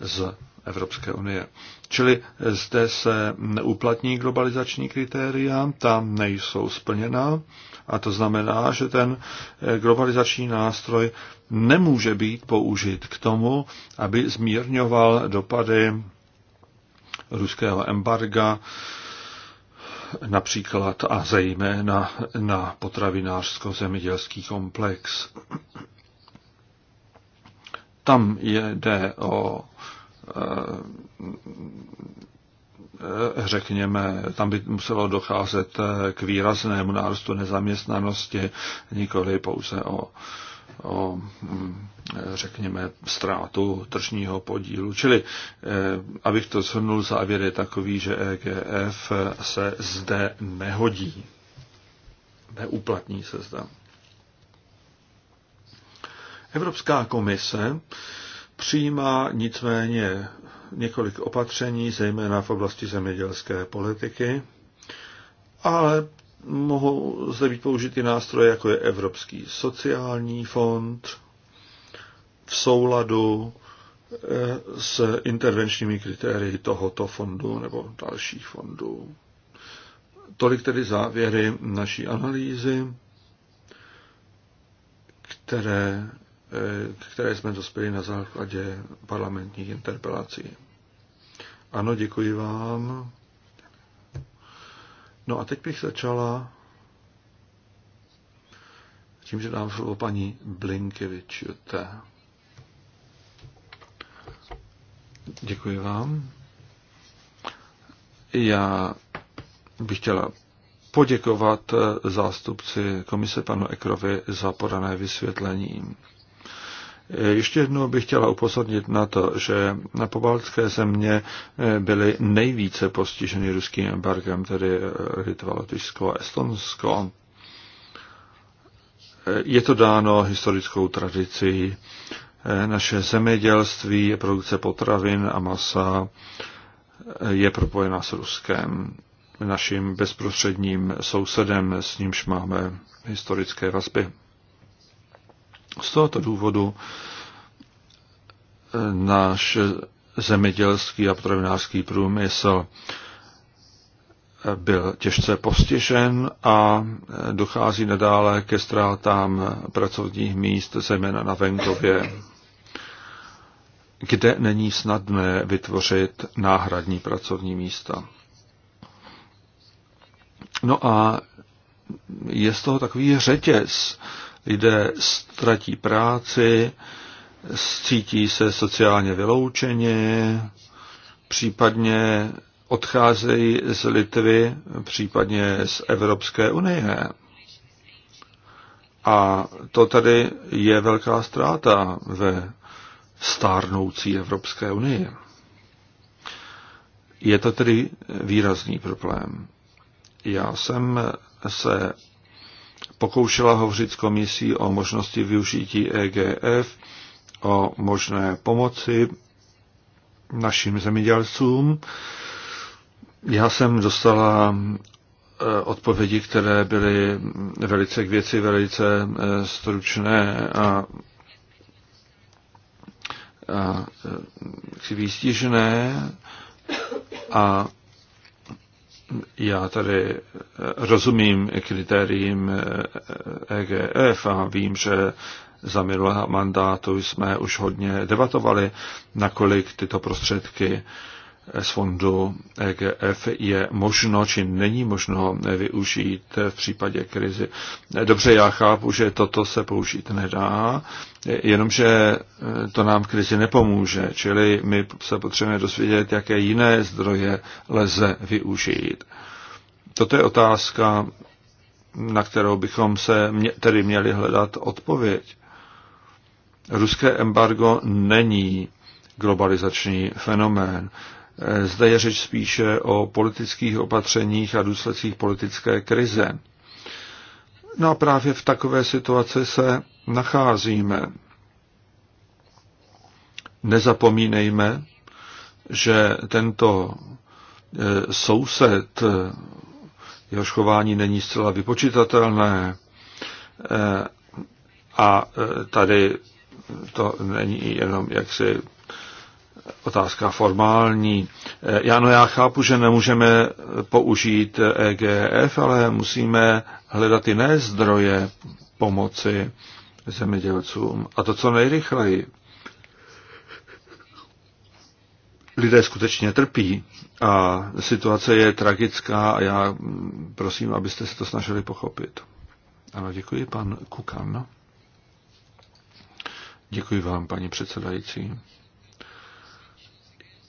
z Evropské unie. Čili zde se neuplatní globalizační kritéria, tam nejsou splněná a to znamená, že ten eh, globalizační nástroj nemůže být použit k tomu, aby zmírňoval dopady ruského embarga, například a zejména na potravinářsko-zemědělský komplex. Tam jde o Eh, řekněme, tam by muselo docházet eh, k výraznému nárůstu nezaměstnanosti, nikoli pouze o, o mm, eh, řekněme, ztrátu tržního podílu. Čili, abych to shrnul, závěr je takový, že EGF se zde nehodí. Neuplatní se zde. Evropská komise přijímá nicméně několik opatření, zejména v oblasti zemědělské politiky, ale mohou zde být použity nástroje, jako je Evropský sociální fond, v souladu eh, s intervenčními kritérii tohoto fondu nebo dalších fondů. Tolik tedy závěry naší analýzy, které Eh, které jsme dospěli na základě parlamentních interpelací. Ano, děkuji vám. No a teď bych začala tím, že dám slovo paní Blinkevič. Děkuji vám. Já bych chtěla poděkovat eh, zástupci komise panu Ekrovi za podané vysvětlení. Eh, ještě jednou bych chtěla upozornit na to, že na pobaltské země eh, byly nejvíce postiženy ruským embargem, tedy eh, Litva, Lotyšsko a Estonsko. Je to dáno historickou tradicí. Naše zemědělství, produkce potravin a masa je propojená s Ruskem, naším bezprostředním sousedem, s nímž máme historické vazby. Z tohoto důvodu eh, náš zemědělský a potravinářský průmysl eh, byl těžce postižen a eh, dochází nadále ke ztrátám pracovních míst, zejména na venkově, kde není snadné vytvořit náhradní pracovní místa. No a je z toho takový řetěz lidé ztratí práci, cítí se sociálně vyloučeni, případně odcházejí z Litvy, případně z Evropské unie. A to tady je velká ztráta ve stárnoucí Evropské unii. Je to tedy výrazný problém. Já jsem se pokoušela hovořit s komisí o možnosti využití EGF, o možné pomoci našim zemědělcům. Já jsem dostala eh, odpovědi, které byly velice k věci, velice eh, stručné a, a eh, výstižné. a já tady eh, rozumím kritériím EGF eh, e a vím, že za minulého mandátu jsme už hodně debatovali, nakolik tyto prostředky z fondu EGF je možno či není možno využít v případě krizi. Dobře, já chápu, že toto se použít nedá, jenomže to nám krizi nepomůže, čili my se potřebujeme dosvědět, jaké jiné zdroje lze využít. Toto je otázka, na kterou bychom se mě, tedy měli hledat odpověď. Ruské embargo není globalizační fenomén. Eh, zde je řeč spíše o politických opatřeních a důsledcích politické krize. No a právě v takové situaci se nacházíme. Nezapomínejme, že tento eh, soused, eh, jehož chování není zcela vypočitatelné, a tady to není jenom jaksi otázka formální. Eh, já, no já chápu, že nemůžeme použít EGF, ale musíme hledat jiné zdroje pomoci zemědělcům. A to co nejrychleji. Lidé skutečně trpí a situace je tragická a já prosím, abyste se to snažili pochopit. Ano, děkuji, pan Kukan. Děkuji vám, paní předsedající.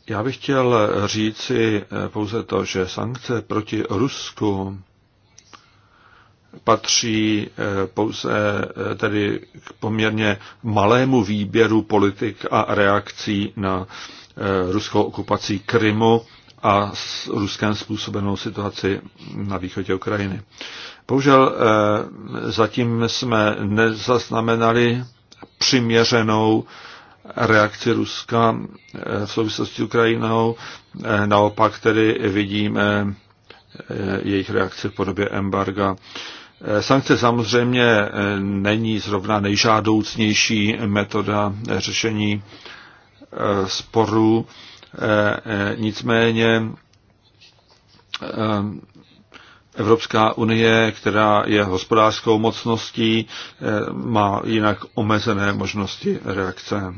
Já bych chtěl říci eh, pouze to, že sankce proti Rusku patří eh, pouze eh, tedy k poměrně malému výběru politik a reakcí na ruskou okupací Krymu a s ruskem způsobenou situaci na východě Ukrajiny. Bohužel zatím jsme nezaznamenali přiměřenou reakci Ruska eh, v souvislosti s Ukrajinou. Eh, naopak tedy vidíme eh, jejich reakci v podobě embarga. Sankce samozřejmě není zrovna nejžádoucnější metoda řešení sporů, nicméně Evropská unie, která je hospodářskou mocností, má jinak omezené možnosti reakce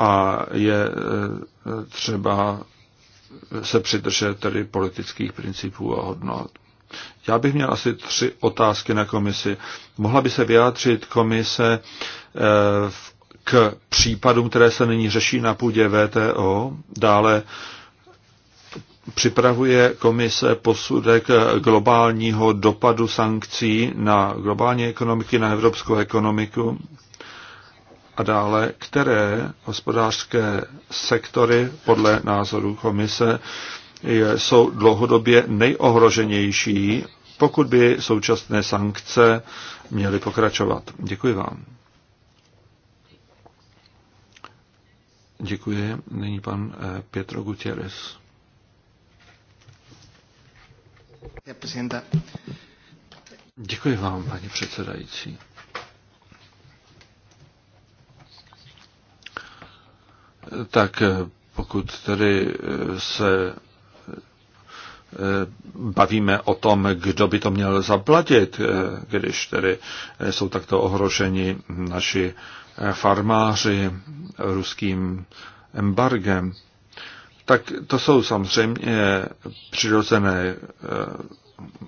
a je e, třeba se přidržet tedy politických principů a hodnot. Já bych měl asi tři otázky na komisi. Mohla by se vyjádřit komise e, k případům, které se nyní řeší na půdě VTO? Dále připravuje komise posudek globálního dopadu sankcí na globální ekonomiky, na evropskou ekonomiku? a dále, které hospodářské sektory podle názoru komise jsou dlouhodobě nejohroženější, pokud by současné sankce měly pokračovat. Děkuji vám. Děkuji. Nyní pan eh, Pietro Gutierrez. Děkuji vám, paní předsedající. tak eh, pokud tedy eh, se eh, bavíme o tom, kdo by to měl zaplatit, když tedy jsou takto ohroženi naši farmáři ruským embargem, tak to jsou samozřejmě přirozené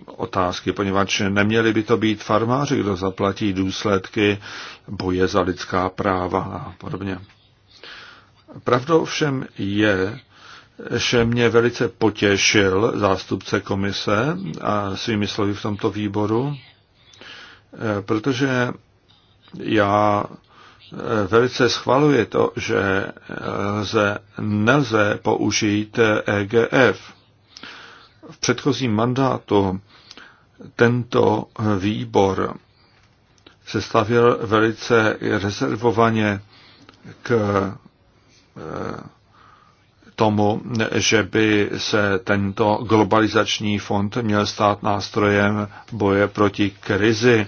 otázky, poněvadž neměli by to být farmáři, kdo zaplatí důsledky boje za lidská práva a podobně. Pravdou všem je, že mě velice potěšil zástupce komise a svými slovy v tomto výboru, eh, protože já eh, velice schvaluje to, že lze, nelze použít EGF. V předchozím mandátu tento výbor se stavil velice rezervovaně k Eh, tomu, že by se tento globalizační fond měl stát nástrojem boje proti krizi,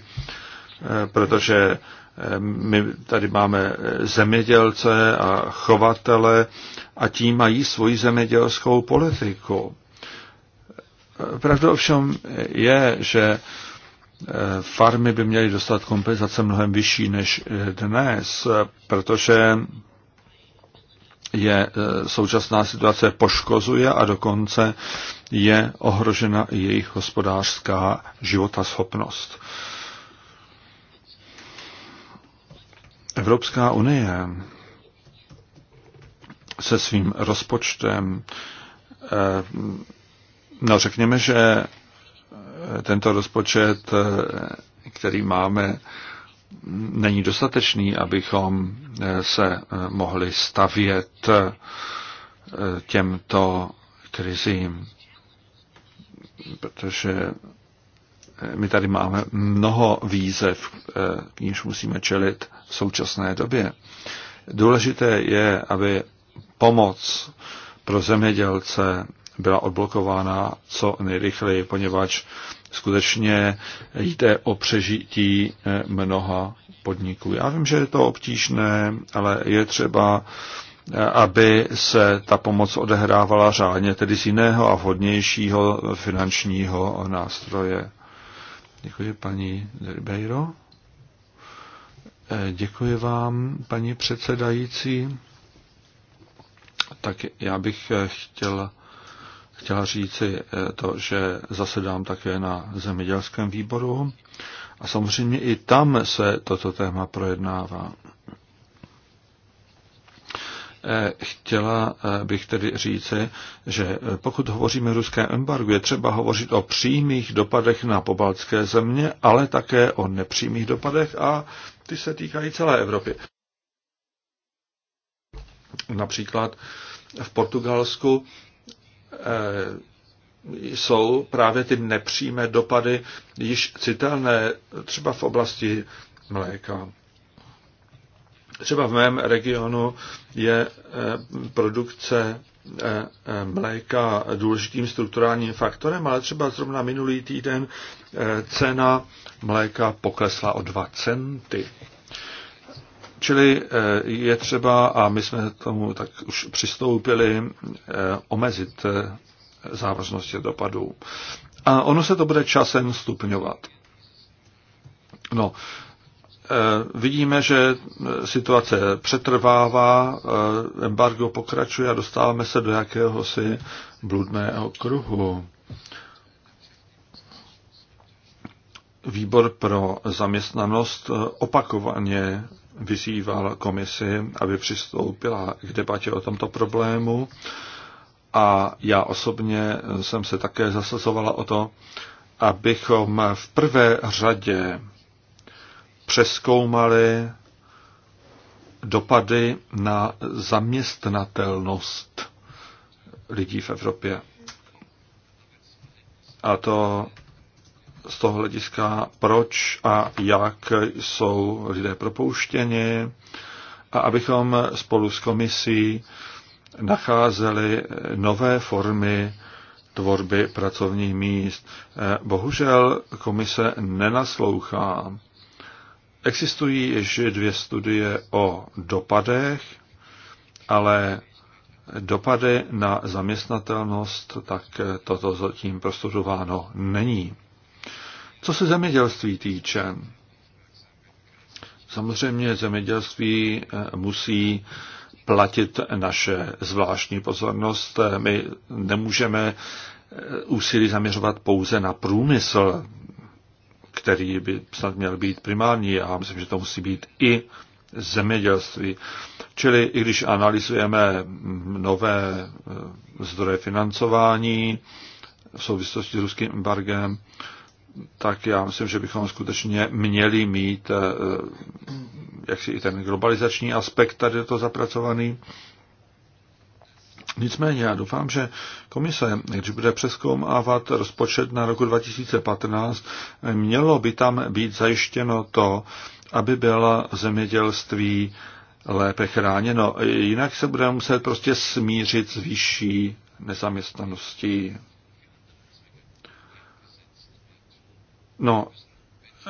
eh, protože eh, my tady máme zemědělce a chovatele a tím mají svoji zemědělskou politiku. Pravdou ovšem je, že farmy by měly dostat kompenzace mnohem vyšší než dnes, protože je e, současná situace poškozuje a dokonce je ohrožena i jejich hospodářská životaschopnost. Evropská unie se svým rozpočtem, e, no řekněme, že tento rozpočet, e, který máme, není dostatečný, abychom eh, se eh, mohli stavět eh, těmto krizím, protože my tady máme mnoho výzev, k níž musíme čelit v současné době. Důležité je, aby pomoc pro zemědělce byla odblokována co nejrychleji, poněvadž skutečně jde o přežití eh, mnoha podniků. Já vím, že je to obtížné, ale je třeba, eh, aby se ta pomoc odehrávala řádně, tedy z jiného a vhodnějšího finančního nástroje. Děkuji paní Ribeiro. Eh, děkuji vám, paní předsedající. Tak já bych chtěl chtěla říci eh, to, že zasedám také na zemědělském výboru a samozřejmě i tam se toto téma projednává. Eh, chtěla eh, bych tedy říci, že pokud hovoříme o ruském embargu, je třeba hovořit o přímých dopadech na pobaltské země, ale také o nepřímých dopadech a ty se týkají celé Evropy. Například v Portugalsku Eh, jsou právě ty nepřímé dopady již citelné třeba v oblasti mléka. Třeba v mém regionu je eh, produkce eh, mléka důležitým strukturálním faktorem, ale třeba zrovna minulý týden cena mléka poklesla o 2 centy. Čili eh, je třeba, a my jsme tomu tak už přistoupili, eh, omezit eh, závažnost dopadů. A ono se to bude časem stupňovat. No, vidíme, že situace přetrvává, embargo pokračuje a dostáváme se do jakéhosi bludného kruhu. Výbor pro zaměstnanost opakovaně vyzýval komisi, aby přistoupila k debatě o tomto problému a já osobně jsem se také zasazovala o to, abychom v prvé řadě přeskoumali dopady na zaměstnatelnost lidí v Evropě. A to z toho hlediska, proč a jak jsou lidé propouštěni a abychom spolu s komisí nacházeli nové formy tvorby pracovních míst. Bohužel komise nenaslouchá. Existují již dvě studie o dopadech, ale dopady na zaměstnatelnost, tak toto zatím prostudováno není. Co se zemědělství týče, samozřejmě zemědělství eh, musí platit naše zvláštní pozornost. Eh, my nemůžeme eh, úsilí zaměřovat pouze na průmysl, který by snad měl být primární. Já myslím, že to musí být i zemědělství. Čili i když analyzujeme nové zdroje financování v souvislosti s ruským embargem, tak já myslím, že bychom skutečně měli mít eh, jaksi i ten globalizační aspekt tady to zapracovaný. Nicméně já doufám, že komise, když bude přeskoumávat rozpočet na roku 2015, mělo by tam být zajištěno to, aby byla zemědělství lépe chráněno. Jinak se budeme muset prostě smířit s vyšší nezaměstnaností. No,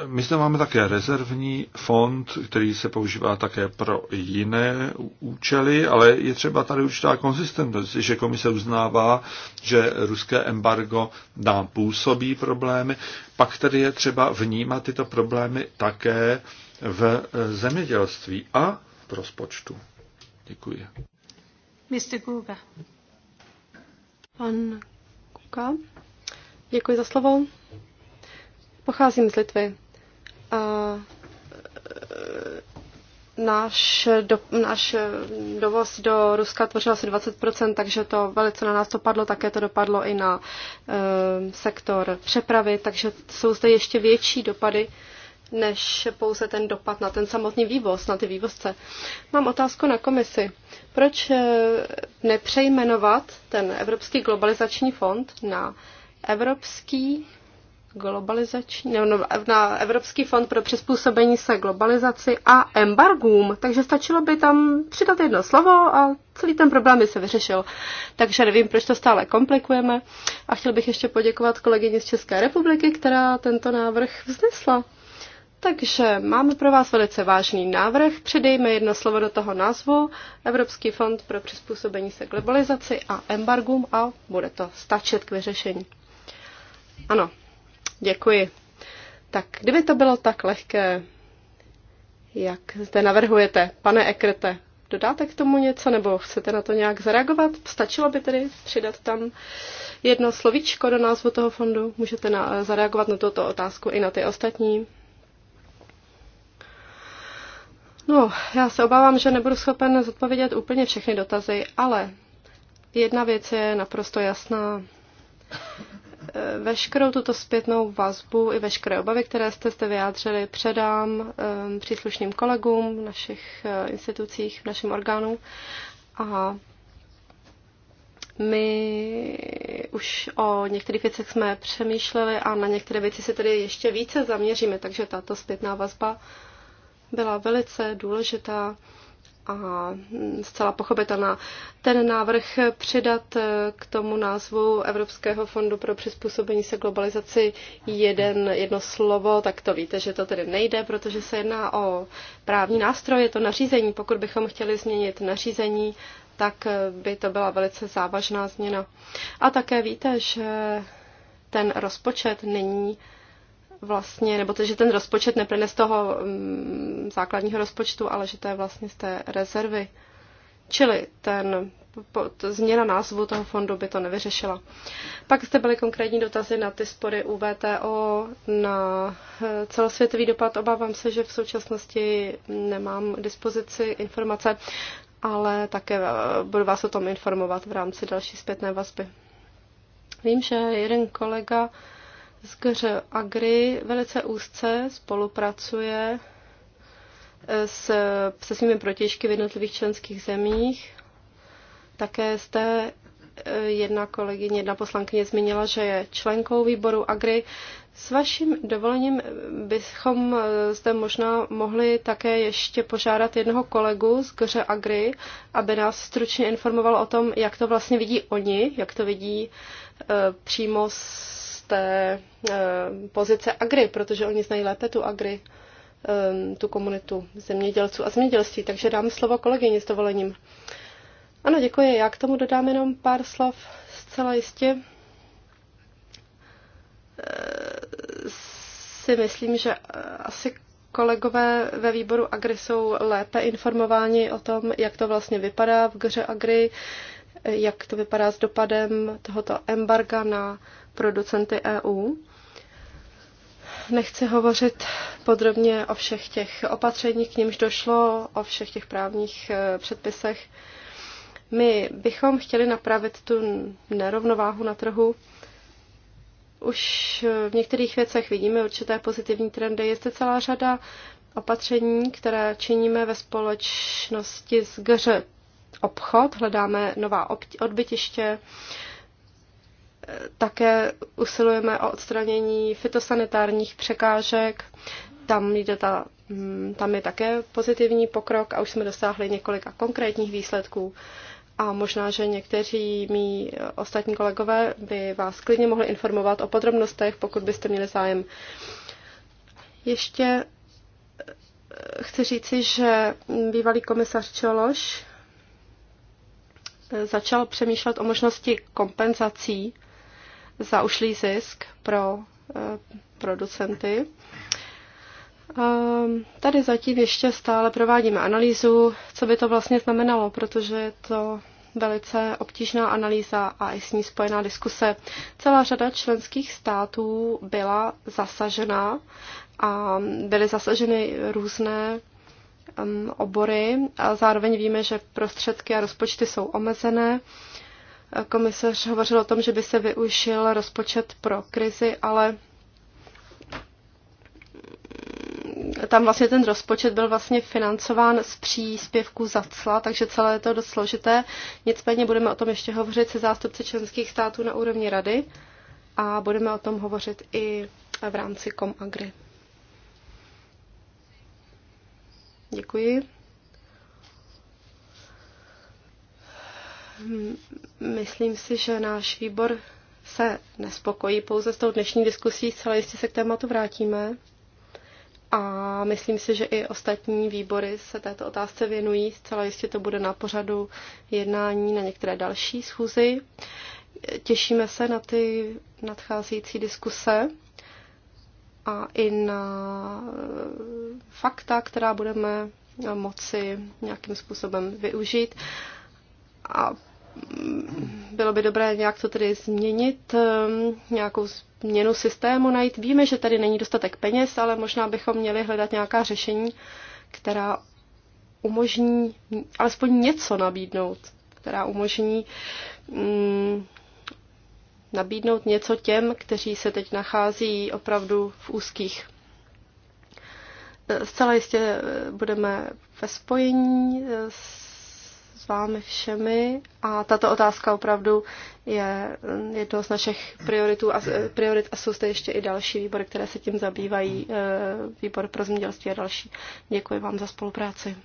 my zde máme také rezervní fond, který se používá také pro jiné účely, ale je třeba tady určitá konzistentnost, že komise uznává, že ruské embargo nám působí problémy, pak tedy je třeba vnímat tyto problémy také v zemědělství a v rozpočtu. Děkuji. Mr. Kuka. Pan Kuka. Děkuji za slovo. Pocházím z Litvy. A e, náš, do, náš e, dovoz do Ruska tvořil asi 20%, takže to velice na nás dopadlo, také to dopadlo i na um, sektor přepravy, takže jsou zde ještě větší dopady než pouze ten dopad na ten samotný vývoz, na ty vývozce. Mám otázku na komisi. Proč nepřejmenovat ten Evropský globalizační fond na Evropský globalizační, ne, no, na Evropský fond pro přizpůsobení se globalizaci a embargům, takže stačilo by tam přidat jedno slovo a celý ten problém by se vyřešil. Takže nevím, proč to stále komplikujeme. A chtěl bych ještě poděkovat kolegyni z České republiky, která tento návrh vznesla. Takže máme pro vás velice vážný návrh. Přidejme jedno slovo do toho názvu. Evropský fond pro přizpůsobení se globalizaci a embargům a bude to stačit k vyřešení. Ano, Děkuji. Tak kdyby to bylo tak lehké, jak zde navrhujete, pane Ekrete, dodáte k tomu něco nebo chcete na to nějak zareagovat? Stačilo by tedy přidat tam jedno slovíčko do názvu toho fondu? Můžete na, zareagovat na tuto otázku i na ty ostatní? No, já se obávám, že nebudu schopen zodpovědět úplně všechny dotazy, ale jedna věc je naprosto jasná. Eh, veškerou tuto zpětnou vazbu i veškeré obavy, které jste zde vyjádřili, předám eh, příslušným kolegům v našich eh, institucích, v našem orgánu a my už o některých věcech jsme přemýšleli a na některé věci se tedy ještě více zaměříme, takže tato zpětná vazba byla velice důležitá a zcela pochopitelná. Ten návrh přidat eh, k tomu názvu Evropského fondu pro přizpůsobení se globalizaci jeden, jedno slovo, tak to víte, že to tedy nejde, protože se jedná o právní nástroj, je to nařízení. Pokud bychom chtěli změnit nařízení, tak eh, by to byla velice závažná změna. A také víte, že ten rozpočet není vlastně, nebo to, že ten rozpočet neplyne z toho um, základního rozpočtu, ale že to je vlastně z té rezervy. Čili ten po, to, změna názvu toho fondu by to nevyřešila. Pak jste byly konkrétní dotazy na ty spory u VTO, na eh, celosvětový dopad. Obávám se, že v současnosti nemám k dispozici informace, ale také eh, budu vás o tom informovat v rámci další zpětné vazby. Vím, že jeden kolega SGŘ Agri velice úzce spolupracuje eh, s, se svými protěžky v jednotlivých členských zemích. Také jste eh, jedna kolegyně, jedna poslankyně zmínila, že je členkou výboru Agri. S vaším dovolením bychom eh, zde možná mohli také ještě požádat jednoho kolegu z Gře Agri, aby nás stručně informoval o tom, jak to vlastně vidí oni, jak to vidí přímo s té eh, pozice agri, protože oni znají lépe tu agri, eh, tu komunitu zemědělců a zemědělství. Takže dám slovo kolegyni s dovolením. Ano, děkuji. Já k tomu dodám jenom pár slov. Zcela jistě eh, si myslím, že asi kolegové ve výboru Agri jsou lépe informováni o tom, jak to vlastně vypadá v gře Agri, jak to vypadá s dopadem tohoto embarga na docenty EU. Nechci hovořit podrobně o všech těch opatřeních, k nímž došlo, o všech těch právních eh, předpisech. My bychom chtěli napravit tu nerovnováhu na trhu. Už eh, v některých věcech vidíme určité pozitivní trendy. Je zde celá řada opatření, které činíme ve společnosti s GŘ obchod, hledáme nová odbytiště, také usilujeme o odstranění fitosanitárních překážek. Tam, jde ta, mm, tam je také pozitivní pokrok a už jsme dosáhli několika konkrétních výsledků. A možná, že někteří mý eh, ostatní kolegové by vás klidně mohli informovat o podrobnostech, pokud byste měli zájem. Ještě eh, chci říci, že bývalý komisař Čološ eh, začal přemýšlet o možnosti kompenzací za ušlý zisk pro eh, producenty. Ehm, tady zatím ještě stále provádíme analýzu, co by to vlastně znamenalo, protože je to velice obtížná analýza a i s ní spojená diskuse. Celá řada členských států byla zasažena a byly zasaženy různé ehm, obory. A zároveň víme, že prostředky a rozpočty jsou omezené. Komisař hovořil o tom, že by se využil rozpočet pro krizi, ale tam vlastně ten rozpočet byl vlastně financován z příspěvku za cla, takže celé je to dost složité. Nicméně budeme o tom ještě hovořit se zástupci členských států na úrovni rady a budeme o tom hovořit i v rámci ComAgri. Děkuji. Myslím si, že náš výbor se nespokojí pouze s tou dnešní diskusí, zcela jistě se k tématu vrátíme. A myslím si, že i ostatní výbory se této otázce věnují. Zcela jistě to bude na pořadu jednání na některé další schůzy. Těšíme se na ty nadcházející diskuse a i na eh, fakta, která budeme moci nějakým způsobem využít. A bylo by dobré nějak to tedy změnit, ehm, nějakou změnu systému najít. Víme, že tady není dostatek peněz, ale možná bychom měli hledat nějaká řešení, která umožní alespoň něco nabídnout, která umožní mm, nabídnout něco těm, kteří se teď nachází opravdu v úzkých. Eh, zcela jistě eh, budeme ve spojení eh, s s vámi všemi a tato otázka opravdu je jednou z našich prioritů a, eh, priorit a jsou zde ještě i další výbory, které se tím zabývají, eh, výbor pro zemědělství a další. Děkuji vám za spolupráci.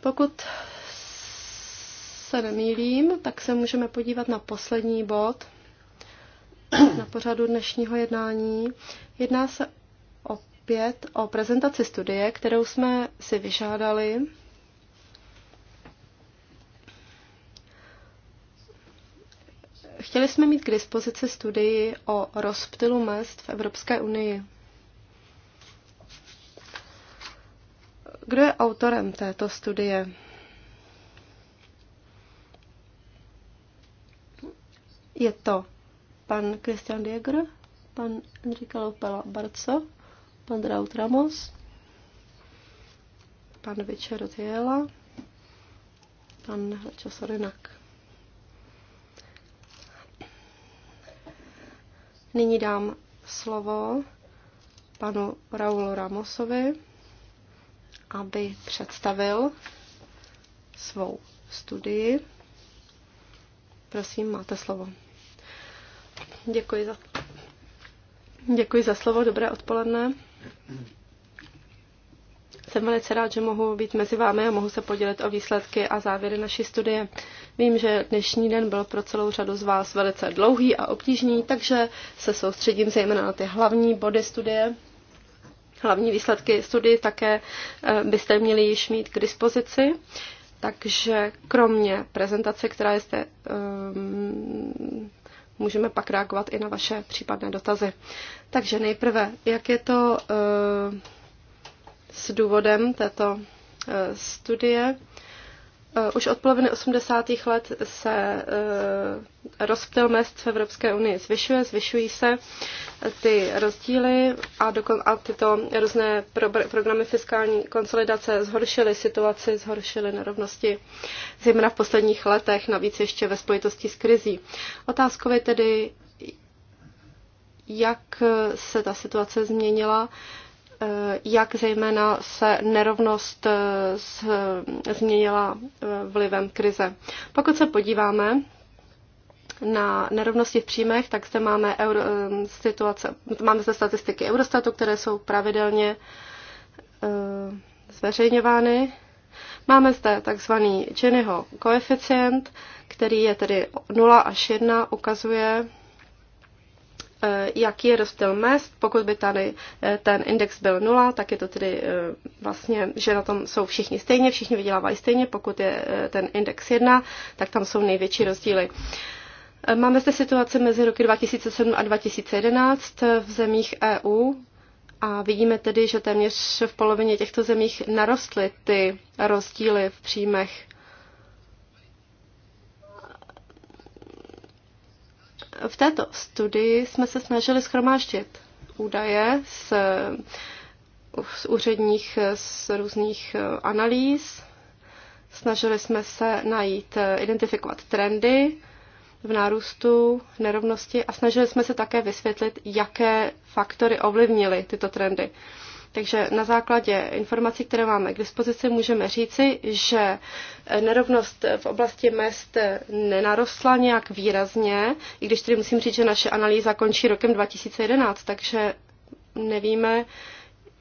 Pokud se nemýlím, tak se můžeme podívat na poslední bod na pořadu dnešního jednání. Jedná se o 5 o prezentaci studie, kterou jsme si vyžádali. Chtěli jsme mít k dispozici studii o rozptylu mest v Evropské unii. Kdo je autorem této studie? Je to pan Christian Dieger, pan Enrique Lopela Barco, pan Draut Ramos, pan večer Jela, pan Časorinak. Nyní dám slovo panu Raulu Ramosovi, aby představil svou studii. Prosím, máte slovo. Děkuji za, děkuji za slovo, dobré odpoledne. Jsem velice rád, že mohu být mezi vámi a mohu se podělit o výsledky a závěry naší studie. Vím, že dnešní den byl pro celou řadu z vás velice dlouhý a obtížný, takže se soustředím zejména na ty hlavní body studie. Hlavní výsledky studie. také eh, byste měli již mít k dispozici. Takže kromě prezentace, která jste um, můžeme pak reagovat i na vaše případné dotazy. Takže nejprve, jak je to eh, s důvodem této eh, studie? Eh, už od poloviny 80. let se eh, rozptyl mest v Evropské unii zvyšuje, zvyšují se ty rozdíly a, dokon, a tyto různé pro, programy fiskální konsolidace zhoršily situaci, zhoršily nerovnosti, zejména v posledních letech, navíc ještě ve spojitosti s krizí. Otázkově tedy, jak se ta situace změnila Eh, jak zejména se nerovnost eh, změnila eh, vlivem krize. Pokud se podíváme na nerovnosti v příjmech, tak zde máme euro, situace, máme zde statistiky Eurostatu, které jsou pravidelně zveřejňovány. Máme zde takzvaný Giniho koeficient, který je tedy 0 až 1, ukazuje Eh, jaký je rozptyl mest. Pokud by tady eh, ten index byl nula, tak je to tedy eh, vlastně, že na tom jsou všichni stejně, všichni vydělávají stejně. Pokud je ten index jedna, tak tam jsou největší rozdíly. Máme zde situaci mezi roky 2007 a 2011 v zemích EU a vidíme tedy, že téměř v polovině těchto zemích narostly ty rozdíly v příjmech V této studii jsme se snažili schromáždit údaje z, z úředních, z různých eh, analýz. Snažili jsme se najít, eh, identifikovat trendy v nárůstu nerovnosti a snažili jsme se také vysvětlit, jaké faktory ovlivnily tyto trendy. Takže na základě informací, které máme k dispozici, můžeme říci, že nerovnost v oblasti mest nenarostla nějak výrazně, i když tedy musím říct, že naše analýza končí rokem 2011, takže nevíme,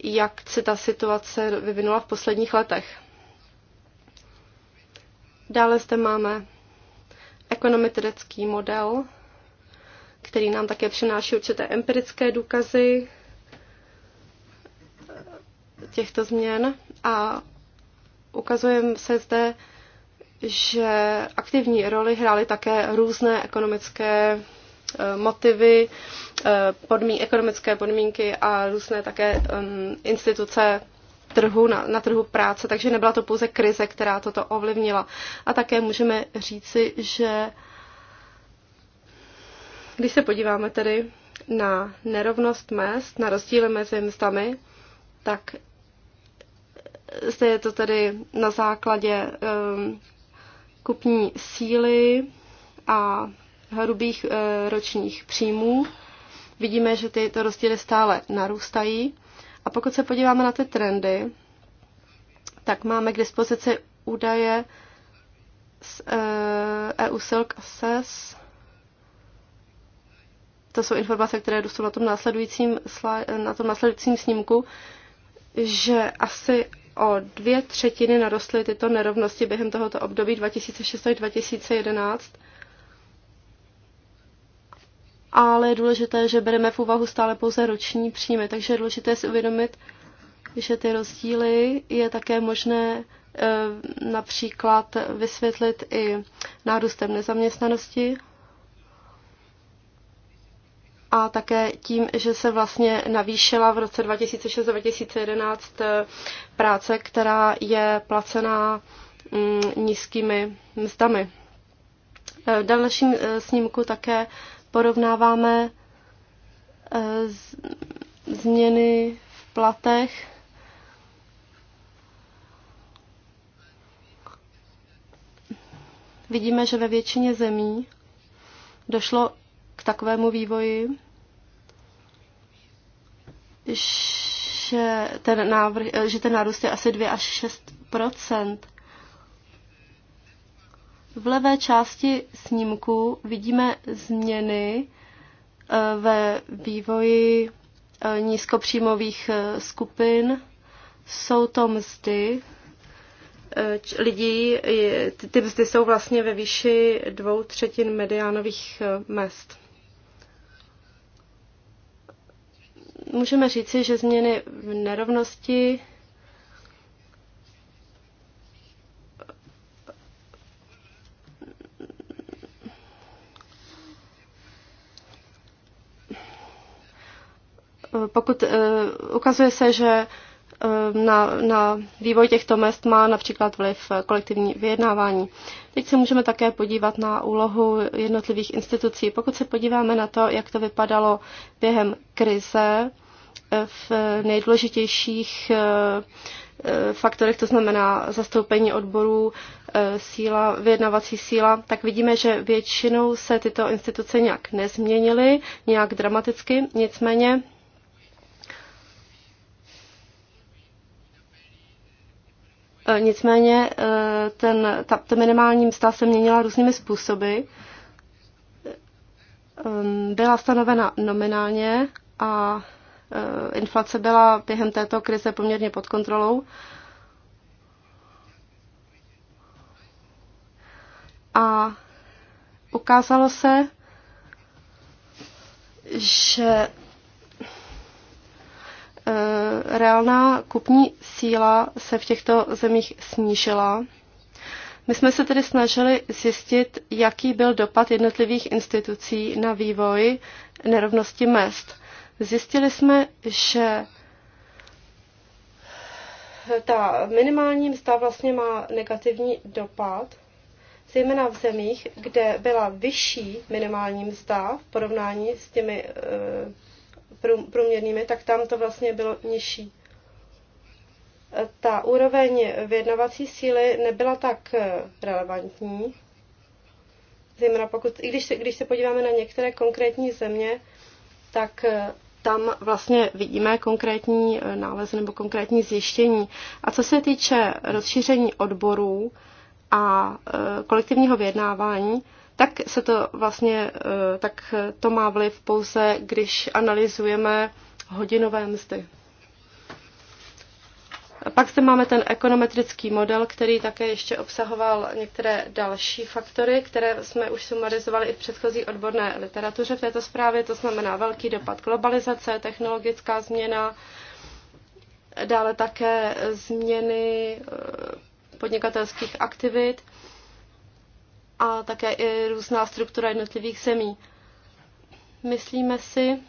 jak se ta situace vyvinula v posledních letech. Dále zde máme ekonometrický model, který nám také přináší určité empirické důkazy, těchto změn a ukazuje se zde, že aktivní roli hrály také různé ekonomické eh, motivy, eh, podmín, ekonomické podmínky a různé také instituce trhu, na, na trhu práce, takže nebyla to pouze krize, která toto ovlivnila. A také můžeme říci, že když se podíváme tedy na nerovnost mest, na rozdíly mezi mzdami, tak zde je to tedy na základě ehm, kupní síly a hrubých eh, ročních příjmů. Vidíme, že tyto rozdíly stále narůstají. A pokud se podíváme na ty trendy, tak máme k dispozici údaje z EU eh, e Silk Assess. To jsou informace, které jsou na tom následujícím, na tom následujícím snímku, že asi o dvě třetiny narostly tyto nerovnosti během tohoto období 2006 2011. Ale je důležité, že bereme v úvahu stále pouze roční příjmy, takže je důležité si uvědomit, že ty rozdíly je také možné e, například vysvětlit i nárůstem nezaměstnanosti a také tím, že se vlastně navýšila v roce 2006-2011 eh, práce, která je placená mm, nízkými mzdami. Eh, v dalším eh, snímku také porovnáváme změny v platech. Vidíme, že ve většině zemí došlo k takovému vývoji, že ten, návrh, že ten nárůst je asi 2 až 6 V levé části snímku vidíme změny eh, ve vývoji eh, nízkopříjmových eh, skupin. Jsou to mzdy lidí, ty mzdy jsou vlastně ve výši dvou třetin mediánových mest. můžeme říci, že změny v nerovnosti pokud eh, ukazuje se, že Eh, na, na vývoj těchto mest má například vliv kolektivní vyjednávání. Teď se můžeme také podívat na úlohu jednotlivých institucí. Pokud se podíváme na to, jak to vypadalo během krize eh, v nejdůležitějších eh, faktorech, to znamená zastoupení odborů, síla, vyjednavací síla, tak vidíme, že většinou se tyto instituce nějak nezměnily, nějak dramaticky, nicméně E, nicméně e, ten, ta, ta minimální mzda se měnila různými způsoby. E, byla stanovena nominálně a inflace byla během této krize poměrně pod kontrolou. A ukázalo se, že Eh, reálná kupní síla se v těchto zemích snížila. My jsme se tedy snažili zjistit, jaký byl dopad jednotlivých institucí na vývoj nerovnosti mest. Zjistili jsme, že ta minimální mzda vlastně má negativní dopad, zejména v zemích, kde byla vyšší minimální mzda v porovnání s těmi eh, průměrnými, tak tam to vlastně bylo nižší. Ta úroveň vyjednavací síly nebyla tak eh, relevantní, zejména pokud, i když se, když se podíváme na některé konkrétní země, tak eh, tam vlastně vidíme konkrétní eh, nálezy nebo konkrétní zjištění. A co se týče rozšíření odborů a kolektivního vyjednávání, tak se to vlastně, eh, tak to má vliv pouze, když analyzujeme hodinové mzdy. Pak zde máme ten ekonometrický model, který také ještě obsahoval některé další faktory, které jsme už sumarizovali i v předchozí odborné literatuře v této zprávě, to znamená velký dopad globalizace, technologická změna, dále také změny eh, podnikatelských aktivit a také i různá struktura jednotlivých zemí. Myslíme si,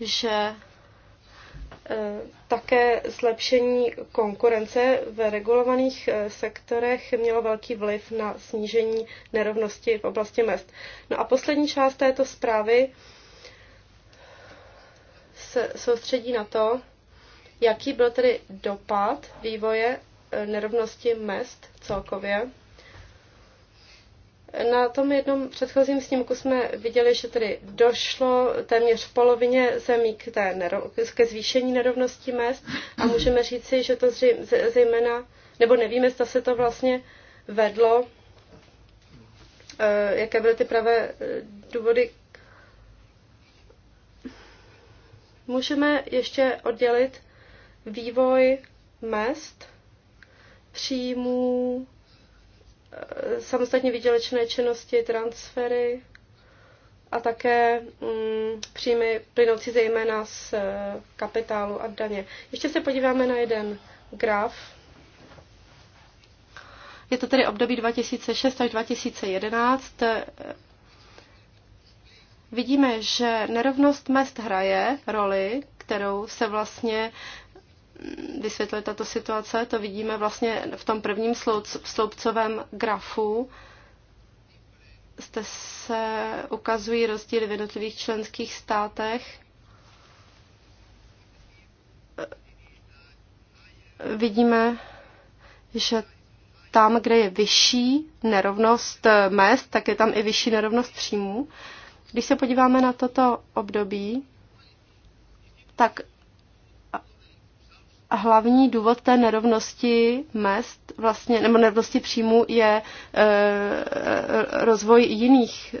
že e, také zlepšení konkurence v regulovaných e, sektorech mělo velký vliv na snížení nerovnosti v oblasti mest. No a poslední část této zprávy se soustředí na to, jaký byl tedy dopad vývoje nerovnosti mest celkově. Na tom jednom předchozím snímku jsme viděli, že tedy došlo téměř v polovině zemí k té nero- ke zvýšení nerovností mest a můžeme říci, že to zejména, nebo nevíme, zda se to vlastně vedlo, eh, jaké byly ty pravé eh, důvody. Můžeme ještě oddělit vývoj mest příjmů, eh, samostatně výdělečné činnosti, transfery a také mm, příjmy plynoucí zejména z eh, kapitálu a daně. Ještě se podíváme na jeden graf. Je to tedy období 2006 až 2011. Vidíme, že nerovnost mest hraje roli, kterou se vlastně vysvětlit tato situace. To vidíme vlastně v tom prvním sloupcovém grafu. Zde se ukazují rozdíly v jednotlivých členských státech. Vidíme, že tam, kde je vyšší nerovnost mest, tak je tam i vyšší nerovnost příjmů. Když se podíváme na toto období, tak hlavní důvod té nerovnosti mest, vlastně, nebo nerovnosti příjmu je e, rozvoj jiných e,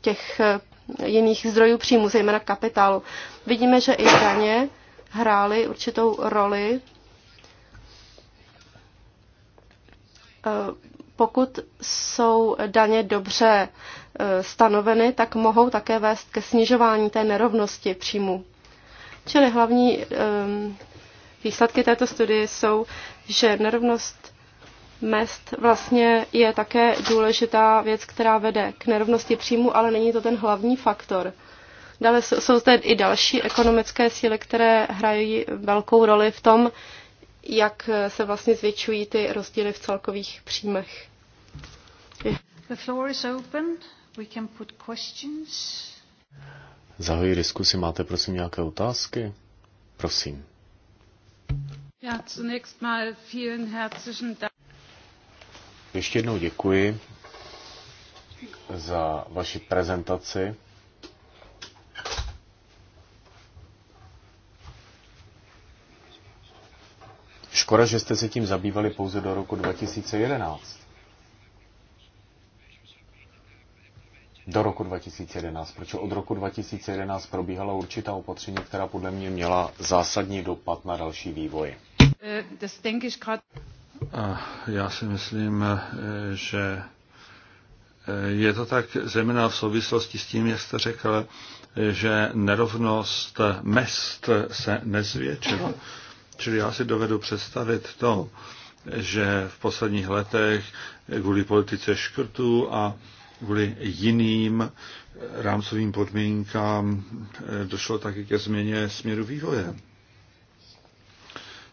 těch e, jiných zdrojů příjmu, zejména kapitálu. Vidíme, že i daně hrály určitou roli. Pokud jsou daně dobře stanoveny, tak mohou také vést ke snižování té nerovnosti příjmu. Čili hlavní Výsledky této studie jsou, že nerovnost mest vlastně je také důležitá věc, která vede k nerovnosti příjmu, ale není to ten hlavní faktor. Dále jsou zde i další ekonomické síly, které hrají velkou roli v tom, jak se vlastně zvětšují ty rozdíly v celkových příjmech. The floor is open. We can put questions. Zahoji diskusi. Máte prosím nějaké otázky? Prosím. Ještě jednou děkuji za vaši prezentaci. Škoda, že jste se tím zabývali pouze do roku 2011. do roku 2011, protože od roku 2011 probíhala určitá opatření, která podle mě měla zásadní dopad na další vývoj. já si myslím, že je to tak zejména v souvislosti s tím, jak jste řekl, že nerovnost mest se nezvětšila. Čili já si dovedu představit to, že v posledních letech kvůli politice škrtů a kvůli jiným eh, rámcovým podmínkám eh, došlo taky ke změně směru vývoje.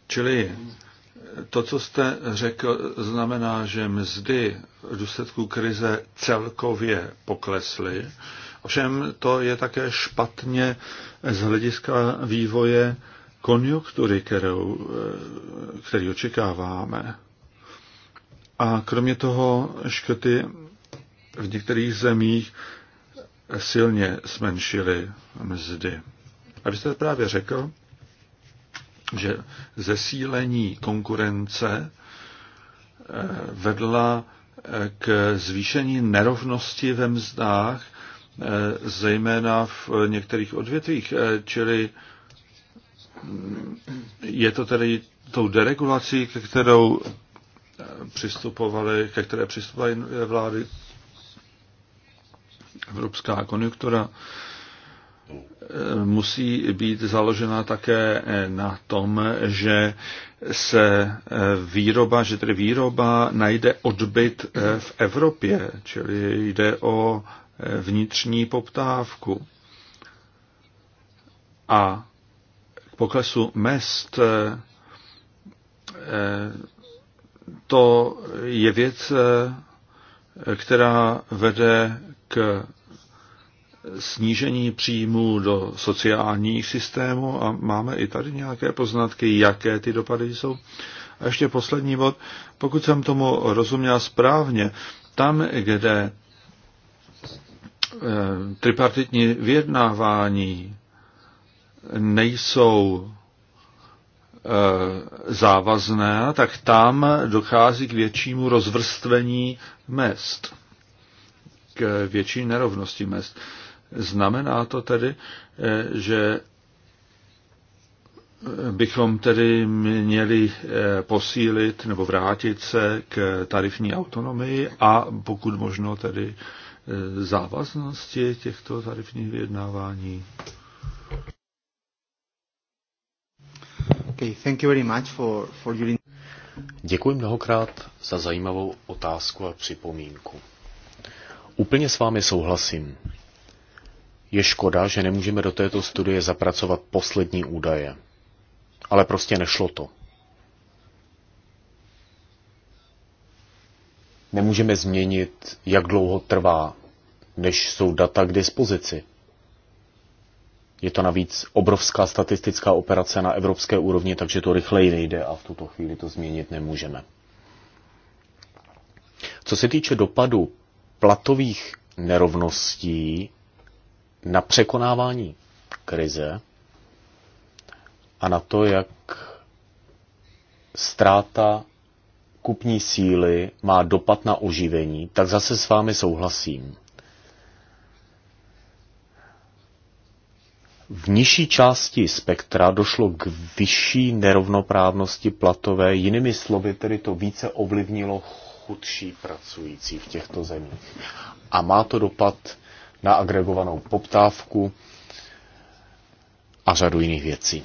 Čili eh, to, co jste řekl, znamená, že mzdy v důsledku krize celkově poklesly. Ovšem to je také špatně z hlediska vývoje konjunktury, kterou, který očekáváme. A kromě toho škrty v některých zemích silně zmenšili mzdy. A vy jste právě řekl, že zesílení konkurence eh, vedla eh, k zvýšení nerovnosti ve mzdách, eh, zejména v některých odvětvích, čili mm, je to tedy tou deregulací, ke kterou přistupovaly, ke které přistupovaly vlády evropská konjunktura eh, musí být založena také eh, na tom, že se eh, výroba, že tedy výroba najde odbyt v Evropě, čili jde o vnitřní poptávku. A k poklesu mest to je věc, která vede k snížení příjmů do sociálních systémů a máme i tady nějaké poznatky, jaké ty dopady jsou. A ještě poslední bod, pokud jsem tomu rozuměl správně, tam, kde eh, tripartitní vyjednávání nejsou eh, závazné, tak tam dochází k většímu rozvrstvení mest, k větší nerovnosti mest. Znamená to tedy, eh, že eh, bychom tedy měli eh, posílit nebo vrátit se k tarifní autonomii a pokud možno tedy závaznosti těchto tarifních vyjednávání. Okay, thank you very much for, for your... Děkuji mnohokrát za zajímavou otázku a připomínku. Úplně s vámi souhlasím. Je škoda, že nemůžeme do této studie zapracovat poslední údaje. Ale prostě nešlo to. Nemůžeme změnit, jak dlouho trvá, než jsou data k dispozici. Je to navíc obrovská statistická operace na evropské úrovni, takže to rychleji nejde a v tuto chvíli to změnit nemůžeme. Co se týče dopadu platových nerovností na překonávání krize a na to, jak ztráta kupní síly má dopad na oživení, tak zase s vámi souhlasím. V nižší části spektra došlo k vyšší nerovnoprávnosti platové, jinými slovy tedy to více ovlivnilo chudší pracující v těchto zemích. A má to dopad na agregovanou poptávku a řadu jiných věcí.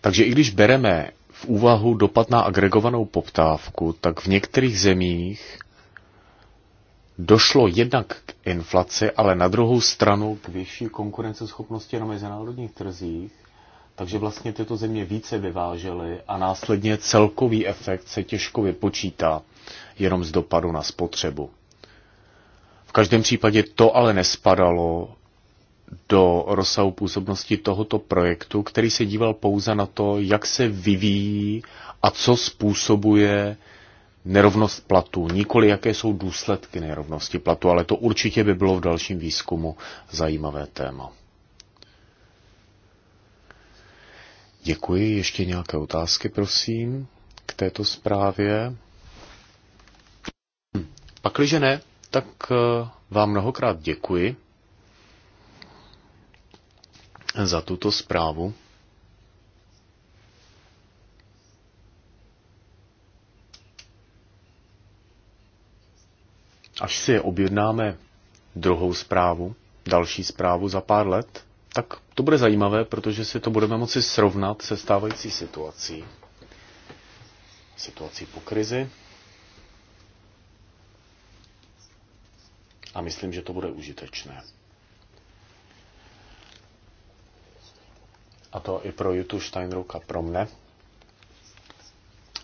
Takže i když bereme v úvahu dopad na agregovanou poptávku, tak v některých zemích došlo jednak k inflaci, ale na druhou stranu k vyšší konkurenceschopnosti na mezinárodních trzích, takže vlastně tyto země více vyvážely a následně celkový efekt se těžko vypočítá jenom z dopadu na spotřebu. V každém případě to ale nespadalo do rozsahu působnosti tohoto projektu, který se díval pouze na to, jak se vyvíjí a co způsobuje nerovnost platů, nikoli jaké jsou důsledky nerovnosti platu, ale to určitě by bylo v dalším výzkumu zajímavé téma. Děkuji. Ještě nějaké otázky, prosím, k této zprávě? Pakliže ne, tak eh, vám mnohokrát děkuji za tuto zprávu. Až si objednáme druhou zprávu, další zprávu za pár let, tak to bude zajímavé, protože si to budeme moci srovnat se stávající situací. Situací po krizi a myslím, že to bude užitečné. A to i pro Jutu Steinruck a pro mne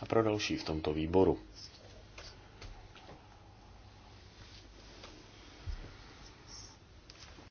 a pro další v tomto výboru.